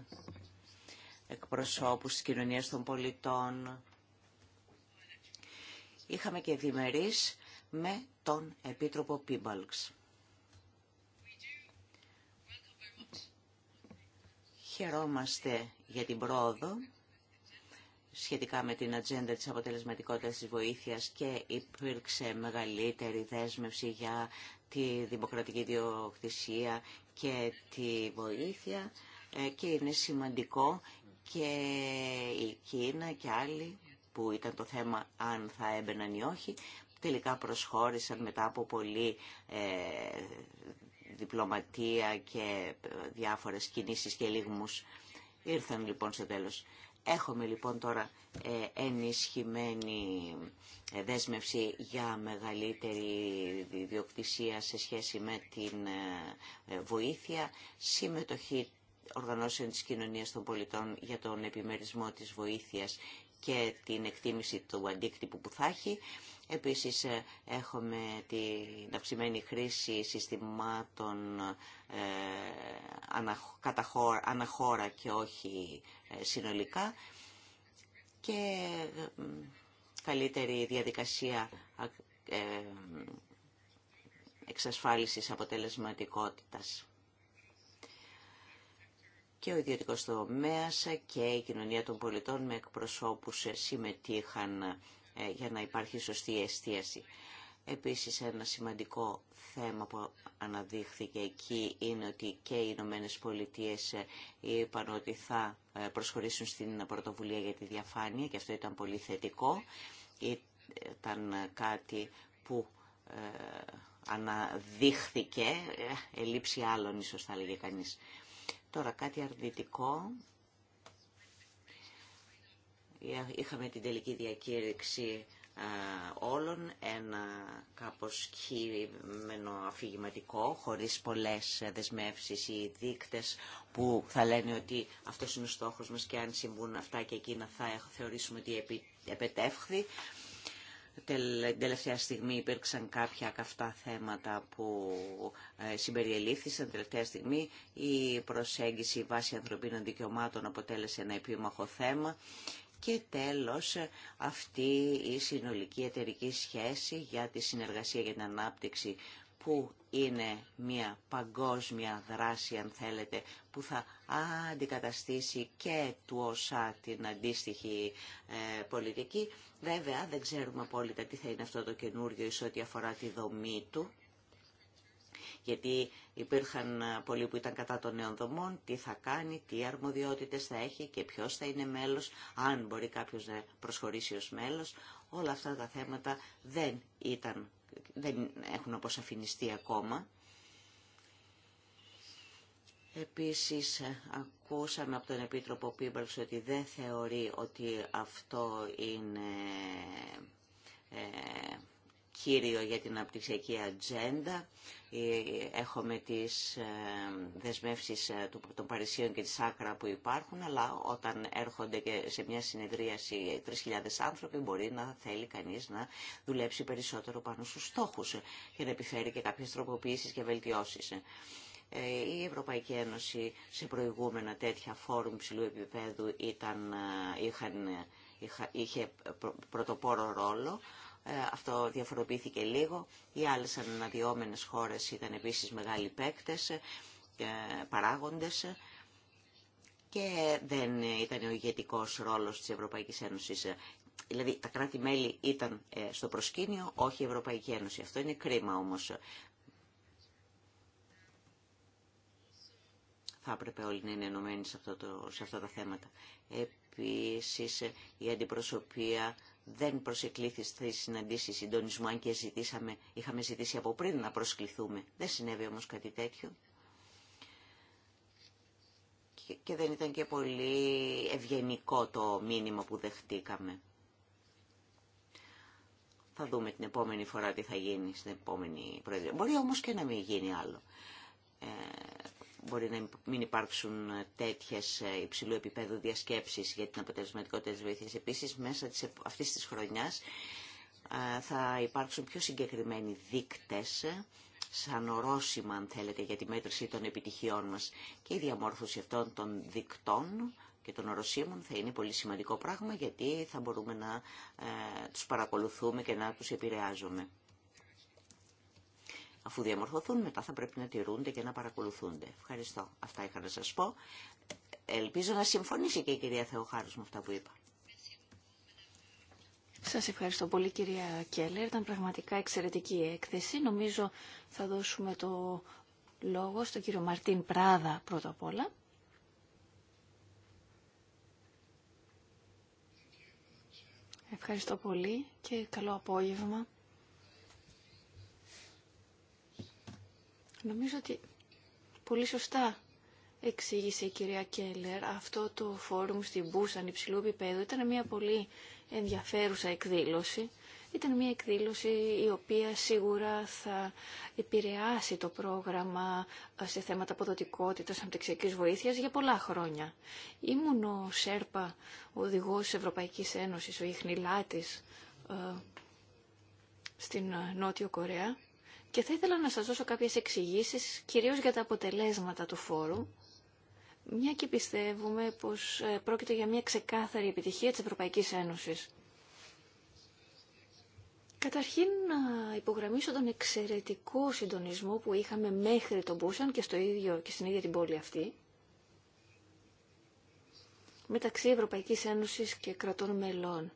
εκπροσώπους της κοινωνίας των πολιτών. Είχαμε και διμερείς με τον Επίτροπο Πίμπαλξ. Χαιρόμαστε για την πρόοδο σχετικά με την ατζέντα της αποτελεσματικότητας της βοήθειας και υπήρξε μεγαλύτερη δέσμευση για τη δημοκρατική διοκτησία και τη βοήθεια ε, και είναι σημαντικό και η Κίνα και άλλοι που ήταν το θέμα αν θα έμπαιναν ή όχι τελικά προσχώρησαν μετά από πολύ ε, διπλωματία και ε, διάφορες κινήσεις και λίγμους. Ήρθαν λοιπόν στο τέλος. Έχουμε λοιπόν τώρα ε, ενισχυμένη ε, δέσμευση για μεγαλύτερη διοκτησία σε σχέση με την βοήθεια, συμμετοχή οργανώσεων της κοινωνίας των πολιτών για τον επιμερισμό της βοήθειας και την εκτίμηση του αντίκτυπου που θα έχει Επίσης ε, έχουμε την αυξημένη χρήση συστημάτων ε, αναχώρα, και όχι ε, συνολικά και ε, καλύτερη διαδικασία εξασφάλισης αποτελεσματικότητας. Και ο ιδιωτικός τομέας και η κοινωνία των πολιτών με εκπροσώπους συμμετείχαν ε, για να υπάρχει σωστή εστίαση. Επίσης ένα σημαντικό θέμα που αναδείχθηκε εκεί είναι ότι και οι Ηνωμένε Πολιτείε ε, είπαν ότι θα ε, προσχωρήσουν στην πρωτοβουλία για τη διαφάνεια και αυτό ήταν πολύ θετικό. Ήταν κάτι που αναδείχθηκε, ελήψη άλλων ίσως θα έλεγε κανείς. Τώρα κάτι αρνητικό Είχαμε την τελική διακήρυξη όλων, ένα κάπως κείμενο αφηγηματικό, χωρίς πολλές δεσμεύσεις ή δείκτες που θα λένε ότι αυτός είναι ο στόχος μας και αν συμβούν αυτά και εκείνα θα θεωρήσουμε ότι επετεύχθη. Την τελευταία στιγμή υπήρξαν κάποια καυτά θέματα που ε, συμπεριελήφθησαν. Τελευταία στιγμή η προσέγγιση βάσει ανθρωπίνων δικαιωμάτων αποτέλεσε ένα επίμαχο θέμα και τέλος αυτή η συνολική εταιρική σχέση για τη συνεργασία για την ανάπτυξη που είναι μια παγκόσμια δράση αν θέλετε που θα αντικαταστήσει και του ΩΣΑ την αντίστοιχη ε, πολιτική. Βέβαια δεν ξέρουμε απόλυτα τι θα είναι αυτό το καινούριο εις ό,τι αφορά τη δομή του γιατί υπήρχαν ε, πολλοί που ήταν κατά των νέων δομών, τι θα κάνει, τι αρμοδιότητες θα έχει και ποιος θα είναι μέλος, αν μπορεί κάποιος να προσχωρήσει ως μέλος. Όλα αυτά τα θέματα δεν, ήταν, δεν έχουν αποσαφινιστεί ακόμα. Επίσης ε, ακούσαμε από τον Επίτροπο Πίμπαλς ότι δεν θεωρεί ότι αυτό είναι ε, κύριο για την απτυξιακή ατζέντα. Ε, έχουμε τις ε, δεσμεύσεις ε, των Παρισίων και της Άκρα που υπάρχουν, αλλά όταν έρχονται και σε μια συνεδρίαση 3.000 άνθρωποι μπορεί να θέλει κανείς να δουλέψει περισσότερο πάνω στους στόχους και να επιφέρει και κάποιες τροποποιήσεις και βελτιώσεις. Η Ευρωπαϊκή Ένωση σε προηγούμενα τέτοια φόρουμ ψηλού επίπεδου ήταν, είχαν, είχε πρωτοπόρο ρόλο. Ε, αυτό διαφοροποιήθηκε λίγο. Οι άλλες αναδυόμενες χώρες ήταν επίσης μεγάλοι παίκτες, ε, παράγοντες και δεν ήταν ο ηγετικό ρόλος της Ευρωπαϊκής Ένωσης. Ε, δηλαδή τα κράτη-μέλη ήταν στο προσκήνιο, όχι η Ευρωπαϊκή Ένωση. Αυτό είναι κρίμα όμως. Θα έπρεπε όλοι να είναι ενωμένοι σε, αυτό το, σε αυτά τα θέματα. Επίσης η αντιπροσωπεία δεν προσεκλήθη στη συναντήσει συντονισμού, αν και ζητήσαμε, είχαμε ζητήσει από πριν να προσκληθούμε. Δεν συνέβη όμως κάτι τέτοιο. Και δεν ήταν και πολύ ευγενικό το μήνυμα που δεχτήκαμε. Θα δούμε την επόμενη φορά τι θα γίνει στην επόμενη προεδρία. Μπορεί όμως και να μην γίνει άλλο. Ε, μπορεί να μην υπάρξουν ε, τέτοιες ε, υψηλού επίπεδου διασκέψεις για την αποτελεσματικότητα τη βοήθεια. Επίσης, μέσα αυτή τη χρονιά ε, θα υπάρξουν πιο συγκεκριμένοι δείκτες σαν ορόσημα, αν θέλετε, για τη μέτρηση των επιτυχιών μας. Και η διαμόρφωση αυτών των δικτών και των οροσίμων θα είναι πολύ σημαντικό πράγμα, γιατί θα μπορούμε να τους παρακολουθούμε και να τους επηρεάζουμε. Αφού διαμορφωθούν, μετά θα πρέπει να τηρούνται και να παρακολουθούνται. Ευχαριστώ. Αυτά είχα να σας πω. Ελπίζω να συμφωνήσει και η κυρία Θεοχάρου με αυτά που είπα. Σας ευχαριστώ πολύ κυρία Κέλλερ. Ήταν πραγματικά εξαιρετική η έκθεση. Νομίζω θα δώσουμε το λόγο στον κύριο Μαρτίν Πράδα πρώτα απ' όλα. Ευχαριστώ πολύ και καλό απόγευμα. Νομίζω ότι πολύ σωστά εξήγησε η κυρία Κέλλερ αυτό το φόρουμ στην Μπούσαν υψηλού επίπεδου. Ήταν μια πολύ ενδιαφέρουσα εκδήλωση. Ήταν μια εκδήλωση η οποία σίγουρα θα επηρεάσει το πρόγραμμα ε, σε θέματα αποδοτικότητας αντεξιακής βοήθειας για πολλά χρόνια. Ήμουν ο Σέρπα, ο οδηγός της Ευρωπαϊκής Ένωσης, ο Ιχνηλάτης, ε, στην ε, Νότιο Κορέα και θα ήθελα να σας δώσω κάποιες εξηγήσεις, κυρίως για τα αποτελέσματα του φόρου, μια και πιστεύουμε πως ε, πρόκειται για μια ξεκάθαρη επιτυχία της Ευρωπαϊκής Ένωσης. Καταρχήν να υπογραμμίσω τον εξαιρετικό συντονισμό που είχαμε μέχρι τον Μπούσαν και, στο ίδιο, και στην ίδια την πόλη αυτή μεταξύ Ευρωπαϊκής Ένωσης και κρατών μελών.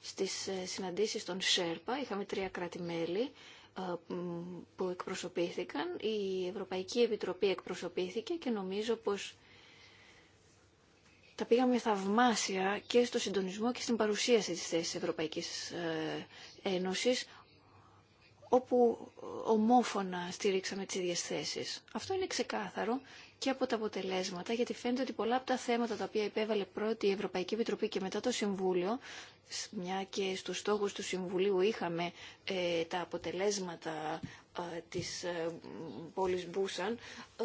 Στις ε, συναντήσεις των ΣΕΡΠΑ είχαμε τρία κράτη-μέλη, ε, που εκπροσωπήθηκαν. Η Ευρωπαϊκή Επιτροπή εκπροσωπήθηκε και νομίζω πως τα πήγαμε θαυμάσια και στο συντονισμό και στην παρουσίαση της θέσης Ευρωπαϊκής ε, Ένωσης όπου ομόφωνα στήριξαμε τις ίδιες θέσεις. Αυτό είναι ξεκάθαρο και από τα αποτελέσματα, γιατί φαίνεται ότι πολλά από τα θέματα τα οποία υπέβαλε πρώτη η Ευρωπαϊκή Επιτροπή και μετά το Συμβούλιο, μια και στους στόχους του Συμβουλίου είχαμε ε, τα αποτελέσματα ε, της ε, πόλης Μπούσαν, ε,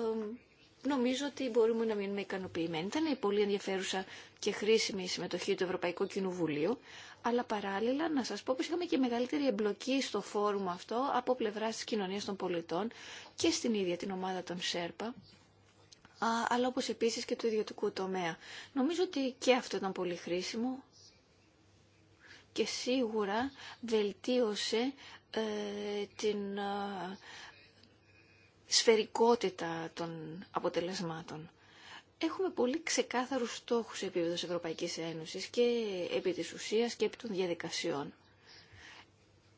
νομίζω ότι μπορούμε να μείνουμε ικανοποιημένοι. Ήταν πολύ ενδιαφέρουσα και χρήσιμη η συμμετοχή του Ευρωπαϊκού Κοινοβουλίου, αλλά παράλληλα να σα πω πως είχαμε και μεγαλύτερη εμπλοκή στο φόρουμ αυτό από πλευρά τη κοινωνία των πολιτών και στην ίδια την ομάδα των ΣΕΡΠΑ αλλά όπως επίσης και του ιδιωτικού τομέα. Νομίζω ότι και αυτό ήταν πολύ χρήσιμο και σίγουρα βελτίωσε ε, την ε, σφαιρικότητα των αποτελεσμάτων. Έχουμε πολύ ξεκάθαρους στόχους σε επίπεδο της Ευρωπαϊκής Ένωσης και επί της ουσίας και επί των διαδικασιών.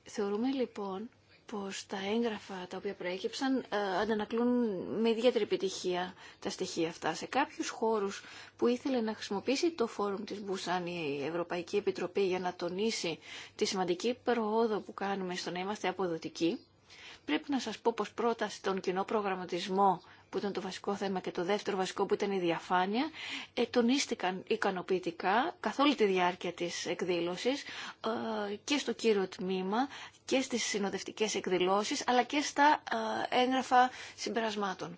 Θεωρούμε λοιπόν πως τα έγγραφα τα οποία προέκυψαν ε, αντανακλούν με ιδιαίτερη επιτυχία τα στοιχεία αυτά. Σε κάποιους χώρους που ήθελε να χρησιμοποιήσει το φόρουμ της Μπουσάν η Ευρωπαϊκή Επιτροπή για να τονίσει τη σημαντική προόδο που κάνουμε στο να είμαστε αποδοτικοί, Πρέπει να σας πω πως πρώτα στον κοινό προγραμματισμό που ήταν το βασικό θέμα και το δεύτερο βασικό που ήταν η διαφάνεια, ε, τονίστηκαν ικανοποιητικά καθ' όλη τη διάρκεια της εκδήλωσης ε, και στο κύριο τμήμα και στις συνοδευτικές εκδηλώσεις αλλά και στα ε, έγγραφα συμπερασμάτων.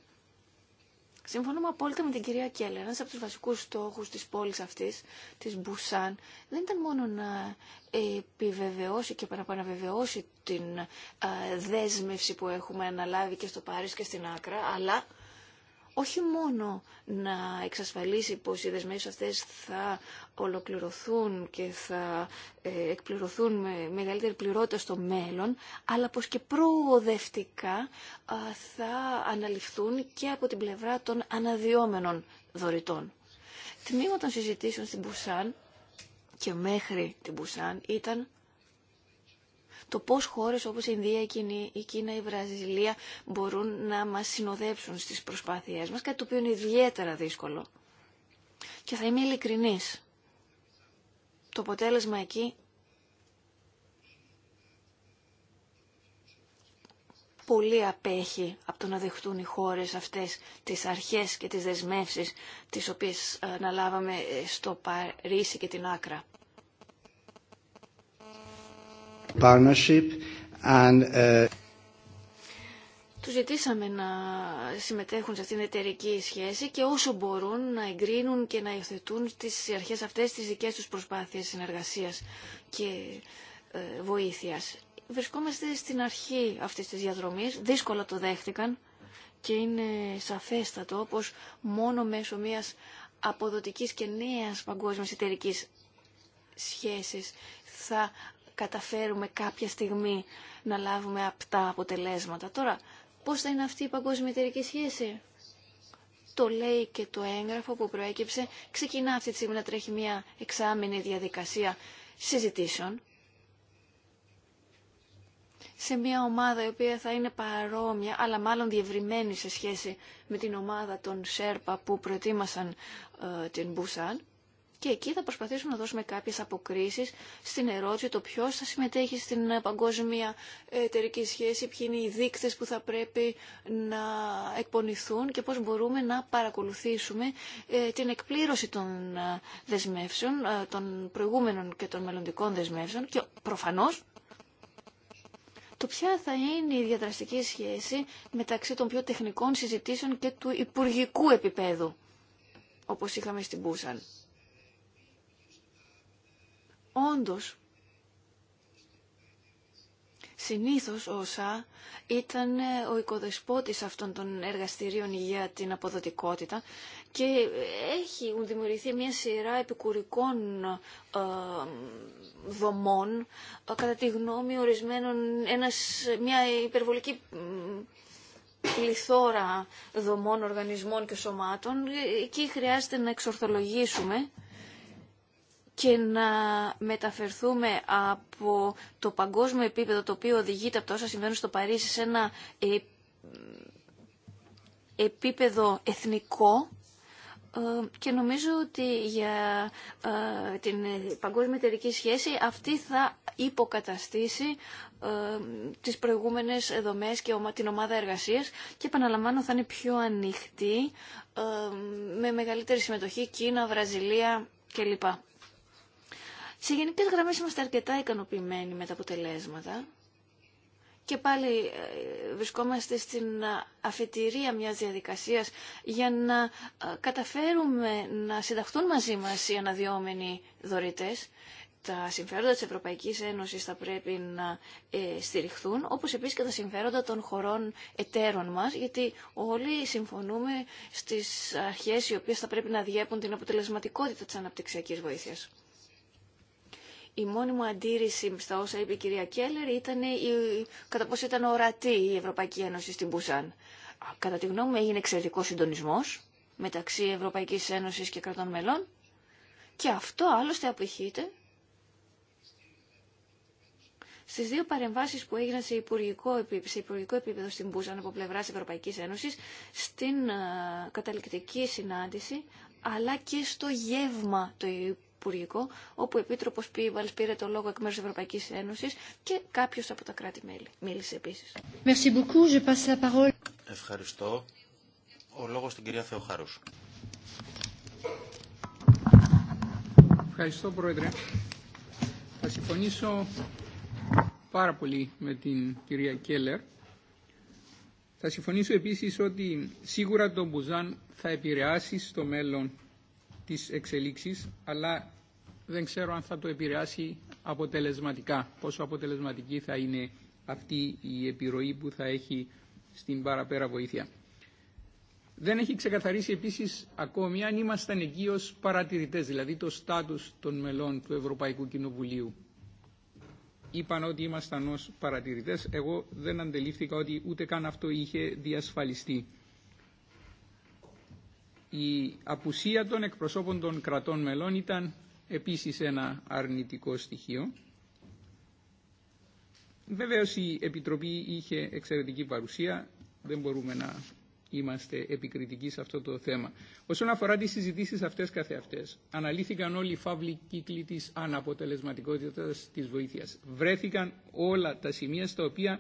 Συμφωνούμε απόλυτα με την κυρία Κέλλερ. Ένα από του βασικού στόχου τη πόλη αυτή, τη Μπουσάν, δεν ήταν μόνο να επιβεβαιώσει και να την ε, δέσμευση που έχουμε αναλάβει και στο Παρίσι και στην Άκρα, αλλά όχι μόνο να εξασφαλίσει πως οι δεσμεύσεις αυτές θα ολοκληρωθούν και θα ε, εκπληρωθούν με μεγαλύτερη πληρότητα στο μέλλον, αλλά πως και προοδευτικά θα αναλυφθούν και από την πλευρά των αναδυόμενων δωρητών. Τμήμα των συζητήσεων στην Πουσάν και μέχρι την Πουσάν ήταν το πώς χώρες όπως η Ινδία, η Κίνα, η Βραζιλία μπορούν να μας συνοδέψουν στις προσπάθειές μας, κάτι το οποίο είναι ιδιαίτερα δύσκολο. Και θα είμαι ειλικρινής. Το αποτέλεσμα εκεί πολύ απέχει από το να δεχτούν οι χώρες αυτές τις αρχές και τις δεσμεύσεις τις οποίες αναλάβαμε στο Παρίσι και την Άκρα partnership uh, τους ζητήσαμε να συμμετέχουν σε αυτήν την εταιρική σχέση και όσο μπορούν να εγκρίνουν και να υιοθετούν τις αρχές αυτές τις δικές τους προσπάθειες συνεργασίας και ε, βοήθειας. Βρισκόμαστε στην αρχή αυτής της διαδρομής, δύσκολα το δέχτηκαν και είναι σαφέστατο πως μόνο μέσω μιας αποδοτικής και νέας παγκόσμιας εταιρικής σχέσης θα καταφέρουμε κάποια στιγμή να λάβουμε απτά αποτελέσματα. Τώρα, πώς θα είναι αυτή η εταιρική σχέση. Το λέει και το έγγραφο που προέκυψε. Ξεκινά αυτή τη στιγμή να τρέχει μια εξάμεινη διαδικασία συζητήσεων σε μια ομάδα η οποία θα είναι παρόμοια, αλλά μάλλον διευρυμένη σε σχέση με την ομάδα των Σέρπα που προετοίμασαν ε, την Μπουσάν και εκεί θα προσπαθήσουμε να δώσουμε κάποιες αποκρίσεις στην ερώτηση το ποιος θα συμμετέχει στην παγκόσμια εταιρική σχέση, ποιοι είναι οι δείκτες που θα πρέπει να εκπονηθούν και πώς μπορούμε να παρακολουθήσουμε ε, την εκπλήρωση των ε, δεσμεύσεων, ε, των προηγούμενων και των μελλοντικών δεσμεύσεων και προφανώς το ποια θα είναι η διαδραστική σχέση μεταξύ των πιο τεχνικών συζητήσεων και του υπουργικού επίπεδου, όπως είχαμε στην Πούσαν. Όντως, συνήθως ο ήταν ε, ο οικοδεσπότης αυτών των εργαστηρίων για την αποδοτικότητα και ε, έχει δημιουργηθεί μια σειρά επικουρικών ε, δομών, κατά τη γνώμη ορισμένων, ένας, μια υπερβολική πληθώρα δομών, οργανισμών και σωμάτων. Εκεί χρειάζεται να εξορθολογήσουμε και να μεταφερθούμε από το παγκόσμιο επίπεδο το οποίο οδηγείται από το όσα συμβαίνουν στο Παρίσι σε ένα ε, επίπεδο εθνικό ε, και νομίζω ότι για ε, την παγκόσμια εταιρική σχέση αυτή θα υποκαταστήσει τις προηγούμενες δομές και την ομάδα εργασίας και επαναλαμβάνω θα είναι πιο ανοιχτή με μεγαλύτερη συμμετοχή Κίνα, Βραζιλία κλπ. Σε γενικές γραμμές είμαστε αρκετά ικανοποιημένοι με τα αποτελέσματα και πάλι ε, βρισκόμαστε στην ε, αφετηρία μιας διαδικασίας για να ε, καταφέρουμε να συνταχθούν μαζί μας οι αναδυόμενοι δωρητές. Τα συμφέροντα της Ευρωπαϊκής Ένωσης θα πρέπει να στηριχθούν, όπως επίσης και τα συμφέροντα των χωρών εταίρων μας, γιατί όλοι συμφωνούμε στις αρχές οι οποίες θα πρέπει να διέπουν την αποτελεσματικότητα της αναπτυξιακής βοήθειας η μόνη μου αντίρρηση στα όσα είπε η κυρία Κέλλερ ήταν η, κατά πόσο ήταν ορατή η Ευρωπαϊκή Ένωση στην Πουσάν. Κατά τη γνώμη μου έγινε εξαιρετικό συντονισμός μεταξύ Ευρωπαϊκής Ένωσης και κρατών μελών και αυτό άλλωστε απηχείται στις δύο παρεμβάσεις που έγιναν σε υπουργικό, επίπεδο, σε υπουργικό επίπεδο στην Πούσαν από πλευράς Ευρωπαϊκής Ένωσης στην ε, καταληκτική συνάντηση αλλά και στο γεύμα του Υπουργικό, όπου ο Επίτροπος Πίβαλ πήρε το λόγο εκ μέρου της Ευρωπαϊκής Ένωσης και κάποιο από τα κράτη-μέλη. Μίλησε επίση. Ευχαριστώ. Ο λόγος στην κυρία Θεοχάρου. Ευχαριστώ, Πρόεδρε. Θα συμφωνήσω πάρα πολύ με την κυρία Κέλλερ. Θα συμφωνήσω επίσης ότι σίγουρα τον Μπουζάν θα επηρεάσει στο μέλλον τις εξελίξεις, αλλά δεν ξέρω αν θα το επηρεάσει αποτελεσματικά, πόσο αποτελεσματική θα είναι αυτή η επιρροή που θα έχει στην παραπέρα βοήθεια. Δεν έχει ξεκαθαρίσει επίσης ακόμη αν ήμασταν εκεί ως παρατηρητές, δηλαδή το στάτους των μελών του Ευρωπαϊκού Κοινοβουλίου. Είπαν ότι ήμασταν ως παρατηρητές, εγώ δεν αντελήφθηκα ότι ούτε καν αυτό είχε διασφαλιστεί. Η απουσία των εκπροσώπων των κρατών μελών ήταν επίσης ένα αρνητικό στοιχείο. Βεβαίω η Επιτροπή είχε εξαιρετική παρουσία, δεν μπορούμε να είμαστε επικριτικοί σε αυτό το θέμα. Όσον αφορά τις συζητήσεις αυτές καθεαυτές, αναλύθηκαν όλοι οι φαύλοι κύκλοι της αναποτελεσματικότητας της βοήθειας. Βρέθηκαν όλα τα σημεία στα οποία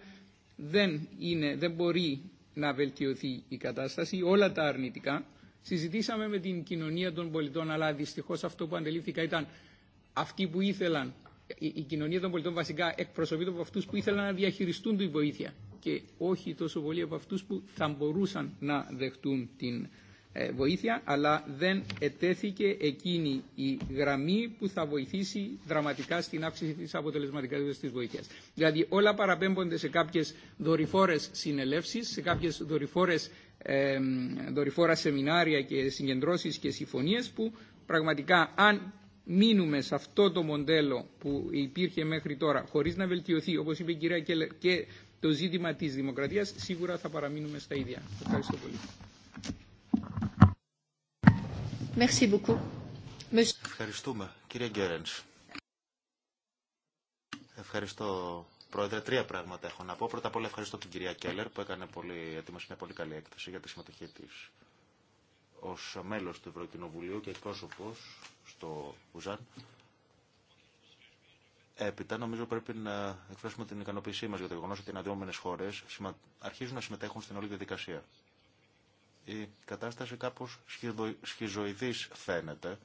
δεν, είναι, δεν μπορεί να βελτιωθεί η κατάσταση, όλα τα αρνητικά, συζητήσαμε με την κοινωνία των πολιτών, αλλά δυστυχώ αυτό που αντελήφθηκα ήταν αυτοί που ήθελαν, η, κοινωνία των πολιτών βασικά εκπροσωπείται από αυτού που ήθελαν να διαχειριστούν τη βοήθεια και όχι τόσο πολύ από αυτού που θα μπορούσαν να δεχτούν την ε, βοήθεια, αλλά δεν ετέθηκε εκείνη η γραμμή που θα βοηθήσει δραματικά στην αύξηση της αποτελεσματικότητας της βοήθειας. Δηλαδή όλα παραπέμπονται σε κάποιες δορυφόρες συνελεύσεις, σε κάποιες δορυφόρες, δορυφόρα σεμινάρια και συγκεντρώσεις και συμφωνίες που πραγματικά αν μείνουμε σε αυτό το μοντέλο που υπήρχε μέχρι τώρα χωρίς να βελτιωθεί, όπως είπε η κυρία Κέλλερ, και το ζήτημα της δημοκρατίας, σίγουρα θα παραμείνουμε στα ίδια. Ευχαριστώ πολύ. Ευχαριστούμε. Κύριε Γκέρεντς. Ευχαριστώ, Πρόεδρε. Τρία πράγματα έχω να πω. Πρώτα απ' όλα ευχαριστώ την κυρία Κέλλερ που έκανε πολύ, έτοιμασε μια πολύ καλή έκθεση για τη συμμετοχή της ως μέλος του Ευρωκοινοβουλίου και εκπρόσωπος στο Ουζάν. Έπειτα, νομίζω πρέπει να εκφράσουμε την ικανοποίησή μα για το γεγονό ότι οι αναδυόμενε χώρε αρχίζουν να συμμετέχουν στην όλη διαδικασία η κατάσταση κάπως σχιζοειδής φαίνεται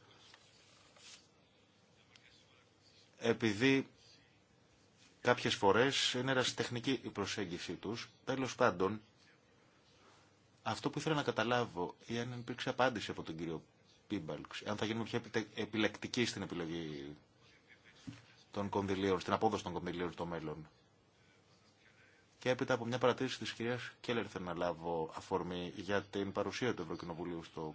επειδή κάποιες φορές είναι ρασιτεχνική η προσέγγιση τους. Τέλος πάντων, αυτό που ήθελα να καταλάβω ή αν υπήρξε απάντηση από τον κύριο Πίμπαλξ, αν θα γίνουμε πιο επιλεκτικοί στην επιλογή των κονδυλίων, στην απόδοση των κονδυλίων στο μέλλον. Και έπειτα από μια παρατήρηση τη κυρία Κέλλερ θέλω να λάβω αφορμή για την παρουσία του Ευρωκοινοβουλίου στο,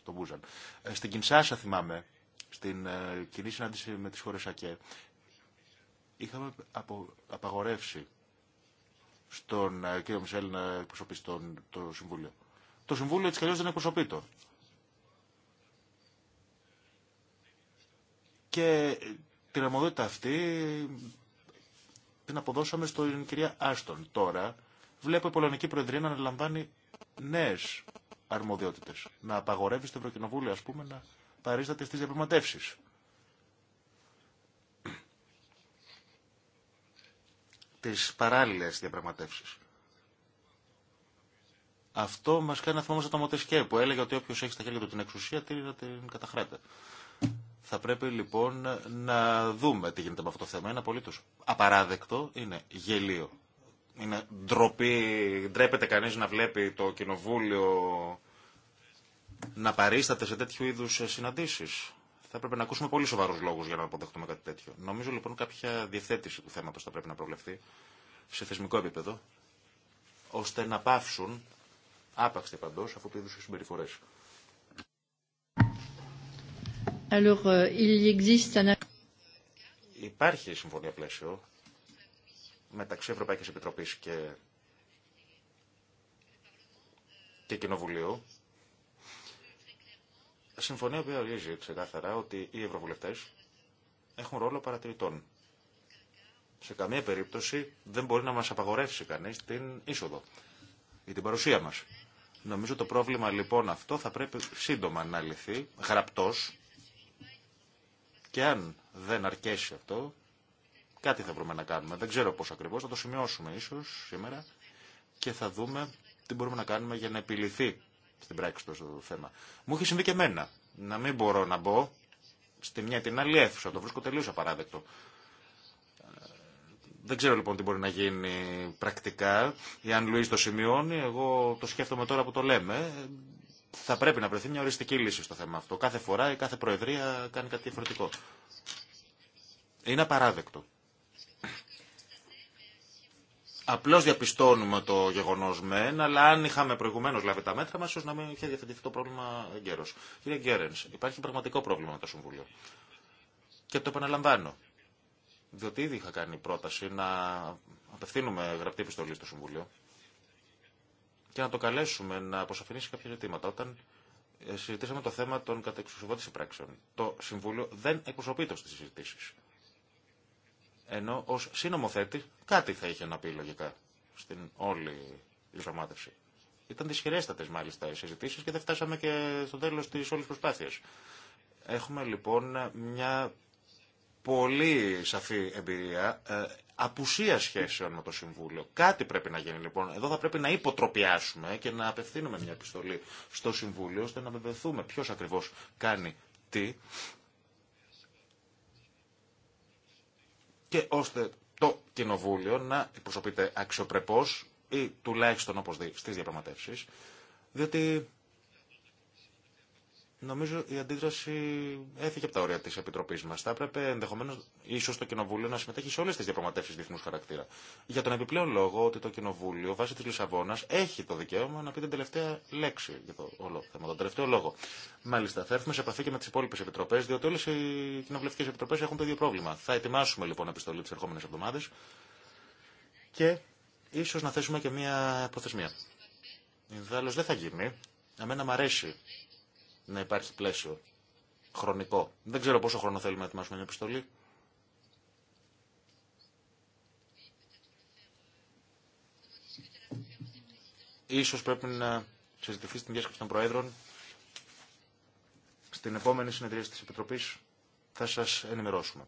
στο Μπούζαν. Ε, στην Κινσάσα θυμάμαι, στην ε, κοινή συνάντηση με τις χώρε ΑΚΕ, είχαμε απαγορεύσει στον ε, κύριο Μισελ να εκπροσωπήσει τον, το Συμβούλιο. Το Συμβούλιο έτσι καλώς δεν εκπροσωπεί το. Και την αρμοδότητα αυτή την αποδώσαμε στον κυρία Άστον. Τώρα βλέπω η Πολωνική Προεδρία να αναλαμβάνει νέε αρμοδιότητε. Να απαγορεύει στο Ευρωκοινοβούλιο, α πούμε, να παρίσταται στι διαπραγματεύσει. Τι παράλληλε διαπραγματεύσει. Αυτό μα κάνει να θυμόμαστε το Μοτεσκέ που έλεγε ότι όποιο έχει στα χέρια του την εξουσία τήρει να την καταχράται. Θα πρέπει λοιπόν να δούμε τι γίνεται με αυτό το θέμα. Είναι απολύτω απαράδεκτο, είναι γελίο. Είναι ντροπή, ντρέπεται κανεί να βλέπει το κοινοβούλιο να παρίσταται σε τέτοιου είδου συναντήσει. Θα πρέπει να ακούσουμε πολύ σοβαρού λόγου για να αποδεχτούμε κάτι τέτοιο. Νομίζω λοιπόν κάποια διευθέτηση του θέματο θα πρέπει να προβλεφθεί σε θεσμικό επίπεδο, ώστε να πάυσουν άπαξτε παντό αυτού του είδου συμπεριφορέ. Alors, euh, il existe un... Υπάρχει συμφωνία πλαίσιο μεταξύ Ευρωπαϊκής Επιτροπής και, και Κοινοβουλίου. Συμφωνία που ορίζει ξεκάθαρα ότι οι Ευρωβουλευτές έχουν ρόλο παρατηρητών. Σε καμία περίπτωση δεν μπορεί να μας απαγορεύσει κανείς την είσοδο ή την παρουσία μας. Νομίζω το πρόβλημα λοιπόν αυτό θα πρέπει σύντομα να λυθεί, γραπτός, και αν δεν αρκέσει αυτό, κάτι θα βρούμε να κάνουμε. Δεν ξέρω πώς ακριβώς, θα το σημειώσουμε ίσως σήμερα και θα δούμε τι μπορούμε να κάνουμε για να επιληθεί στην πράξη το θέμα. Μου έχει συμβεί και εμένα να μην μπορώ να μπω στη μια την άλλη αίθουσα. Το βρίσκω τελείως απαράδεκτο. Ε, δεν ξέρω λοιπόν τι μπορεί να γίνει πρακτικά. Ή αν το σημειώνει, εγώ το σκέφτομαι τώρα που το λέμε θα πρέπει να βρεθεί μια οριστική λύση στο θέμα αυτό. Κάθε φορά η κάθε προεδρία κάνει κάτι διαφορετικό. Είναι απαράδεκτο. Απλώ διαπιστώνουμε το γεγονό μεν, αλλά αν είχαμε προηγουμένω λάβει τα μέτρα μα, ίσω να μην είχε διαθετηθεί το πρόβλημα εγκαίρω. Κύριε Γκέρεν, υπάρχει πραγματικό πρόβλημα με το Συμβούλιο. Και το επαναλαμβάνω. Διότι ήδη είχα κάνει πρόταση να απευθύνουμε γραπτή επιστολή στο Συμβούλιο και να το καλέσουμε να αποσαφηνίσει κάποια ζητήματα. Όταν ε, συζητήσαμε το θέμα των κατεξουσιοδότηση πράξεων, το Συμβούλιο δεν εκπροσωπείται στι συζητήσει. Ενώ ω συνομοθέτη κάτι θα είχε να πει λογικά στην όλη διαπραγμάτευση. Ήταν δυσχερέστατε μάλιστα οι συζητήσει και δεν φτάσαμε και στο τέλο τη όλη προσπάθεια. Έχουμε λοιπόν μια πολύ σαφή εμπειρία, ε, απουσία σχέσεων με το Συμβούλιο. Κάτι πρέπει να γίνει λοιπόν. Εδώ θα πρέπει να υποτροπιάσουμε και να απευθύνουμε μια επιστολή στο Συμβούλιο, ώστε να βεβαιωθούμε ποιο ακριβώ κάνει τι. Και ώστε το Κοινοβούλιο να εκπροσωπείται αξιοπρεπώς ή τουλάχιστον όπως δει στις διαπραγματεύσεις, διότι Νομίζω η αντίδραση έφυγε από τα όρια τη Επιτροπή μα. Θα έπρεπε ενδεχομένω ίσω το Κοινοβούλιο να συμμετέχει σε όλε τι διαπραγματεύσει διεθνού χαρακτήρα. Για τον επιπλέον λόγο ότι το Κοινοβούλιο βάσει τη Λισαβόνα έχει το δικαίωμα να πει την τελευταία λέξη για το όλο θέμα, τον τελευταίο λόγο. Μάλιστα, θα έρθουμε σε επαφή και με τι υπόλοιπε επιτροπέ, διότι όλε οι κοινοβουλευτικέ επιτροπέ έχουν το ίδιο πρόβλημα. Θα ετοιμάσουμε λοιπόν επιστολή τι ερχόμενε εβδομάδε και ίσω να θέσουμε και μία προθεσμία. Ιδάλω δεν θα γίνει. Αμένα μ' αρέσει να υπάρχει πλαίσιο χρονικό. Δεν ξέρω πόσο χρόνο θέλουμε να ετοιμάσουμε μια επιστολή. Ίσως πρέπει να συζητηθεί στην διάσκεψη των Προέδρων. Στην επόμενη συνεδρία της Επιτροπής θα σας ενημερώσουμε.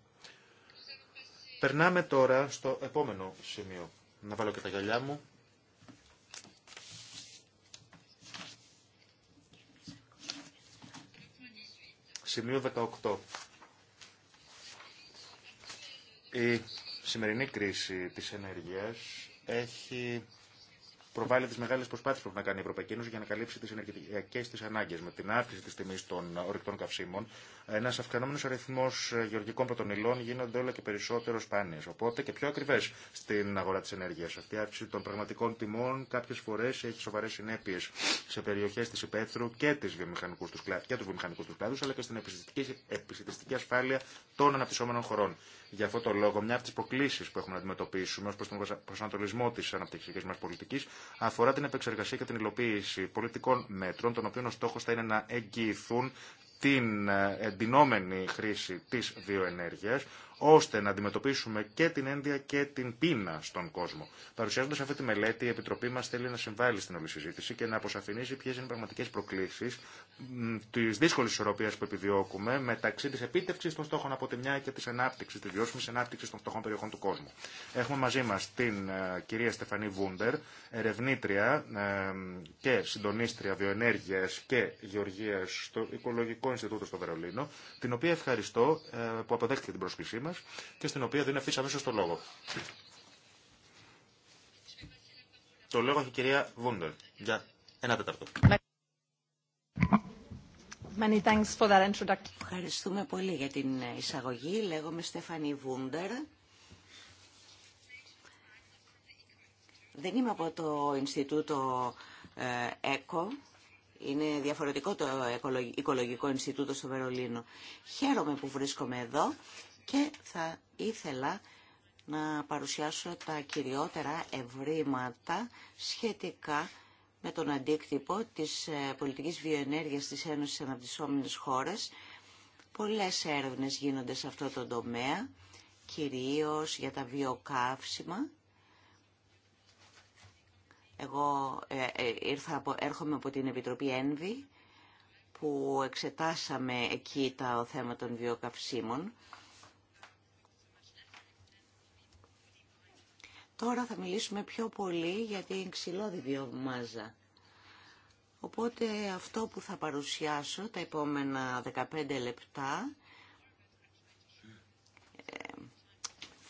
Περνάμε τώρα στο επόμενο σημείο. Να βάλω και τα γυαλιά μου. Σημείο 18. Η σημερινή κρίση της ενέργειας έχει προβάλλει τι μεγάλε προσπάθειε που έχουν να κάνει η Ευρωπαϊκή Ένωση για να καλύψει τι ενεργειακέ τη ανάγκε. Με την αύξηση τη τιμή των ορεικτών καυσίμων, ένα αυξανόμενο αριθμό ε, γεωργικών πρωτονυλών γίνονται όλο και περισσότερο σπάνιε. Οπότε και πιο ακριβέ στην αγορά τη ενέργεια. Αυτή η αύξηση των πραγματικών τιμών κάποιε φορέ έχει σοβαρέ συνέπειε σε περιοχέ τη υπαίθρου και, του βιομηχανικού του κλάδου, αλλά και στην επιστημιστική ασφάλεια των αναπτυσσόμενων χωρών. Για αυτό το λόγο, μια από τι προκλήσει που έχουμε να αντιμετωπίσουμε ω προ τον προσανατολισμό τη αναπτυξιακή μα πολιτική αφορά την επεξεργασία και την υλοποίηση πολιτικών μέτρων, των οποίων ο στόχο θα είναι να εγγυηθούν την ε, εντυνόμενη χρήση της βιοενέργειας, ώστε να αντιμετωπίσουμε και την ένδια και την πείνα στον κόσμο. Παρουσιάζοντα αυτή τη μελέτη, η Επιτροπή μα θέλει να συμβάλλει στην όλη συζήτηση και να αποσαφηνίσει ποιε είναι οι πραγματικέ προκλήσει τη δύσκολη ισορροπία που επιδιώκουμε μεταξύ τη επίτευξη των στόχων από τη μια και τη ανάπτυξη, τη βιώσιμη ανάπτυξη των φτωχών περιοχών του κόσμου. Έχουμε μαζί μα την ε, κυρία Στεφανή Βούντερ, ερευνήτρια ε, και συντονίστρια βιοενέργεια και γεωργία στο Οικολογικό Ινστιτούτο στο Βερολίνο, την οποία ευχαριστώ ε, που αποδέχτηκε την πρόσκλησή μας και στην οποία δίνει ευθύς αμέσως το λόγο. Το λόγο έχει η κυρία Βούντερ για ένα τέταρτο. Many thanks for that introduction. Ευχαριστούμε πολύ για την εισαγωγή. Λέγομαι Στέφανη Βούντερ. Δεν είμαι από το Ινστιτούτο ΕΚΟ. Είναι διαφορετικό το Οικολογικό Ινστιτούτο στο Βερολίνο. Χαίρομαι που βρίσκομαι εδώ και θα ήθελα να παρουσιάσω τα κυριότερα ευρήματα σχετικά με τον αντίκτυπο της ε, πολιτικής βιοενέργειας της Ένωσης Αναπτυσσόμενης Χώρες. Πολλές έρευνες γίνονται σε αυτό το τομέα, κυρίως για τα βιοκαύσιμα. Εγώ ε, ε, ήρθα από, έρχομαι από την Επιτροπή Ένβη, που εξετάσαμε εκεί τα θέματα των βιοκαυσίμων Τώρα θα μιλήσουμε πιο πολύ για την ξυλώδη βιομάζα. Οπότε αυτό που θα παρουσιάσω τα επόμενα 15 λεπτά ε,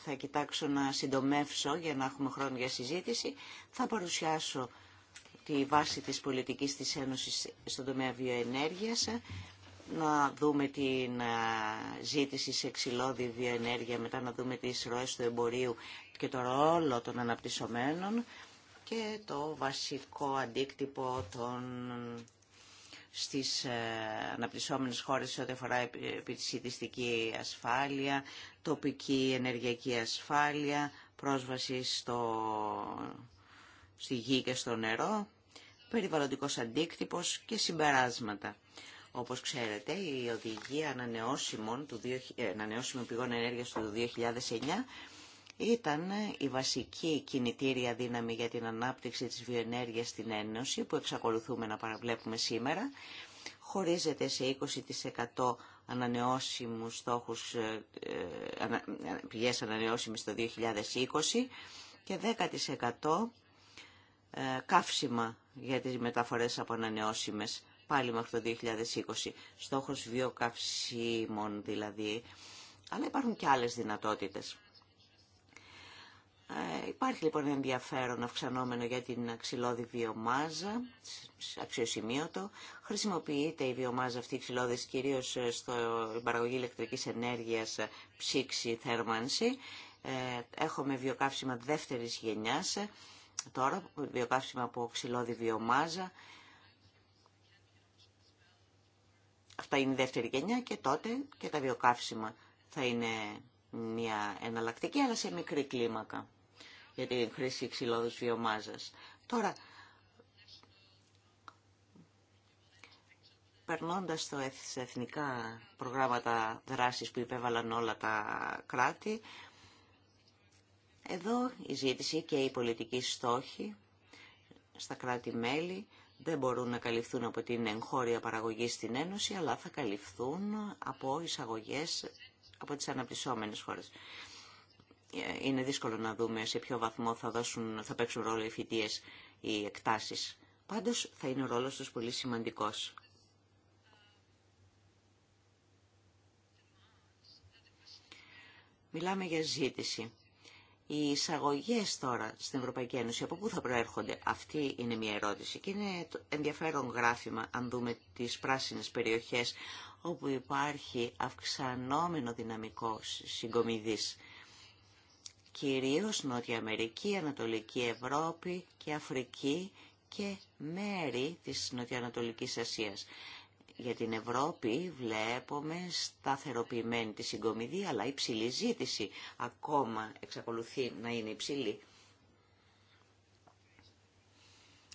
θα κοιτάξω να συντομεύσω για να έχουμε χρόνο για συζήτηση. Θα παρουσιάσω τη βάση της πολιτικής της Ένωσης στον τομέα βιοενέργειας, να δούμε την ε, ζήτηση σε ξυλώδη βιοενέργεια, μετά να δούμε τις ροές του εμπορίου και το ρόλο των αναπτυσσομένων και το βασικό αντίκτυπο των στις ε, αναπτυσσόμενες χώρες σε ό,τι αφορά ασφάλεια, τοπική ενεργειακή ασφάλεια, πρόσβαση στο, στη γη και στο νερό, περιβαλλοντικός αντίκτυπος και συμπεράσματα. Όπως ξέρετε, η οδηγία ανανεώσιμων, του, ε, ανανεώσιμων πηγών ενέργειας του 2009 ήταν η βασική κινητήρια δύναμη για την ανάπτυξη της βιοενέργειας στην Ένωση που εξακολουθούμε να παραβλέπουμε σήμερα. Χωρίζεται σε 20% ανανεώσιμους στόχους, ε, ε, ε, πηγές ανανεώσιμες το 2020 και 10% καύσιμα για τις μεταφορές από ανανεώσιμες πάλι μέχρι το 2020. Στόχος βιοκαυσίμων δηλαδή. Αλλά υπάρχουν και άλλες δυνατότητες. Υπάρχει λοιπόν ενδιαφέρον αυξανόμενο για την ξυλώδη βιομάζα, αξιοσημείωτο. Χρησιμοποιείται η βιομάζα αυτή ξυλώδης κυρίως ε, στην παραγωγή ηλεκτρικής ενέργειας, ε, ψήξη, θέρμανση. Ε, έχουμε βιοκαύσιμα δεύτερης γενιάς, τώρα βιοκαύσιμα από ξυλώδη βιομάζα. Αυτά είναι η δεύτερη γενιά και τότε και τα βιοκαύσιμα θα είναι μια εναλλακτική, αλλά σε μικρή κλίμακα για την χρήση ξυλόδους βιομάζας. Τώρα, περνώντας στο, σε εθνικά προγράμματα δράσης που υπέβαλαν όλα τα κράτη, εδώ η ζήτηση και οι πολιτικοί στόχοι στα κράτη-μέλη δεν μπορούν να καλυφθούν από την εγχώρια παραγωγή στην Ένωση, αλλά θα καλυφθούν από εισαγωγές από τις αναπτυσσόμενες χώρες είναι δύσκολο να δούμε σε ποιο βαθμό θα, δώσουν, θα παίξουν ρόλο οι φοιτίες, οι εκτάσεις. Πάντως θα είναι ο ρόλος τους πολύ σημαντικός. Μιλάμε για ζήτηση. Οι εισαγωγέ τώρα στην Ευρωπαϊκή Ένωση, από πού θα προέρχονται, αυτή είναι μια ερώτηση. Και είναι ενδιαφέρον γράφημα αν δούμε τις πράσινες περιοχές όπου υπάρχει αυξανόμενο δυναμικό συγκομιδής κυρίως Νότια Αμερική, Ανατολική Ευρώπη και Αφρική και μέρη της Νοτιοανατολικής Ασίας. Για την Ευρώπη βλέπουμε σταθεροποιημένη τη συγκομιδή, αλλά υψηλή ζήτηση ακόμα εξακολουθεί να είναι υψηλή.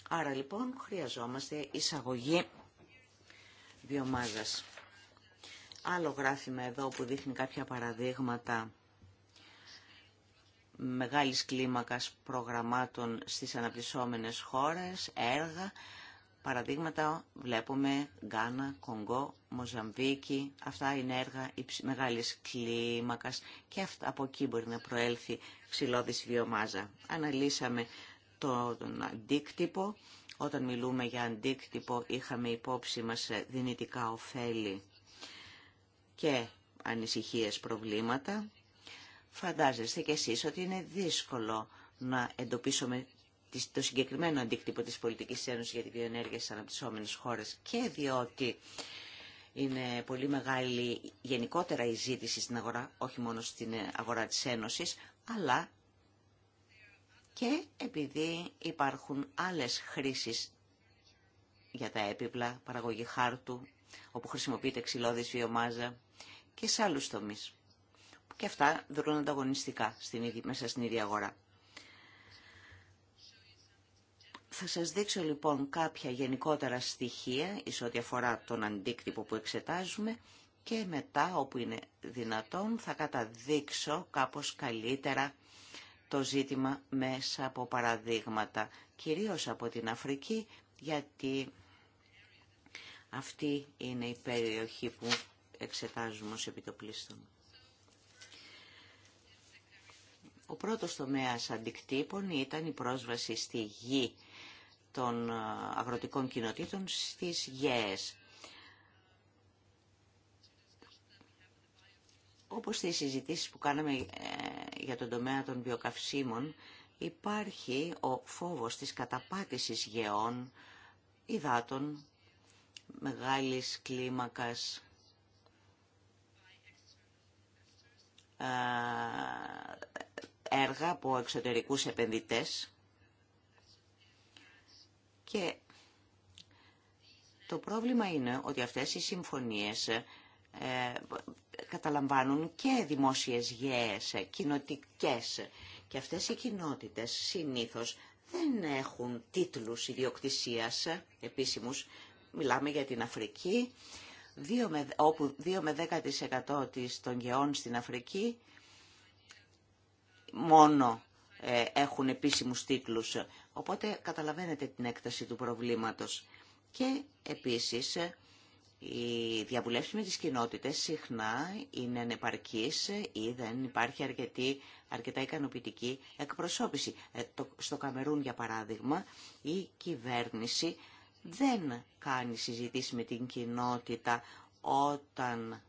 Άρα λοιπόν χρειαζόμαστε εισαγωγή βιομάζας. Άλλο γράφημα εδώ που δείχνει κάποια παραδείγματα μεγάλης κλίμακας προγραμμάτων στις αναπτυσσόμενες χώρες, έργα. Παραδείγματα βλέπουμε Γκάνα, Κονγκό, Μοζαμβίκη. Αυτά είναι έργα μεγάλης κλίμακας και από εκεί μπορεί να προέλθει ξυλώδης βιομάζα. Αναλύσαμε τον αντίκτυπο. Όταν μιλούμε για αντίκτυπο είχαμε υπόψη μας ε, δυνητικά ωφέλη και ανησυχίες προβλήματα Φαντάζεστε κι εσείς ότι είναι δύσκολο να εντοπίσουμε το συγκεκριμένο αντίκτυπο της πολιτικής ένωσης για την βιοενέργεια στις αναπτυσσόμενες χώρες και διότι είναι πολύ μεγάλη γενικότερα η ζήτηση στην αγορά, όχι μόνο στην ε, αγορά της Ένωσης, αλλά και επειδή υπάρχουν άλλες χρήσεις για τα έπιπλα, παραγωγή χάρτου, όπου χρησιμοποιείται ξυλώδης βιομάζα και σε άλλους τομείς και αυτά δρούν ανταγωνιστικά στην ίδια, μέσα στην ίδια αγορά. Θα σας δείξω λοιπόν κάποια γενικότερα στοιχεία εις ό,τι αφορά τον αντίκτυπο που εξετάζουμε και μετά όπου είναι δυνατόν θα καταδείξω κάπως καλύτερα το ζήτημα μέσα από παραδείγματα, κυρίως από την Αφρική, γιατί αυτή είναι η περιοχή που εξετάζουμε ως επιτοπλίστων. Ο πρώτος τομέας αντικτύπων ήταν η πρόσβαση στη γη των ε, αγροτικών κοινοτήτων στις ΓΕΕΣ. Όπως στις συζητήσεις που κάναμε ε, για τον τομέα των βιοκαυσίμων, υπάρχει ο φόβος της καταπάτησης γεών, υδάτων, μεγάλης κλίμακας, ε, έργα από εξωτερικούς επενδυτές και το πρόβλημα είναι ότι αυτές οι συμφωνίες ε, καταλαμβάνουν και δημόσιες γέες, ε, κοινοτικές και αυτές οι κοινότητες συνήθως δεν έχουν τίτλους ιδιοκτησίας ε, επίσημους. Μιλάμε για την Αφρική, 2 με, όπου 2 με 10% των γεών στην Αφρική μόνο ε, έχουν επίσημους τίτλους. Οπότε καταλαβαίνετε την έκταση του προβλήματος. Και επίσης ε, η διαβουλεύση με τις κοινότητες συχνά είναι ανεπαρκείς ε, ή δεν υπάρχει αρκετή, αρκετά ικανοποιητική εκπροσώπηση. στο Καμερούν, για παράδειγμα, η κυβέρνηση δεν κάνει συζητήσεις με την κοινότητα όταν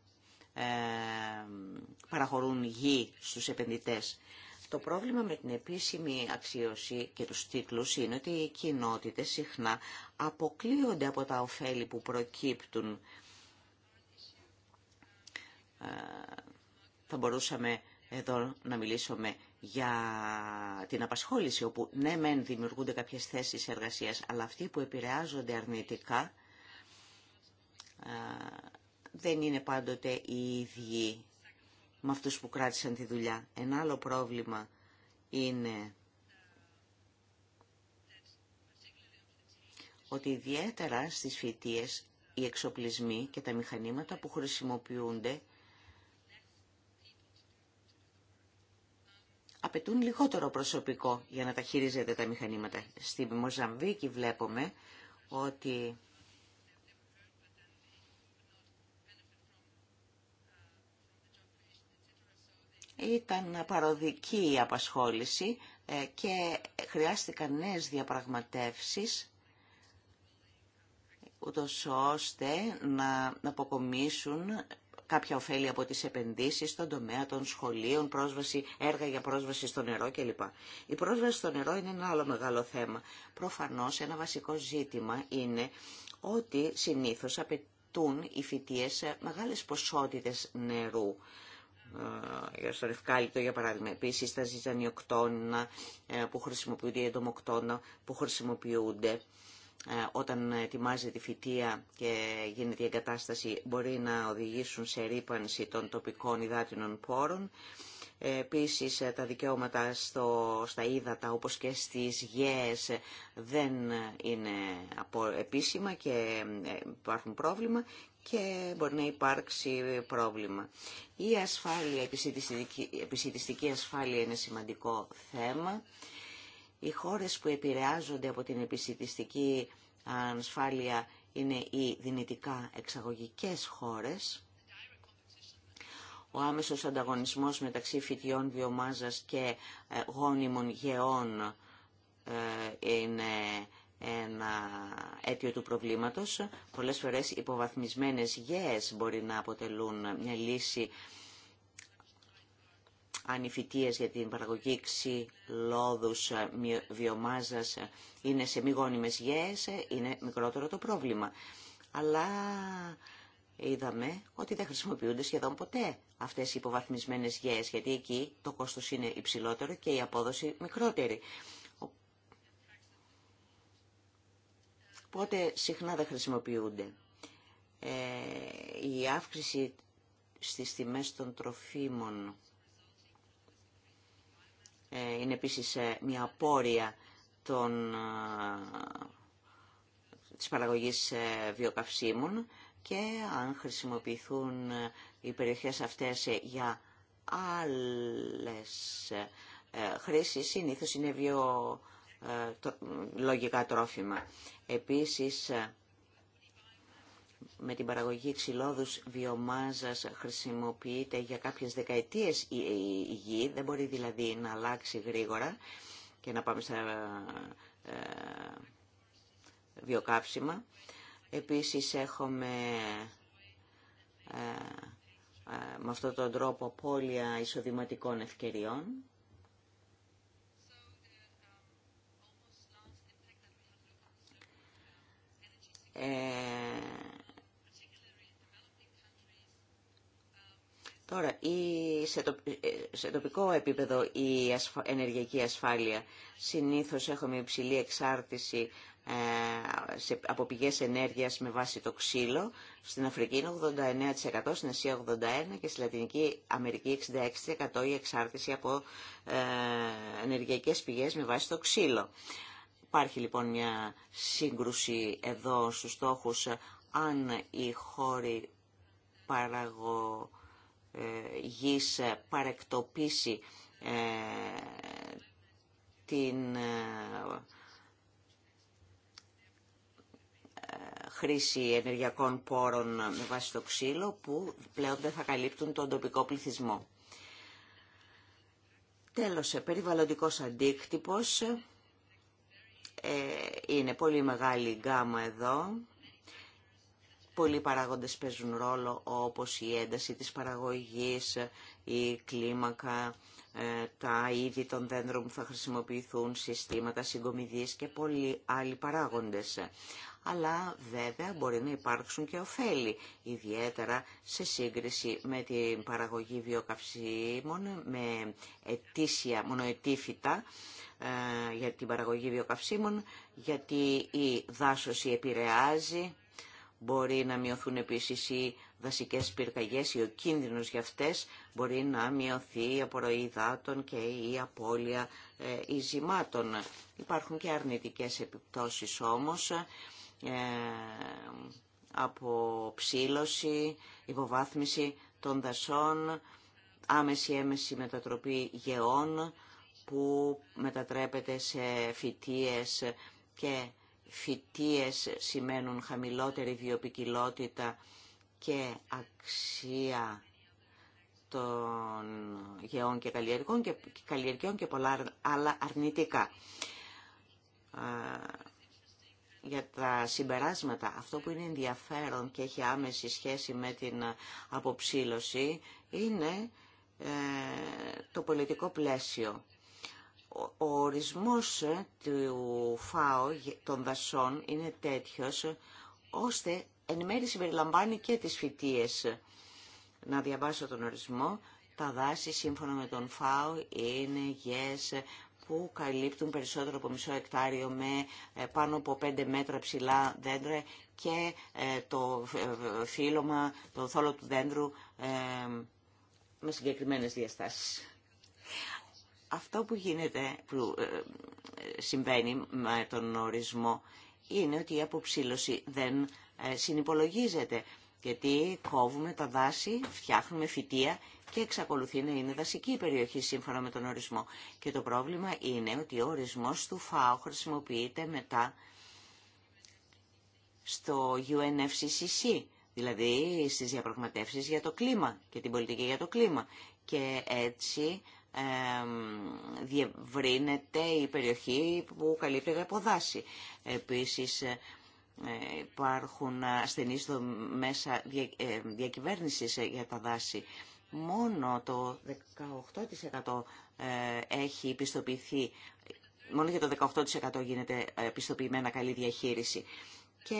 παραχωρούν γη στους επενδυτές. Το πρόβλημα με την επίσημη αξίωση και τους τίτλους είναι ότι οι κοινότητες συχνά αποκλείονται από τα ωφέλη που προκύπτουν. Ε, θα μπορούσαμε εδώ να μιλήσουμε για την απασχόληση, όπου ναι μεν δημιουργούνται κάποιες θέσεις εργασίας, αλλά αυτοί που επηρεάζονται αρνητικά ε, δεν είναι πάντοτε οι ίδιοι με αυτούς που κράτησαν τη δουλειά. Ένα άλλο πρόβλημα είναι ότι ιδιαίτερα στις φοιτίες οι εξοπλισμοί και τα μηχανήματα που χρησιμοποιούνται απαιτούν λιγότερο προσωπικό για να τα χειρίζεται τα μηχανήματα. Στη Μοζαμβίκη βλέπουμε ότι Ήταν παροδική η απασχόληση ε, και χρειάστηκαν νέες διαπραγματεύσεις ούτως ώστε να αποκομίσουν κάποια ωφέλη από τις επενδύσεις στον τομέα των σχολείων, πρόσβαση, έργα για πρόσβαση στο νερό κλπ. Η πρόσβαση στο νερό είναι ένα άλλο μεγάλο θέμα. Προφανώς ένα βασικό ζήτημα είναι ότι συνήθως απαιτούν οι φοιτίες μεγάλες ποσότητες νερού στο ε, ρευκάλιτο, για παράδειγμα. Επίσης τα ζυζανιοκτώνα ε, που χρησιμοποιούνται, οι εντομοκτώνα που χρησιμοποιούνται ε, όταν ετοιμάζεται η φυτεία και γίνεται η εγκατάσταση μπορεί να οδηγήσουν σε ρήπανση των τοπικών υδάτινων πόρων. Επίσης τα δικαιώματα στο, στα ύδατα όπως και στις γέες δεν είναι επίσημα και υπάρχουν πρόβλημα και μπορεί να υπάρξει πρόβλημα. Η ασφάλεια, η επισητιστική ασφάλεια είναι σημαντικό θέμα. Οι χώρες που επηρεάζονται από την επισητιστική ασφάλεια είναι οι δυνητικά εξαγωγικές χώρες. Ο άμεσος ανταγωνισμός μεταξύ φυτιών βιομάζας και ε, γόνιμων γεών ε, είναι ένα αίτιο του προβλήματος. Πολλές φορές υποβαθμισμένες γέες μπορεί να αποτελούν μια λύση ανηφιτίες για την παραγωγή ξυλόδους βιομάζας είναι σε μη γόνιμες γέες, είναι μικρότερο το πρόβλημα. Αλλά είδαμε ότι δεν χρησιμοποιούνται σχεδόν ποτέ αυτές οι υποβαθμισμένες γέες, γιατί εκεί το κόστος είναι υψηλότερο και η απόδοση μικρότερη. Οπότε συχνά δεν χρησιμοποιούνται. Ε, η αύξηση στις τιμές των τροφίμων ε, είναι επίσης ε, μια απόρρεια των, ε, της παραγωγής βιοκαυσίμων και αν χρησιμοποιηθούν οι περιοχές αυτές για άλλες χρήσεις, συνήθως είναι βιο ε, λογικά τρόφιμα. Επίσης, ε, με την παραγωγή ξυλόδους βιομάζας χρησιμοποιείται για κάποιες δεκαετίες η γη, δεν μπορεί δηλαδή να αλλάξει γρήγορα και να πάμε στα ε, βιοκάψιμα. Επίσης έχουμε με αυτόν τον τρόπο πόλια εισοδηματικών ευκαιριών. Ε, τώρα, η, σε, τοπικό επίπεδο η ενεργειακή ασφάλεια. Συνήθως έχουμε υψηλή εξάρτηση ε, σε, από πηγές ενέργειας με βάση το ξύλο. Στην Αφρική είναι 89%, στην Ασία 81% και στη Λατινική Αμερική 66% η εξάρτηση από ε, ενεργειακές πηγές με βάση το ξύλο. Υπάρχει λοιπόν μια σύγκρουση εδώ στους στόχους ε, αν οι χώροι παραγωγής ε, ε, παρεκτοπίσει την χρήση ενεργειακών πόρων με βάση το ξύλο που πλέον δεν θα καλύπτουν τον τοπικό πληθυσμό. Τέλος, περιβαλλοντικός αντίκτυπος ε, είναι πολύ μεγάλη γκάμα εδώ. Πολλοί παράγοντες παίζουν ρόλο όπως η ένταση της παραγωγής, η κλίμακα, ε, τα είδη των δέντρων που θα χρησιμοποιηθούν, συστήματα συγκομιδής και πολλοί άλλοι παράγοντες. Αλλά βέβαια μπορεί να υπάρξουν και ωφέλη, ιδιαίτερα σε σύγκριση με την παραγωγή βιοκαυσίμων, με ετήσια, μονοετήφητα, ε, για την παραγωγή βιοκαυσίμων, γιατί η δάσωση επηρεάζει, μπορεί να μειωθούν επίσης οι δασικές πυρκαγιές ή ο κίνδυνος για αυτές, μπορεί να μειωθεί η απορροή υδάτων και η απώλεια ε, Ζημάτων. Υπάρχουν και αρνητικές επιπτώσεις όμως ε, από ψήλωση, υποβάθμιση των δασών, άμεση-έμεση μετατροπή γεών, που μετατρέπεται σε φυτίες και φυτίες σημαίνουν χαμηλότερη βιοπικιλότητα και αξία των γεών και καλλιεργών και, καλλιεργιών και πολλά άλλα αρνητικά. Για τα συμπεράσματα, αυτό που είναι ενδιαφέρον και έχει άμεση σχέση με την αποψήλωση είναι ε, το πολιτικό πλαίσιο ο ορισμός ε, του ΦΑΟ των δασών είναι τέτοιος, ώστε εν μέρει και τις φυτίες. Να διαβάσω τον ορισμό. Τα δάση σύμφωνα με τον ΦΑΟ είναι γες που καλύπτουν περισσότερο από μισό εκτάριο με ε, πάνω από 5 μέτρα ψηλά δέντρα και ε, το φύλλωμα, το θόλο του δέντρου με συγκεκριμένες διαστάσεις. Αυτό που γίνεται, που ε, συμβαίνει με τον ορισμό, είναι ότι η αποψήλωση δεν ε, συνυπολογίζεται. Γιατί κόβουμε τα δάση, φτιάχνουμε φυτεία και εξακολουθεί να είναι δασική η περιοχή σύμφωνα με τον ορισμό. Και το πρόβλημα είναι ότι ο ορισμός του ΦΑΟ χρησιμοποιείται μετά στο UNFCCC, δηλαδή στις διαπραγματεύσεις για το κλίμα και την πολιτική για το κλίμα. Και έτσι διευρύνεται η περιοχή που καλύπτεται από δάση. Επίσης ε, υπάρχουν ασθενείς μέσα ε, διακυβέρνησης ε, για τα δάση. Μόνο το 18% έχει πιστοποιηθεί, μόνο για το 18% γίνεται πιστοποιημένα καλή διαχείριση. Και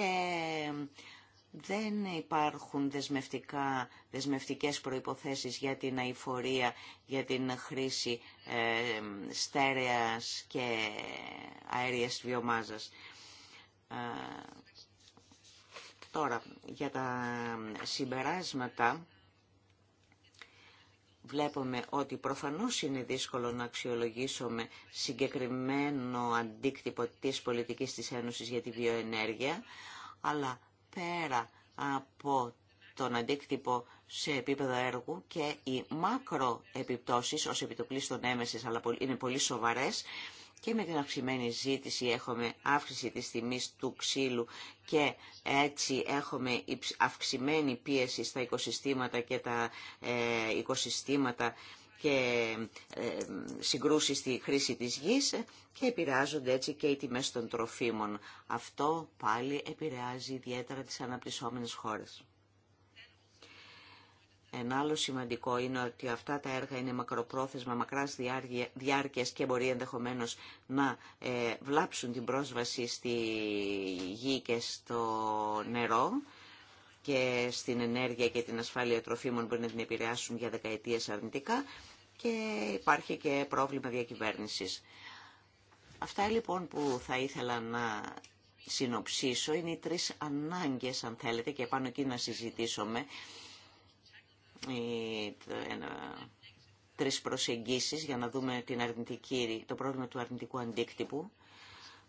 δεν υπάρχουν δεσμευτικά, δεσμευτικές προϋποθέσεις για την αηφορία, για την χρήση ε, στέρεας και αέριας βιομάζας. Ε, τώρα, για τα συμπεράσματα βλέπουμε ότι προφανώς είναι δύσκολο να αξιολογήσουμε συγκεκριμένο αντίκτυπο της πολιτικής της Ένωσης για τη βιοενέργεια, αλλά πέρα από τον αντίκτυπο σε επίπεδο έργου και οι επιπτώσεις ως επιτοπλίστων έμεσες αλλά είναι πολύ σοβαρές και με την αυξημένη ζήτηση έχουμε αύξηση της τιμής του ξύλου και έτσι έχουμε αυξημένη πίεση στα οικοσυστήματα και τα ε, οικοσυστήματα και ε, συγκρούσεις στη χρήση της γης και επηρεάζονται έτσι και οι τιμές των τροφίμων. Αυτό πάλι επηρεάζει ιδιαίτερα τις αναπτυσσόμενες χώρες. Ένα άλλο σημαντικό είναι ότι αυτά τα έργα είναι μακροπρόθεσμα, μακράς διάρκειας και μπορεί ενδεχομένως να ε, βλάψουν την πρόσβαση στη γη και στο νερό και στην ενέργεια και την ασφάλεια τροφίμων μπορεί να την επηρεάσουν για δεκαετίες αρνητικά και υπάρχει και πρόβλημα διακυβέρνησης. Αυτά λοιπόν που θα ήθελα να συνοψίσω είναι οι τρεις ανάγκες αν θέλετε και πάνω εκεί να συζητήσουμε οι τρεις προσεγγίσεις για να δούμε την αρνητική, το πρόβλημα του αρνητικού αντίκτυπου.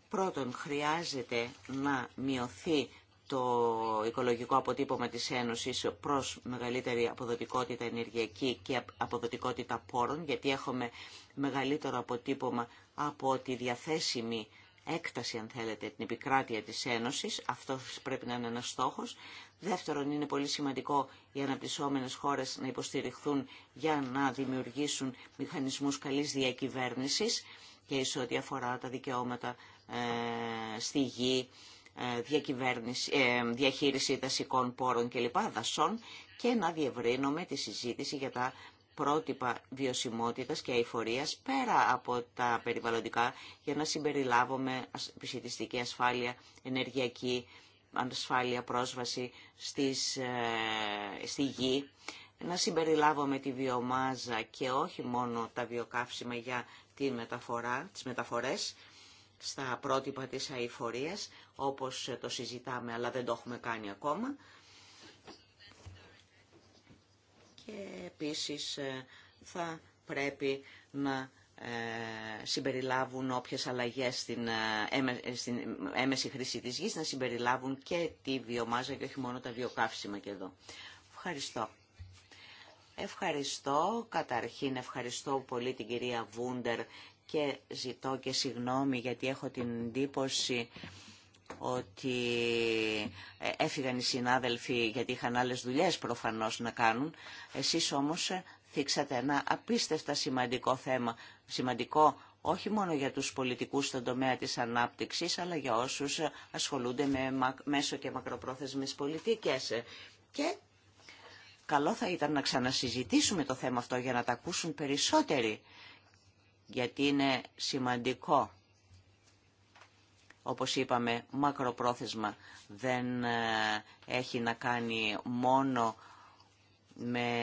Πρώτον, χρειάζεται να μειωθεί το οικολογικό αποτύπωμα της Ένωσης προς μεγαλύτερη αποδοτικότητα ενεργειακή και αποδοτικότητα πόρων, γιατί έχουμε μεγαλύτερο αποτύπωμα από τη διαθέσιμη έκταση, αν θέλετε, την επικράτεια της Ένωσης. Αυτό πρέπει να είναι ένας στόχος. Δεύτερον, είναι πολύ σημαντικό οι αναπτυσσόμενες χώρες να υποστηριχθούν για να δημιουργήσουν μηχανισμούς καλής διακυβέρνησης και σε ό,τι αφορά τα δικαιώματα ε, στη γη, ε, διακυβέρνηση, ε, διαχείριση δασικών πόρων κλπ. δασών και να διευρύνουμε τη συζήτηση για τα πρότυπα βιωσιμότητας και αηφορίας πέρα από τα περιβαλλοντικά για να συμπεριλάβουμε επισκεπτική ασφάλεια, ενεργειακή ασφάλεια, πρόσβαση στις, ε, στη γη, να συμπεριλάβουμε τη βιομάζα και όχι μόνο τα βιοκαύσιμα για τη μεταφορά, τις μεταφορές, στα πρότυπα της αηφορίας, όπως το συζητάμε, αλλά δεν το έχουμε κάνει ακόμα. Και επίσης ε, θα πρέπει να ε, συμπεριλάβουν όποιες αλλαγές ε, στην, έμεση χρήση της γης, να συμπεριλάβουν και τη βιομάζα και όχι μόνο τα βιοκαύσιμα και εδώ. Ευχαριστώ. Ευχαριστώ. Καταρχήν ευχαριστώ πολύ την κυρία Βούντερ και ζητώ και συγγνώμη γιατί έχω την εντύπωση ότι ε, έφυγαν οι συνάδελφοι γιατί είχαν άλλες δουλειές προφανώς να κάνουν. Εσείς όμως ε, θίξατε ένα απίστευτα σημαντικό θέμα, σημαντικό όχι μόνο για τους πολιτικούς στον τομέα της ανάπτυξης, αλλά για όσους ε, ασχολούνται με μέσο και μακροπρόθεσμες πολιτικές. Και καλό θα ήταν να ξανασυζητήσουμε το θέμα αυτό για να τα ακούσουν περισσότεροι γιατί είναι σημαντικό. Όπως είπαμε, μακροπρόθεσμα δεν ε, έχει να κάνει μόνο με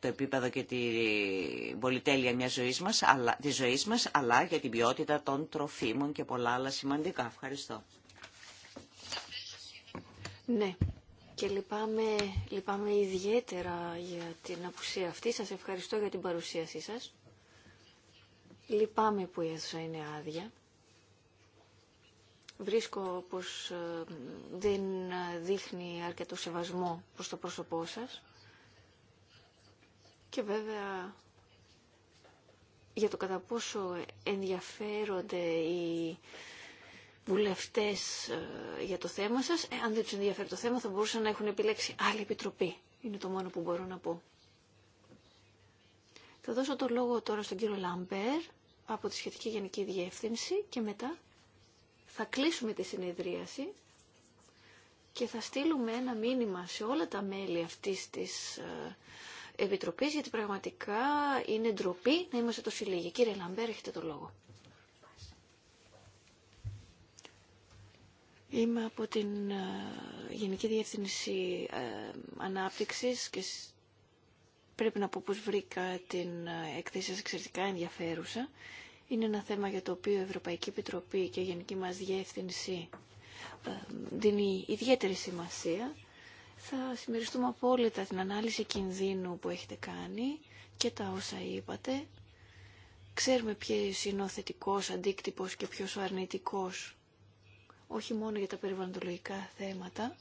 το επίπεδο και την πολυτέλεια μιας ζωής μας, αλλά, της ζωής μας, αλλά για την ποιότητα των τροφίμων και πολλά άλλα σημαντικά. Ευχαριστώ. Ναι, και λυπάμαι, λυπάμαι ιδιαίτερα για την απουσία αυτή. Σας ευχαριστώ για την παρουσίασή σας. Λυπάμαι που η αίθουσα είναι άδεια. Βρίσκω πως ε, δεν δείχνει αρκετό σεβασμό προς το πρόσωπό σας. Και βέβαια για το κατά πόσο ενδιαφέρονται οι βουλευτές ε, για το θέμα σας. Ε, αν δεν τους ενδιαφέρει το θέμα θα μπορούσαν να έχουν επιλέξει άλλη επιτροπή. Είναι το μόνο που μπορώ να πω. Θα δώσω το λόγο τώρα στον κύριο Λαμπέρ από τη Σχετική Γενική Διεύθυνση και μετά θα κλείσουμε τη συνεδρίαση και θα στείλουμε ένα μήνυμα σε όλα τα μέλη αυτής της ε, Επιτροπής, γιατί πραγματικά είναι ντροπή να είμαστε τόσο λίγοι. Κύριε Λαμπέρ, έχετε το λόγο. Είμαι από την ε, Γενική Διεύθυνση ε, Ανάπτυξης και πρέπει να πω πως βρήκα την ε, εκθέση σας εξαιρετικά ενδιαφέρουσα. Είναι ένα θέμα για το οποίο η Ευρωπαϊκή Επιτροπή και η Γενική μας Διεύθυνση ε, δίνει ιδιαίτερη σημασία. Θα συμμεριστούμε απόλυτα την ανάλυση κινδύνου που έχετε κάνει και τα όσα είπατε. Ξέρουμε ποιος είναι ο θετικός αντίκτυπος και ποιος ο αρνητικός, όχι μόνο για τα περιβαλλοντολογικά θέματα,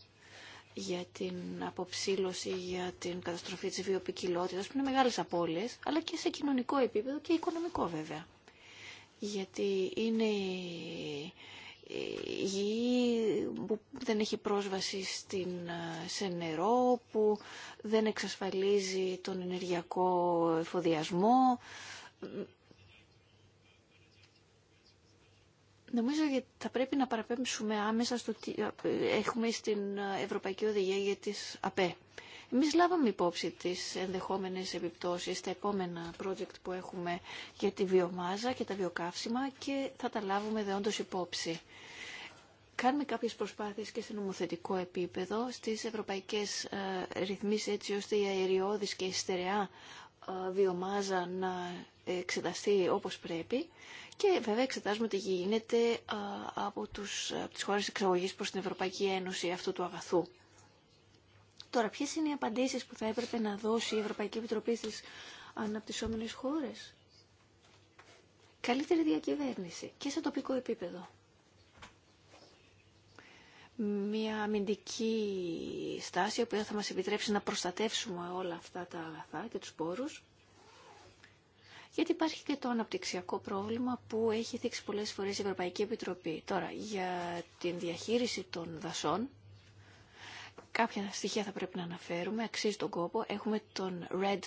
για την αποψήλωση, για την καταστροφή της βιοπικιλότητας, που είναι μεγάλες απώλειες, αλλά και σε κοινωνικό επίπεδο και οικονομικό βέβαια. Γιατί είναι γη που δεν έχει πρόσβαση στην, σε νερό, που δεν εξασφαλίζει τον ενεργειακό εφοδιασμό. Νομίζω ότι θα πρέπει να παραπέμψουμε άμεσα στο τι έχουμε στην Ευρωπαϊκή Οδηγία για τις ΑΠΕ. Εμείς λάβαμε υπόψη τις ενδεχόμενες επιπτώσεις στα επόμενα project που έχουμε για τη βιομάζα και τα βιοκαύσιμα και θα τα λάβουμε δεόντως υπόψη. Κάνουμε κάποιες προσπάθειες και σε νομοθετικό επίπεδο, στις ευρωπαϊκές ε, ρυθμίσεις έτσι ώστε η αεριώδης και η στερεά ε, βιομάζα να εξεταστεί όπως πρέπει και βέβαια εξετάζουμε τι γίνεται από, τους, από τις χώρες προς την Ευρωπαϊκή Ένωση αυτού του αγαθού. Τώρα, ποιε είναι οι απαντήσεις που θα έπρεπε να δώσει η Ευρωπαϊκή Επιτροπή στις αναπτυσσόμενες χώρες. Καλύτερη διακυβέρνηση και σε τοπικό επίπεδο. Μια αμυντική στάση, η οποία θα μας επιτρέψει να προστατεύσουμε όλα αυτά τα αγαθά και τους πόρους γιατί υπάρχει και το αναπτυξιακό πρόβλημα που έχει δείξει πολλές φορές η Ευρωπαϊκή Επιτροπή. Τώρα, για την διαχείριση των δασών, κάποια στοιχεία θα πρέπει να αναφέρουμε, αξίζει τον κόπο. Έχουμε τον RED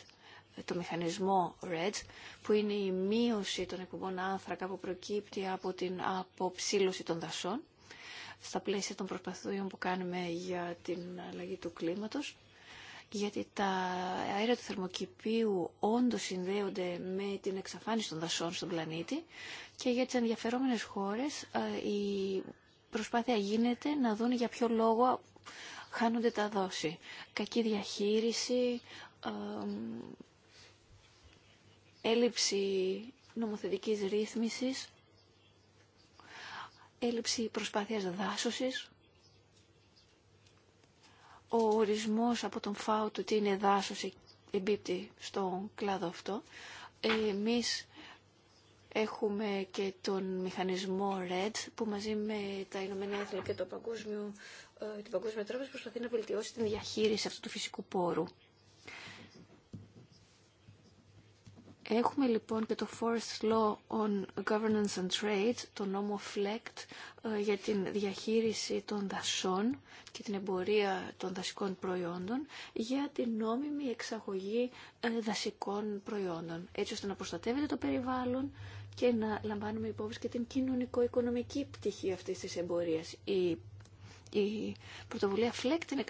το μηχανισμό RED που είναι η μείωση των εκπομπών άνθρακα που προκύπτει από την αποψήλωση των δασών, στα πλαίσια των προσπαθούν που κάνουμε για την αλλαγή του κλίματος γιατί τα αέρα του θερμοκηπίου όντως συνδέονται με την εξαφάνιση των δασών στον πλανήτη και για τις ενδιαφερόμενες χώρες ε, η προσπάθεια γίνεται να δουν για ποιο λόγο χάνονται τα δόση. Κακή διαχείριση, ε, έλλειψη νομοθετικής ρύθμισης, έλλειψη προσπάθειας δάσωσης ο ορισμός από τον ΦΑΟ του τι είναι δάσος εμπίπτει στον κλάδο αυτό. Εμείς έχουμε και τον μηχανισμό RED που μαζί με τα Ηνωμένα Έθνη και το παγκόσμιο, ε, την Παγκόσμια Τράπεζα προσπαθεί να βελτιώσει την διαχείριση αυτού του φυσικού πόρου. Έχουμε λοιπόν και το Forest Law on Governance and Trade, το νόμο FLECT ε, για την διαχείριση των δασών και την εμπορία των δασικών προϊόντων για την νόμιμη εξαγωγή ε, δασικών προϊόντων, έτσι ώστε να προστατεύεται το περιβάλλον και να λαμβάνουμε υπόψη και την κοινωνικο-οικονομική πτυχή αυτής της εμπορίας η πρωτοβουλία φλέκτη e είναι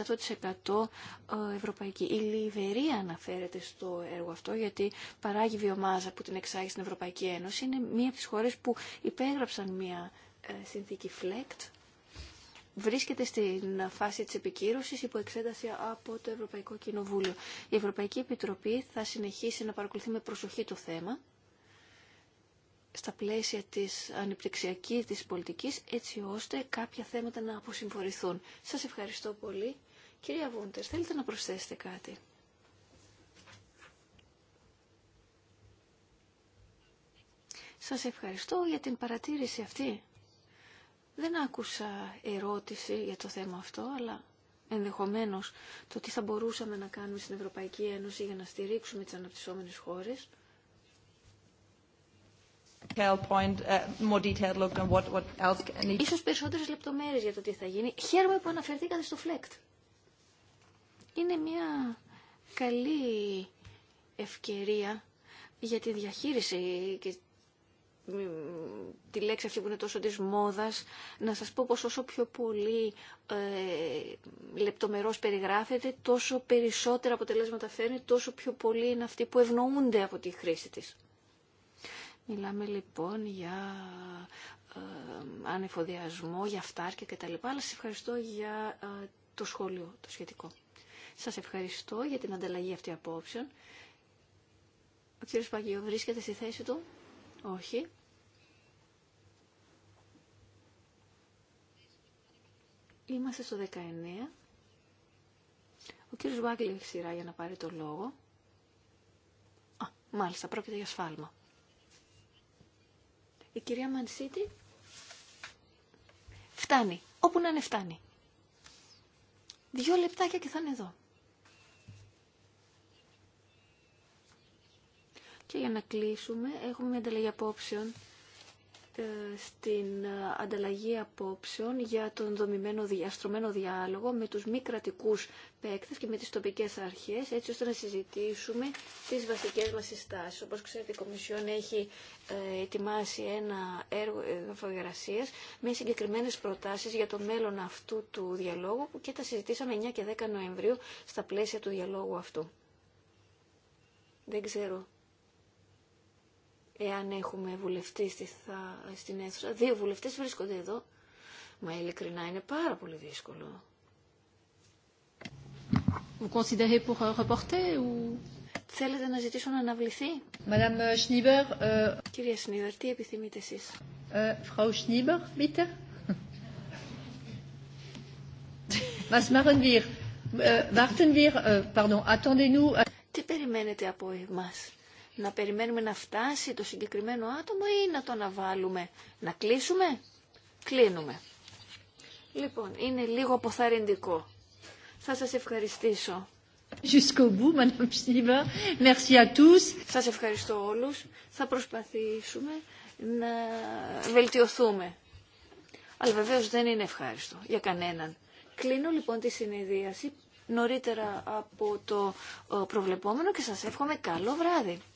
100% ε, ευρωπαϊκή. Η Λιβερία αναφέρεται στο έργο αυτό γιατί παράγει βιομάζα που την εξάγει στην Ευρωπαϊκή Ένωση. Είναι μία από τις χώρες που υπέγραψαν μία ε, συνθήκη ΦΛΕΚΤ. E Βρίσκεται στην φάση της επικύρωσης υπό εξέταση από το Ευρωπαϊκό Κοινοβούλιο. Η Ευρωπαϊκή Επιτροπή θα συνεχίσει να παρακολουθεί με προσοχή το θέμα στα πλαίσια της ανεπτυξιακής της πολιτικής έτσι ώστε κάποια θέματα να αποσυμφορηθούν. Σας ευχαριστώ πολύ. Κυρία Βούντερ, θέλετε να προσθέσετε κάτι. Σας ευχαριστώ για την παρατήρηση αυτή. Δεν άκουσα ερώτηση για το θέμα αυτό, αλλά ενδεχομένως το τι θα μπορούσαμε να κάνουμε στην Ευρωπαϊκή Ένωση για να στηρίξουμε τις αναπτυσσόμενες χώρες point, uh, more detailed look what, what else Ίσως περισσότερες λεπτομέρειες για το τι θα γίνει. Χαίρομαι που αναφερθήκατε στο FLECT. Είναι μια καλή ευκαιρία για τη διαχείριση και τη λέξη αυτή που είναι τόσο της μόδας, να σας πω πως όσο πιο πολύ ε, λεπτομερώς περιγράφεται, τόσο περισσότερα αποτελέσματα φέρνει, τόσο πιο πολύ είναι αυτοί που ευνοούνται από τη χρήση της. Μιλάμε λοιπόν για ε, ανεφοδιασμό, για τα κτλ. Αλλά σας ευχαριστώ για ε, το σχόλιο, το σχετικό. Σας ευχαριστώ για την ανταλλαγή αυτή απόψεων. Ο κύριος Παγίου βρίσκεται στη θέση του. Όχι. Είμαστε στο 19. Ο κύριος Βάγκλη έχει σειρά για να πάρει το λόγο. Α, μάλιστα, πρόκειται για σφάλμα. Η κυρία Μανσίτη φτάνει. Όπου να είναι φτάνει. Δύο λεπτάκια και θα είναι εδώ. Και για να κλείσουμε, έχουμε μια ανταλλαγή απόψεων ε, στην ε, ανταλλαγή απόψεων για τον δομημένο, διαστρωμένο διάλογο με τους μη κρατικού παίκτες και με τις τοπικές αρχές, έτσι ώστε να συζητήσουμε τις βασικές μας συστάσεις. Όπως ξέρετε, η Κομισιόν έχει ε, ετοιμάσει ένα έργο εργασίας με συγκεκριμένες προτάσεις για το μέλλον αυτού του διαλόγου και τα συζητήσαμε 9 και 10 Νοεμβρίου στα πλαίσια του διαλόγου αυτού. Δεν ξέρω εάν έχουμε βουλευτή στην αίθουσα. Δύο βουλευτές βρίσκονται εδώ. Μα ειλικρινά είναι πάρα πολύ δύσκολο. Euh, Θέλετε να ζητήσω να αναβληθεί. Euh, euh- Κυρία Σνίβερ, τι επιθυμείτε εσείς. Frau Schnieber, bitte. Äh, äh, τι περιμένετε από εμάς να περιμένουμε να φτάσει το συγκεκριμένο άτομο ή να το αναβάλουμε. Να κλείσουμε. Κλείνουμε. Λοιπόν, είναι λίγο αποθαρρυντικό. Θα σας ευχαριστήσω. Σας ευχαριστώ όλους. Θα προσπαθήσουμε να βελτιωθούμε. Αλλά βεβαίως δεν είναι ευχάριστο για κανέναν. Κλείνω λοιπόν τη συνειδίαση νωρίτερα από το ε, προβλεπόμενο και σας εύχομαι καλό βράδυ.